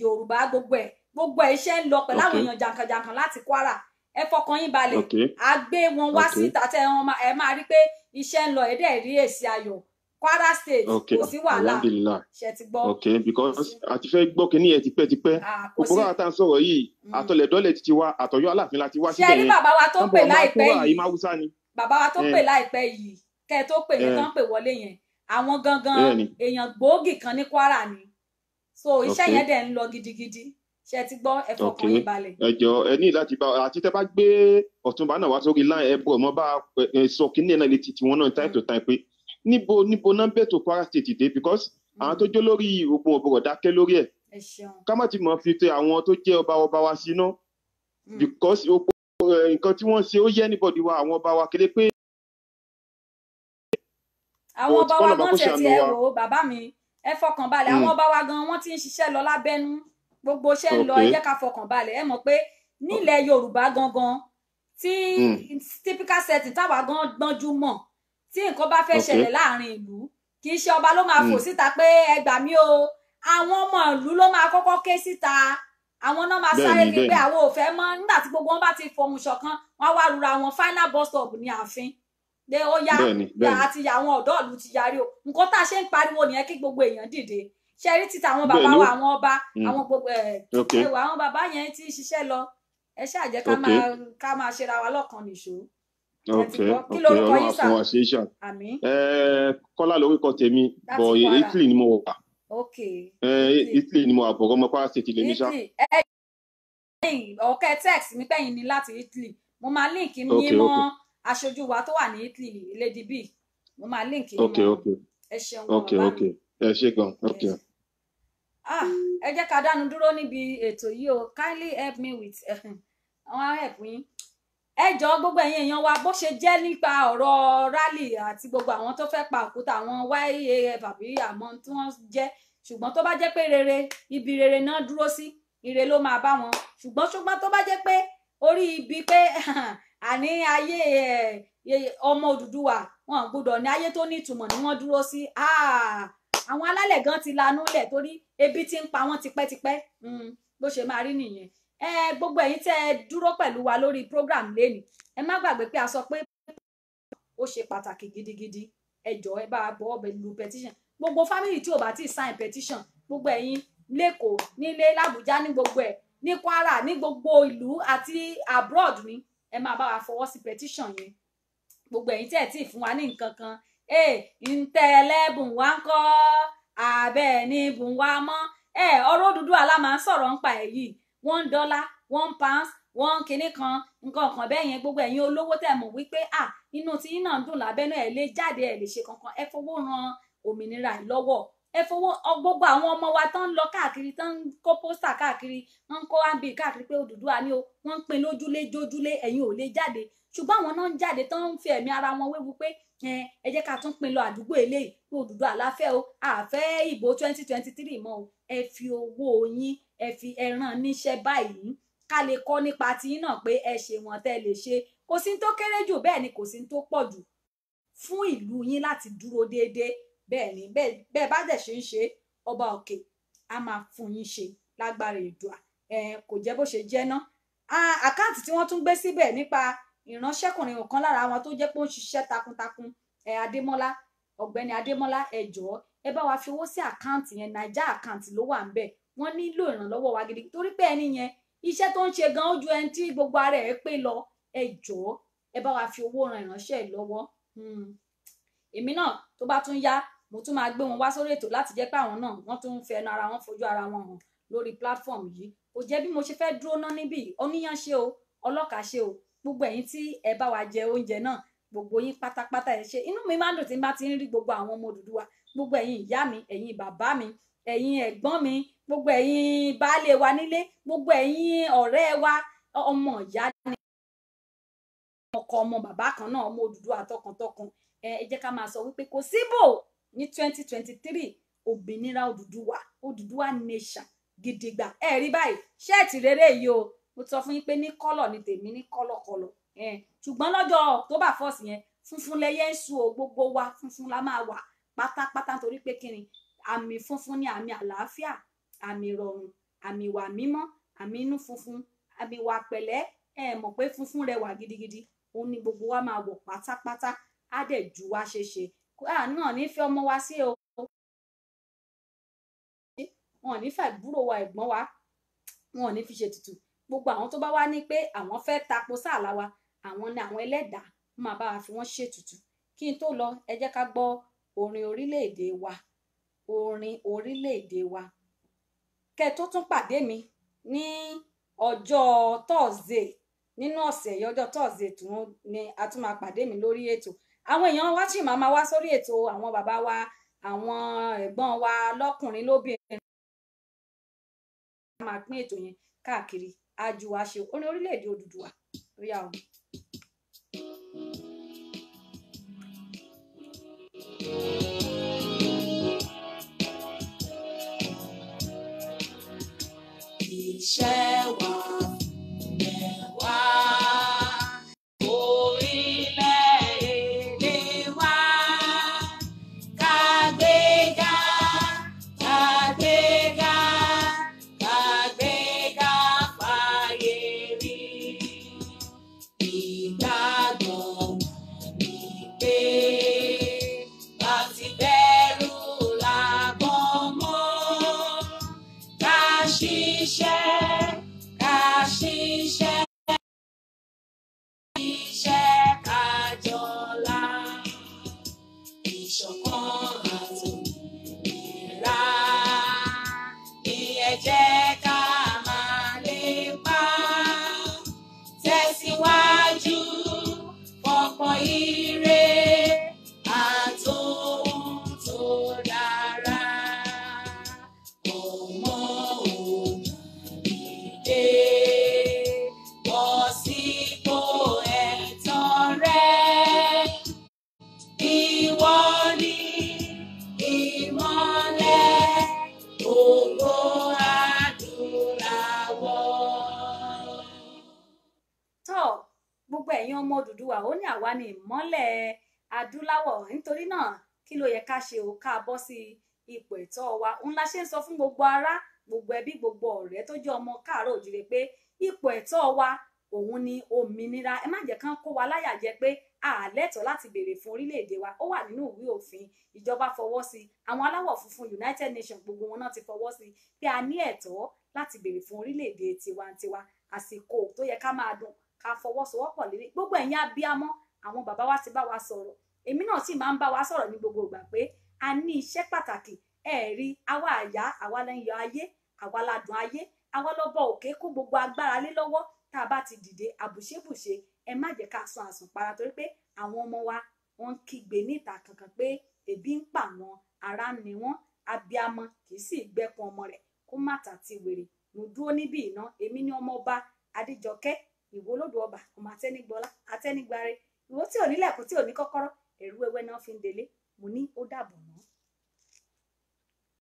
yorùbá gbogbo ẹ̀ gbogbo ẹ̀ iṣẹ́ ń lọ pẹ̀lú àwọn èèyàn jàǹkànjàǹkàn láti kwara ẹ fọkàn yín balẹ̀ a gbé wọn wá síta tẹ ẹ máa rí pé iṣẹ́ ń lọ ẹ̀ dẹ̀ rí èsì ayọ̀ kwara state kò sí wàhálà ṣe ti gbọ́. ok because àti fẹ́ gbọ́ kínní ẹ̀ tipẹ́tipẹ́ òpópó àti àwọn sọ̀rọ̀ yìí mm. àtọ̀lẹ̀dọ́lẹ̀ ti tiwa àtọ̀yọ́ aláàfin láti wá síbẹ̀ yẹn ṣe rí bàbá wa tó pè láìpẹ́ yìí bàbá wa tó pè eh. láìpẹ́ yìí kẹ́ ẹ tó pè yẹn eh. tó ń pè wọlé yẹn àwọn gangan èèyàn gbòógì kan ní kwara ni so iṣẹ́ yẹn dẹ̀ ń lọ gidigidi ṣe ti gbọ́ ẹ fọkàn yín balẹ̀. ẹ jọ ẹ ní láti bá àti tẹ bá gbé ọ̀túnba náà wá sórí láì ẹ bọ ọmọ bá sọ kínní náà létí tiwọn náà time to time pé níbo níbo náà bẹ̀ tó Kwara State dé because àwọn tó jó lórí ogun ọ̀bọ̀rọ̀ dákẹ́ lórí ẹ̀ ká má ti mọ̀ fi tẹ àwọn tó jẹ́ ọba ọba wa sí náà hmm. because eh, nǹkan tí wọ́n ṣe ó yẹ anybody wa àwọn ọba wa kéde pé. àwọn ọba wa náà tẹ̀ tiẹ̀ wò ó bàbá mi ẹ fọkàn balẹ̀ hmm. àwọn ọba wa gan wọ́n ti ń ṣiṣẹ́ lọ lábẹ́nú gbogbo iṣẹ́ ń lọ ẹ jẹ́ ká fọkàn balẹ̀ ẹ mọ̀ pé nílẹ̀ yorùbá gangan tí hmm. typical setting táwa gan gbọ́njú mọ̀ tí nǹkan bá fẹ́ ṣẹlẹ̀ láàrin ìlú kì í ṣe ọba ló máa fò hmm. síta pé ẹ gbà mí o àwọn ọmọ ìlú ló máa kọ́kọ́ ké síta àwọn náà máa sáré gbígbé àwọn ò fẹ́ mọ́ nígbà tí gbogbo wọn bá ti fohùn ṣọ̀kan wọn á wá rura wọn final bus stop ní ààfin de ó ya àti àwọn ọ̀dọ́ ìlú ti yarí o nǹkan tá a ṣe pariwo nìyẹn kí gbogbo èèyàn dìde ṣe rí títa àwọn bàbá wa àwọn ọba hmm. àwọn gbogbo ẹ eh, ẹwà àwọn bàbá yẹn ti ṣiṣẹ́ lọ ẹ ṣáà jẹ́ ká máa ká máa ṣera wa lọ́kàn nìṣó. kí lorúkọ yìí sà àmín. Eh, kọ́lá lórúkọ tèmi bọ̀ Italy ni mo wà. Eh, Italy ni mo wà bọ̀gọ́ mọ́pá ṣètì lèmi ṣá. ọ̀kẹ́ text mi pẹ́yìn ni láti Italy mo máa link mi yín mọ́ aṣojú wa tó wà ní Italy Lady B mo máa link yín mọ ẹ ṣeun wọn ẹ ṣe gan ah, ẹ jẹ́ ká dánu dúró níbi ètò yìí o kindly help me with wọn help yín ẹ jọ gbogbo ẹ̀yin èèyàn wa bó ṣe jẹ́ nípa ọ̀rọ̀ rally àti gbogbo àwọn tó fẹ́ pa òkúta àwọn yaf àbí àmọ́ tí wọ́n jẹ́ ṣùgbọ́n tó bá jẹ́ pé rere ibi rere náà dúró sí ire ló máa bá wọn ṣùgbọ́n ṣùgbọ́n tó bá jẹ́ pé orí ibi pé àní ayé ọmọ Odùduwà wọn gbọ́dọ̀ ní ayé tó nítumọ̀ ni wọ́n dúró sí ah, àwọn alálẹ̀ gan ti lanú lẹ̀ torí ebi ti ń pa wọ́n tipẹ́tipẹ́ hmm, bó ṣe máa rí nìyẹn ẹ gbogbo ẹ̀yin tẹ́ ẹ dúró pẹ̀lú wa lórí program lẹni ẹ má gbàgbé pé a sọ pé ó ṣe pàtàkì gidigidi ẹ ẹ bá bọ ọbẹ lu petition gbogbo family tí ò bá ti sign petition gbogbo ẹ̀yin lẹ́kọ̀ọ́ nílé làbújá ní gbogbo ẹ ní kwara ní gbogbo ìlú àti abroad ni ẹ máa bá wa fọwọ́ sí petition yẹn gbogbo ẹ̀yin tẹ̀ tí ì fún wa ní nǹkan kan ee eh, ntẹ̀lẹ́bùn wa ń kọ́ abẹ́ ní bùn wa mọ́ ẹ eh, ọ̀rọ̀ dúdú alá ń sọ̀rọ̀ ẹ̀ yìí one dollar one pound one kinní kan nǹkan kan bẹ́ẹ̀ yẹn gbogbo ẹ̀yin olówó tẹ̀ mọ̀ wípé à inú tí yín náà dùn lábẹ́nú ẹ̀ lè jáde ẹ̀ lè ṣe kankan ẹ fowó ran òmìnira lọ́wọ́ ẹ fowó gbogbo àwọn ọmọ wa tán ń lọ káàkiri tán ń kó pósítà káàkiri wọ́n ń kó ambi káàkiri pé Odùduwà ni o wọ́n ń pin lójúlé jójúlé ẹ̀yin ò lè jáde ṣùgbọ́n àwọn náà ń jáde tán ń fi ẹ̀mí ara wọn wéwu pé ẹ jẹ́ ká tún pin lọ àdúgbò eléyìí pé Odùduwà la o àfẹ́ ìbò twenty twenty three mọ́ o ẹ fi owó yín ẹ fi ẹran níṣẹ́ báyìí ká lè kọ́ nípa tiyín náà pé ẹ ṣe wọn tẹ́ lè ṣe kò sí tó kéré jù bẹ́ẹ̀ ni kò sí tó pọ̀ jù fún ìlú yín láti dúró déédéé bẹ́ẹ̀ ni bẹ́ẹ̀ bá dẹ̀ ṣe ń ṣe ọba òkè a máa fún yín ṣe lágbára èdùà kò jẹ́ bó ṣe jẹ́ ná àkáǹtì tí wọ́n tún gbé síbẹ̀ nípa ìránṣẹ́kùnrin ọ̀kan lára àwọn tó jẹ́ pé ó ń ṣiṣẹ́ takuntakun adémọ́lá ọ̀gbẹ́ni adémọ́lá ẹ jọ̀ọ́ ẹ bá wa fi owó sí àkáǹtì yẹn naija àkáǹtì ló wà ń bẹ̀ wọ́n nílò ìrànlọ́wọ́ wa gidi torí pé ẹni yẹn iṣẹ́ tó ń ṣe gan ó ẹni tí gbogbo ara ẹ̀ pé lọ ẹ jọ̀ọ́ ẹ bá wa fi owó ran ìránṣẹ́ lọ́wọ́ hmm. èmi náà tó bá tún yá mo tún máa gbé wọn wá sórí ètò láti jẹ́ pé àwọn náà wọ́n tún ń fi ẹnu ara wọn fojú ara wọn hàn lórí platform yìí kò jẹ́ bí mo ṣe fẹ́ dúró ná níbí oníyàn ṣe o ọlọ́kà ṣe o gbogbo ẹ̀yin tí ẹ bá wa jẹ oúnjẹ náà gbogbo yín pátápátá ẹ ṣe inú mi máa ń dùn tí n bá ti ń rí gbogbo àwọn ọmọ Odùduwà gbogbo ẹ̀yin ìyá mi ẹ̀yin bàbá mi ẹ̀yin ẹ̀gbọ́n mi gbogbo ẹ̀yin baálé wa nílé gbogbo ẹ̀yin ọ̀rẹ́ wa ọmọ ìyá ni ọkọ ọmọ bàbá kan náà ọmọ Odùduwà tọkàntọkàn ẹ jẹ́ ká máa sọ wípé kò síbò ní twenty twenty three òmìnira Odùduwà Odùduwà nation gidigba ẹ rí báyìí ṣẹ́ẹ̀tì rere yìí o mo sọ fún yín pé ní kọ́lọ̀ ni tèmi ní kọ́lọ̀kọ́lọ̀ ṣùgbọ́n lọ́jọ́ October first yẹn funfun lẹyẹ ń sun o gbogbo wa funfun la máa wà pátápátá nítorí pé kí ni àmì funfun ni àmì àlàáfíà àmì ìrọ̀rùn àmì ìwà mímọ́ àmì inú funfun àmì ìwà pẹ̀lẹ́ ẹ mọ̀ pé funfun rẹwà gidigidi òun ni gbogbo wa máa wọ̀ pátápátá á dẹ̀ ju wa ṣe ṣe náà nífẹ̀ẹ́ ọmọ wa sí o wọn ò ní fẹ́ àbúrò wa ẹ̀gbọ́n wa wọn ò ní fi ṣe tutù gbogbo àwọn tó bá wá ní pé àwọn fẹ́ tapo sáàlà wa àwọn ni àwọn ẹlẹ́dàá máa bá wa fi wọ́n ṣe tutù kí n tó lọ ẹ jẹ́ ká gbọ́ orin orílẹ̀-èdè wa orin orílẹ̀-èdè wa kẹ tó tún pàdé mi ní ọjọ́ tọ́sídẹ̀ẹ́ nínú ọ̀sẹ̀ yìí ọjọ́ tọ́sídẹ̀ẹ́ tún a tún máa pàdé mi lórí ètò àwọn èèyàn wa sì máa wá sórí ètò àwọn bàbá wa àwọn ẹ̀gbọ́n wa lọ́kùnrin lóbìnrin máa pín ètò yẹn káàkiri àjù àṣe orin orílẹ̀-èdè Odùduwà ó yá o. la ṣe ń sọ fún gbogbo ará gbogbo ẹbí gbogbo ọ̀rẹ́ tó jẹ́ ọmọ káàárọ̀ òjìrè pé ipò ẹ̀tọ́ wa òun ni òmìnira ẹ má jẹ́ kán kó wa láyà jẹ pé a lẹ́tọ̀ọ́ láti béèrè fún orílẹ̀-èdè wa ó wà nínú ìwé òfin ìjọba fọwọ́ sí àwọn aláwọ̀ funfun United Nations gbogbo wọn náà ti fọwọ́ sí pé a ní ẹ̀tọ́ láti béèrè fún orílẹ̀-èdè tiwantiwa àsìkò tó yẹ ká máa dùn ká fọwọ́sowọ́pọ̀ lérí gbogbo ẹ̀yin abiyamọ àwọn bàbá wa ti bá wa sọ̀rọ̀ èmi náà sì máa ń bá wa sọ̀rọ̀ ní gbogbo ìgbà pé a ní iṣẹ́ pàtàkì ẹ rí àwa àyá àwa lẹ́yìn ayé àwa ládùn ayé àwa lọ́bọ̀ òkè kó gbogbo agbára lé lọ́wọ́ tá a bá ti dìde àbùṣebùṣe ẹ má jẹ́ ká san àsùnpara torí pé àwọn ọmọ wa wọ́n ń kígbe níta kankan pé ebi ń pa wọn ara ń ni wọn abiamọ kì í sì gbẹkun ọmọ rẹ̀ kó má tà ti wèrè mo dúró níbi ìná èmi ni ọmọọba adéjọkẹ́ ìwọ olódò ọba ọmọ atẹnigbọlá atẹnigbare ìwọ tí ò nílẹ̀kùn tí ò ní kọ́kọ́rọ́ ẹ̀rú ẹwẹ́ náà fi ń délé mo ní ó dàbọ̀